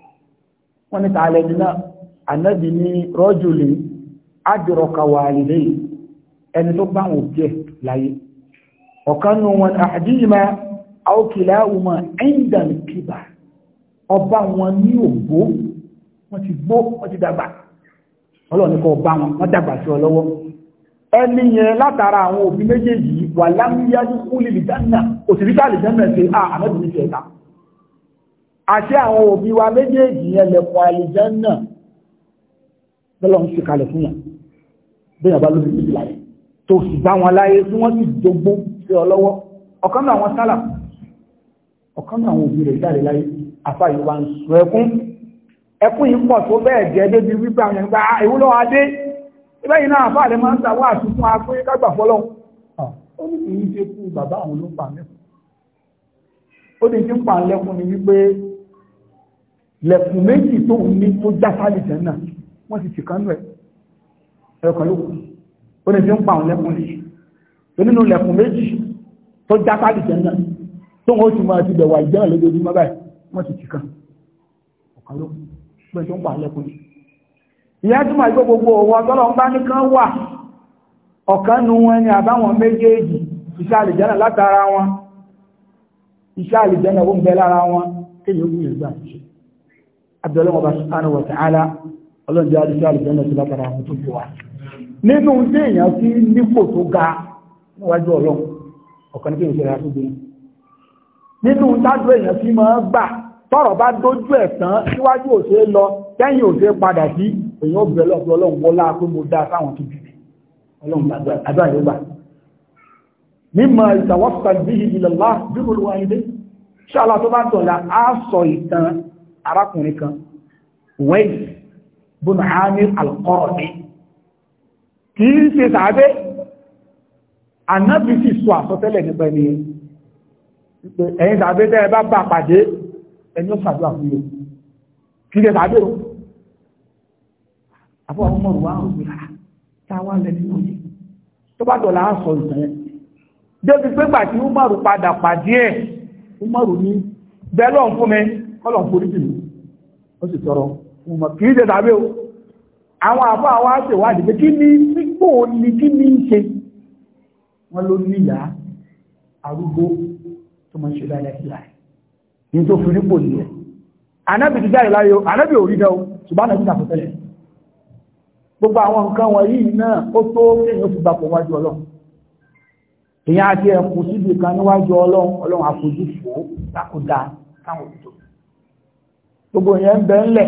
wọ́n ní tààlẹ̀ nínú ànábì ní rọ́jùlé ádìrọ̀kàwàlè ẹni tó bá wọn jẹ́ láyé ọ̀kanú wọn àdíjìmá àókèlá ọmọ ẹ̀ndàmì kíbà ọba wọn ní ògbó wọ́n ti gbó wọ́n ti dàgbà ọlọ́ni kọ ọba wọn wọ́n dàgbà sí ọlọ́wọ́ ẹni yẹn látara àwọn òbí méjèèjì wà lámúyájú kúlì lìjánà òsìríkà lìjánà ṣe àmọ́bìnrin ṣẹ̀ta àti àwọn òbí wa méjèèjì yẹn lẹ̀kùn àlìjẹ́nà lọ́lọ́ ń ṣe kalẹ̀ fún yàn bẹ́ẹ̀ bá lóbi méjì láyé tó sì bá wọn láyé tí wọ́n sì dogbo sí ọ lọ́wọ́ ọ̀kan náà wọn sálà ọ̀kan náà àwọn òbí rẹ̀ jáde láyé afá yìí wá ń sọ ẹkún ẹkún yìí pọ̀ tó bẹ́ẹ̀ jẹ́ débi wípé àwọn ẹgbẹ́ ìwúlọ́ adé ibẹ̀ yìí náà afá rẹ̀ máa ń ta wá àtúntún akún yìí kágbà fọlọ́ ah, ó ní kì í ṣe kú bàbá àwọn ló ń ó ní kí ń pa ń lẹ́kún ni wípé lẹ̀kùn méjì tó ń ní tó já sáàlì jẹ́ náà wọ́n ti ti kánú ẹ̀ ẹ̀kọ́ ló ó ní fi ń pa àwọn lẹ́kùn lè tó nínú lẹ̀kùn méjì tó já sáàlì jẹ́ náà tó wọ́n ti máa ti bẹ̀wà ìjẹ́ lójoojúmọ́ báyìí wọ́n ti ti kan ọ̀kan ló pé tó ń pa lẹ́kùn lè ìyá tó máa gbọ́ gbogbo owó ọgọ́lọ́ ń ni àbáwọn méjèèjì iṣẹ́ àlìjẹ́nà látara wọn iṣẹ́ àlìjẹ́nà ó ń bẹ lára wọn kéèyàn ó gbìyànjú àti ṣe abdullahi ọba subhanahu wa ta'ala ọlọ́njẹ́ adúgbò alìjẹ́nà sí látara àwọn tó wà nínú tí èèyàn sí nípò tó ga níwájú ọlọ́run ọ̀kan ní kí ìṣẹ̀lẹ̀ àtúgbò nínú tájú èèyàn sí máa gbà tọ́rọ̀ bá dójú ẹ̀tàn síwájú òṣè lọ tẹ́yìn òṣè padà sí èèyàn bẹ̀rẹ̀ lọ́pọ̀ ọlọ́run wọlá pé mo dá sáwọn tó jùlọ ọlọ́run àdúrà yóò mímọ ìtàwọ́fà bíi ìlọ́lá bí wáyé dé ṣáàlà tó bá tọ̀la á sọ ìtàn arákùnrin kan wẹ́yì bùnà hamir alkọ́rọ̀dé kì í ṣe sàábé anábì sì sọ àsọtẹ́lẹ̀ nípa ẹni ẹ̀yìn sàábé tẹ́ ẹ bá bá pàdé ẹni ó sàdó àfúyẹ kì í ṣe sàábé o àbọ̀ àwọn ọmọrùn wa òwe ha táwa lẹ́nu náà yìí tó bá dọ̀là á sọ ìtàn yẹn débi pé gbà tí umaru padà pàdé ẹ̀ umaru ní bẹ́ẹ̀ lọ́n fún mi kọ́lọ̀ forí jì mí ó sì tọrọ fún ọmọ kì í ṣe tàbí o àwọn àbọ̀ àwa ṣèwádìí pé kí ni sípò ni kí ni ń ṣe wọ́n ló ní ìyá arúgbó tó máa ń ṣe dáadáa sí láì ní tó fi nípò nìyẹn anábì ti jáde láyé o anábì ò rí dẹ́ o ṣùgbọ́n anábì tàbí tẹ́lẹ̀ gbogbo àwọn nǹkan wọ̀nyí náà ó tó kéèyàn àti ẹ̀kùn síbi kan níwájú ọlọ́run ọlọ́run àfojú fò ó dákúdá gbogbo yẹn ń bẹ ńlẹ̀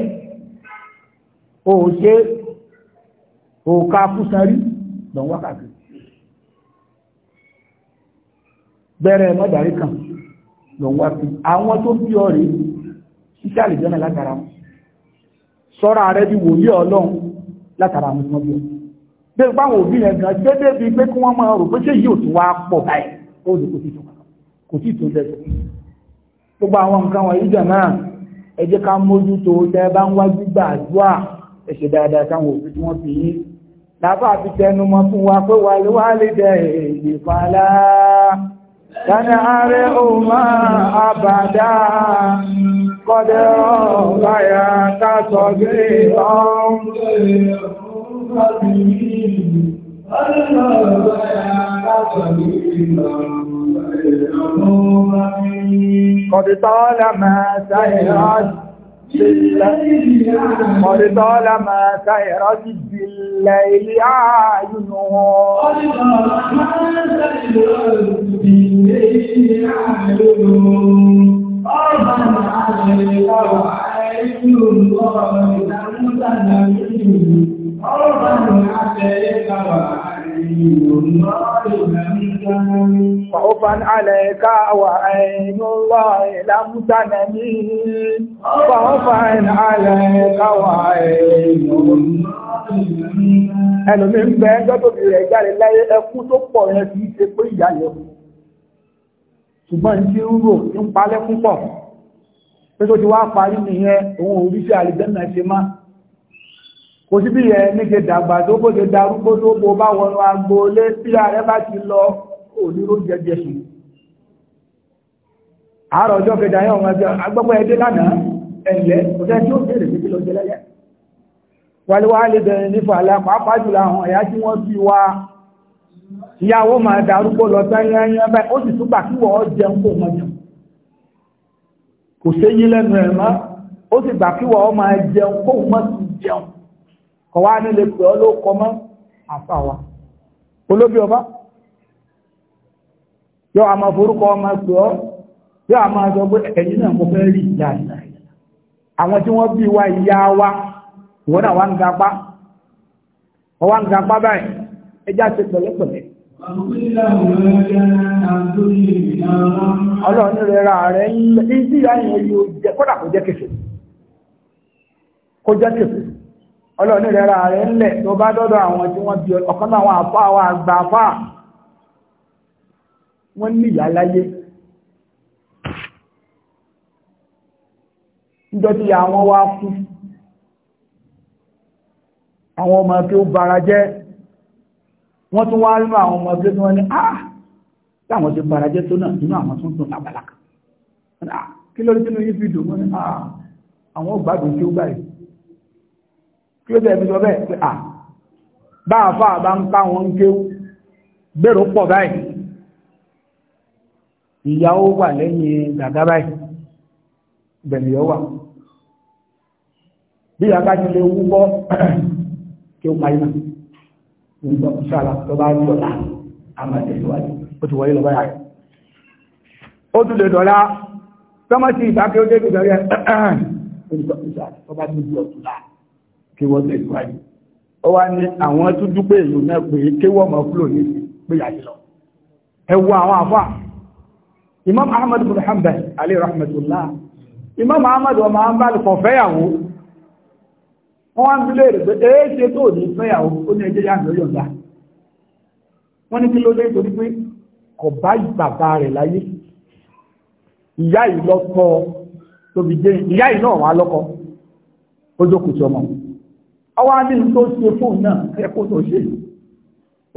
òòṣe òòka kúsanrí lọ́n wákàtí bẹ̀rẹ̀ mọ́dàrí kan lọ́n wákàtí àwọn tó bí ọ rí iṣẹ́ àlìjọ́nà látara wọn sọ́ra rẹ̀ bí wòlíì ọlọ́run látara àwọn tó bí ọ bí ipa àwọn òbí yẹn gan dédé bíi pé kí wọ́n máa rò pé ṣé yóò tún wá pọ̀ báyìí ó ní kò sí tó kò sí tó dẹ́sẹ̀ gbogbo àwọn nǹkan wọ̀nyí jẹ̀ náà ẹ jẹ́ ká mójútó tẹ́ bá ń wá gbígbà àdúrà ẹ ṣe dáadáa sáwọn òbí tí wọ́n fi yí láfà fi tẹnu mọ́ fún wa pé wà lówà lè dẹ èdè fàlá dáná ààrẹ òmà àbàdá kọ́dẹ̀ ọ̀láyà tàṣọ gbé ọ̀hún Ọlọ́run ọ̀yà káàkiri lọ́rùn. قد طالما سيرت قد طالما سيرت بالليل أعينه أرضا عليك وعين خوفا عليك وعين الله لم تنمي خوفا عليك وعين ẹlòmí ń bẹ ẹjọ́ tó bèèrè ìjáre láyé ẹkú tó pọ̀ yẹn kìí ṣe pé ìyá yẹ kú ṣùgbọ́n tí ń rò ń palẹ́ púpọ̀ pé tó ti wá parí nìyẹn òun oríṣẹ́ àlìjẹ́nà ṣe máa kò sí bí yẹn ní ṣe dàgbà tó bó ṣe darúgbó tó bó bá wọnú agboolé tí ààrẹ bá ti lọ oníró jẹjẹ sùn àárọ̀ ọjọ́ kẹta yẹn wọn ṣe agbọ́gbọ́ ẹdẹ lánàá ẹ̀lẹ́ kò sẹ́ tí ó bèèrè pé kí ló jẹ lẹ́yẹ wàlúwà lè bẹ̀rẹ̀ ní fàlà pàápàá jùlọ àwọn ẹ̀yà tí wọ́n fi wá ìyàwó máa darúgbó lọ sáyẹnyẹn báyìí ó sì tún gbà kí wọ́n jẹun kó wọn jẹun kò séyí lẹ́nu ẹ̀ mọ́ ó sì gbà kí wọ́n máa jẹun kó wọn jẹun kọ̀ wá nílé pẹ̀ ọ́ ló kọ mọ́ àfà wa olóbi ọba yọ àmà forúkọ ọmọ pẹ̀ ọ́ yọ àmà sọ pé ẹ̀yìn náà mo fẹ́ rí ìyá ìyá àwọn tí wọ́n bí wa ìyá wa ìwọ́n náà wá ń gapá ọwá ń gapá báyìí ẹjá ṣe pẹ̀lẹ́pẹ̀lẹ́ Ọlọ́run rẹ̀ ra rẹ̀ ń lẹ́ ìdí àyẹ̀yẹ̀ yóò jẹ́ kọ́dà kó jẹ́ kẹfẹ́. Kó jẹ́ kẹfẹ́ ọlọ́ọ̀ni rẹ̀ ra rẹ̀ ńlẹ̀ tó bá dọ́dọ̀ àwọn tí wọ́n bí ọ̀kan náà àwọn àfá àwọn àgbà àfá wọ́n ní ìyá láyé nítorí àwọn wá kú àwọn ọmọ tí ó bara jẹ́ wọ́n tún wá nínú àwọn ọmọ tí wọ́n ní ah táwọn ti bara jẹ́ tó náà nínú àwọn tó ń tún lábàlákà ah, kí lórí tí mo yí fi dùn wọ́n ní ah àwọn gbádùn tí ó báyìí kí ó tẹ́ ẹ̀bí sọ bẹ́ẹ̀ pé à bá àfá àbá ń pa wọn ń kéwú gbèrò pọ̀ báyìí ìyàwó wà lẹ́yìn gàgá báyìí bẹ̀rẹ̀ wà bí gàgá ti lè wú kí ó parí náà nígbà sára tó bá ń dọ̀la àmàtẹ̀síwájú ó ti wọlé lọ báyà ó tún lè dọ̀la tọ́mọ́ sí ó dé ìgbẹ̀rẹ̀ ọba tó ń bí ọ̀tún láàrín kí wọ́n lè gbá yìí ó wá ní àwọn tó dúpẹ́ èlò náà pé kí wọ́n mọ̀ fúlò ní pé lọ ẹ àwọn àfà imam ahmad bin hanbal alayhi rahmatullah imam ahmad ọmọ hanbal kò fẹ́yàwó wọ́n wá ń bilé rẹ̀ pé èé ṣe tó ní fẹ́yàwó ó ní ẹjẹ́ yá ní ọyọ̀dá wọ́n ní kí ló dé torí pé kò bá bàbá rẹ̀ láyé ìyá ìlọ́kọ tóbi jẹ́ ìyá ìlọ́ wà lọ́kọ ó jókòó sí ọmọ ọwọ́ ní tó ṣe fóun náà ẹkọ́ tó ṣe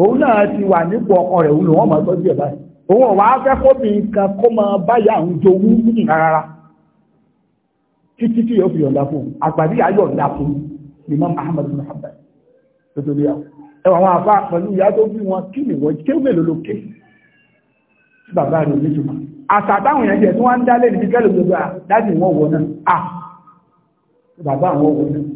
òun náà ti wà nípò ọkọ rẹ̀ wúlò wọ́n máa tọ́jú ẹ̀ báyìí òun ọ̀wá afẹ́kọ́ mi kan kó máa báyà ń jowú rárá títí tí yóò fi yọ̀ǹda fún un àgbàdì ayọ̀ǹda fún un Imam Ahmad bin Hanbal nítorí àwọn ẹwà àwọn àbá pẹ̀lú ìyá tó bí wọn kí ni wọ́n ké mélòó lókè tí bàbá rẹ̀ ní ìtumọ̀ àtàtàwọn èèyàn jẹ́ tí wọ́n ń dálé níbi kẹ́lò gbogbo àdájì wọn wọ náà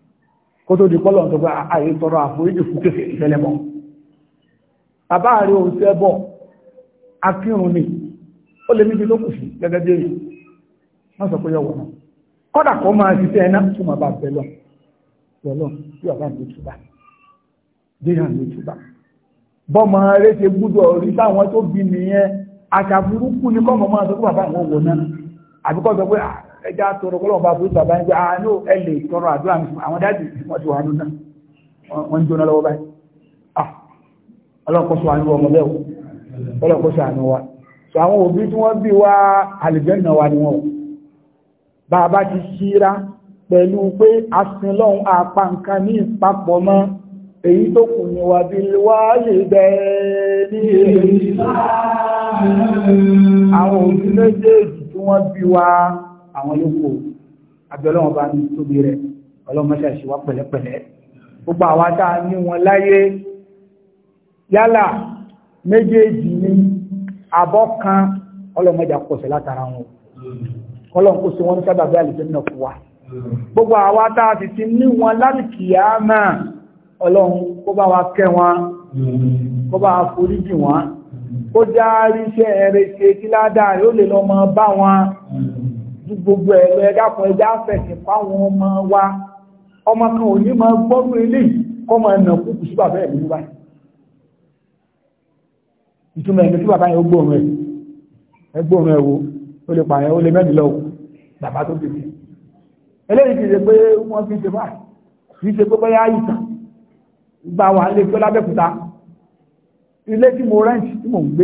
kó tó di pọ́lọ̀ tó gba àyè tọrọ àforíjì fún kéfè ìfẹ́lẹ́mọ́ bàbá rẹ̀ ò sẹ́ bọ̀ akírun ni ó lè níbi ló kù sí gẹ́gẹ́ bí èyí wọ́n sọ pé yọ wọ̀nà kọ́dà kọ́ máa ti tẹ́ ẹ náà tó máa bá bẹ̀lọ̀ bẹ̀lọ̀ bí ọ̀gá ìlú túbà déyà ìlú túbà bọ́mọ rẹ̀ ṣe gbúdọ̀ rí táwọn tó bí nìyẹn àṣà burúkú ni kọ́mọ máa sọ pé bàbá àwọn wò àbíkọ́ sọ pé ah, ẹja tọrọ kọ́lọ̀ bá fún bàbá ń gbé àánú ẹ lè tọrọ àdúrà mi fún àwọn dáàbì wọ́n ti wà nù náà wọ́n ń jóná lọ́wọ́ báyìí ah, ọlọ́kọ̀ọ́sọ àánú ọmọ bẹ́ẹ̀ ọlọ́kọ̀ọ́sọ àánú wa so àwọn òbí tí wọ́n bí wá àlùjànnà wa ni bàbá ti ṣíra pẹ̀lú pé asìnlọ́hun àwọn òbí méjèèjì tí wọ́n bí wá àwọn yòókù abẹ́ọ́lọ́wọ́n bá ní tóbi rẹ̀ ọlọ́mọṣẹ́ ìṣíwá pẹ̀lẹ́pẹ̀lẹ́ gbogbo àwọn tá a ní wọn láyé yálà méjèèjì ní abọ́ kan ọlọ́mọjà pọ̀sẹ̀ látara wọn kọ́lọ̀ kó sí wọn ní sábàbí àlùjànnà fún wa gbogbo àwọn tá a ti ti ní wọn láti kìyàmá ọlọ́run kó bá wa kẹ́ wọn ju gbogbo ẹ̀ lọ ẹ̀dá kan ẹja fẹ̀sìn fáwọn ọmọ wa ọmọ kan ò ní máa gbọ́rú eléyìí kọ́ máa nà kúkú sí bàbá ẹ̀ nínú báyìí ìtumọ̀ ẹ̀mí tí bàbá yẹn ó gbóòrùn ẹ̀ ẹ gbóòrùn ẹ̀ wo ó lè pààyàn ó lè mẹ́rin lọ́wọ́ bàbá tó bèbè eléyìí ti ṣe pé wọ́n fi ṣe báyìí kì í ṣe pé bóyá ìtàn gba wà lè pé lábẹ́kúta ilé tí mo rẹ́ǹtì tí mò ń gbé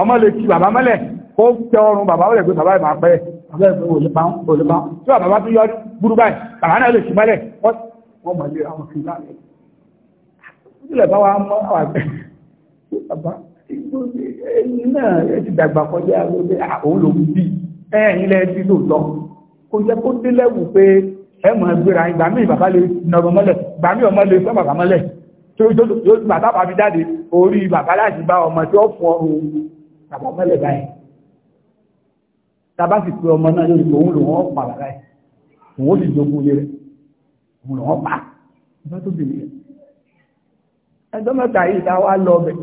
ọmọ lè ti bàbá mọ́lẹ̀ kó tẹ ọrùn bàbá ó lè gbé bàbá ìmọ̀ àpẹẹ bàbá ìmọ̀ òlùpá òlùpá tí wà bàbá tó yọ gbúrú báyìí bàbá náà lè ti mọ́lẹ̀ wọ́n mọ̀ lé àwọn fi láàrin ìjìnlẹ̀ bá wa mọ́ àwọn àgbẹ̀ bàbá ẹni náà ẹ ti dàgbà kọjá lóde àwọn olóhùn bí ẹ̀yìn lẹ́ ti lóòótọ́ kò jẹ́ kó dé lẹ́wù pé ẹ mọ̀ ẹgbẹ́ra ìgbà míì bàbá lè nọrọ mọ́lẹ̀ ìgbà míì ọmọ lè fẹ́ bàbá mọ́lẹ̀ tó bàbá bàbá jáde orí bàbá láti bá ọmọ tí ó fọ ohun tàbá mẹ́lẹ̀ báyìí tàbá sì pé ọmọ náà lórí òun lòun ọ̀pá bàbá ẹ̀ òun ó sì jogún ilé rẹ̀ òun lòun ọ̀pá ìbá tó bìrì rẹ̀ ẹjọ́ mẹ́ta yìí ta wá lọ bẹ̀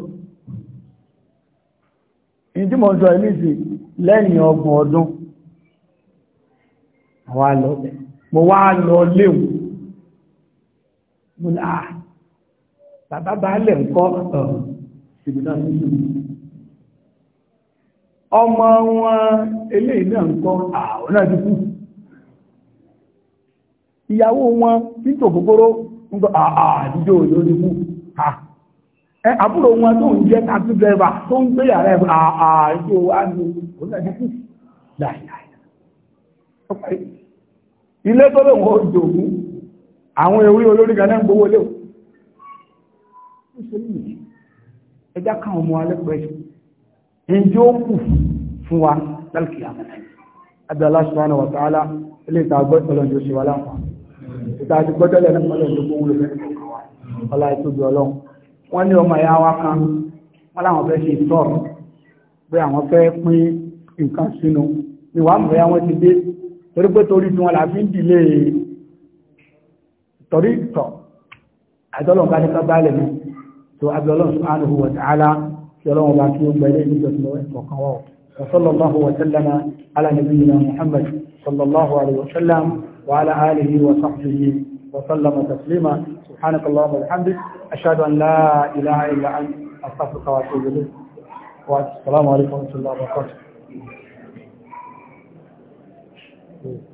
ìdí mọ̀ sọ ẹ̀mí sí lẹ́yìn ọgbọ̀n ọdún àwa lọ bẹ̀ mo wá lọ léwu mo ní à ah, bàbá baálẹ̀ ńkọ́ ìbùdó àti ìbùdó ọmọ wọn eléyìí náà ń kọ́ àwọn náà ti kú ìyàwó wọn tí tò gbogbo ń gbọ́ àdíjò yóò ti kú àbúrò wọn tó ń jẹ́ taxi driver tó ń gbé yàrá ẹ̀fọ́ àdíjò wá ní òun náà ti kú láìláì ilé tó lóun ó jòkú àwọn ewé olórí kan náà ń gbowó léwu ó ṣe nìyí ẹjá káwọn ọmọ alẹ́pẹ̀ẹ́ ẹjọ́ kù fún wa lálùkì àmàlà àbí Allah subhanahu wa ta'ala ilé ìta gbọ́ ọlọ́njọ́ ṣe wà láǹfà ìta àti gbọ́tẹ́lẹ̀ ní ọlọ́njọ́ kó wúlò fẹ́ ọlá ìtóbi ọlọ́run wọ́n ní pé àwọn fẹ́ pín nǹkan sínú ni wàá mọ̀ ya wọ́n ti dé torí pé torí tí wọ́n là fi ń dìlé torí tọ̀ àtọ́lọ́ǹkà ní ká bá lẹ̀ mi tó àbí Allah يلوم باكي وبيلي نجد وقواه وصلى الله وسلم على نبينا محمد صلى الله عليه وسلم وعلى آله وصحبه وسلم تسليما سبحانك اللهم وبحمدك أشهد أن لا إله إلا أنت أستغفرك وأتوب إليك والسلام عليكم ورحمة الله وبركاته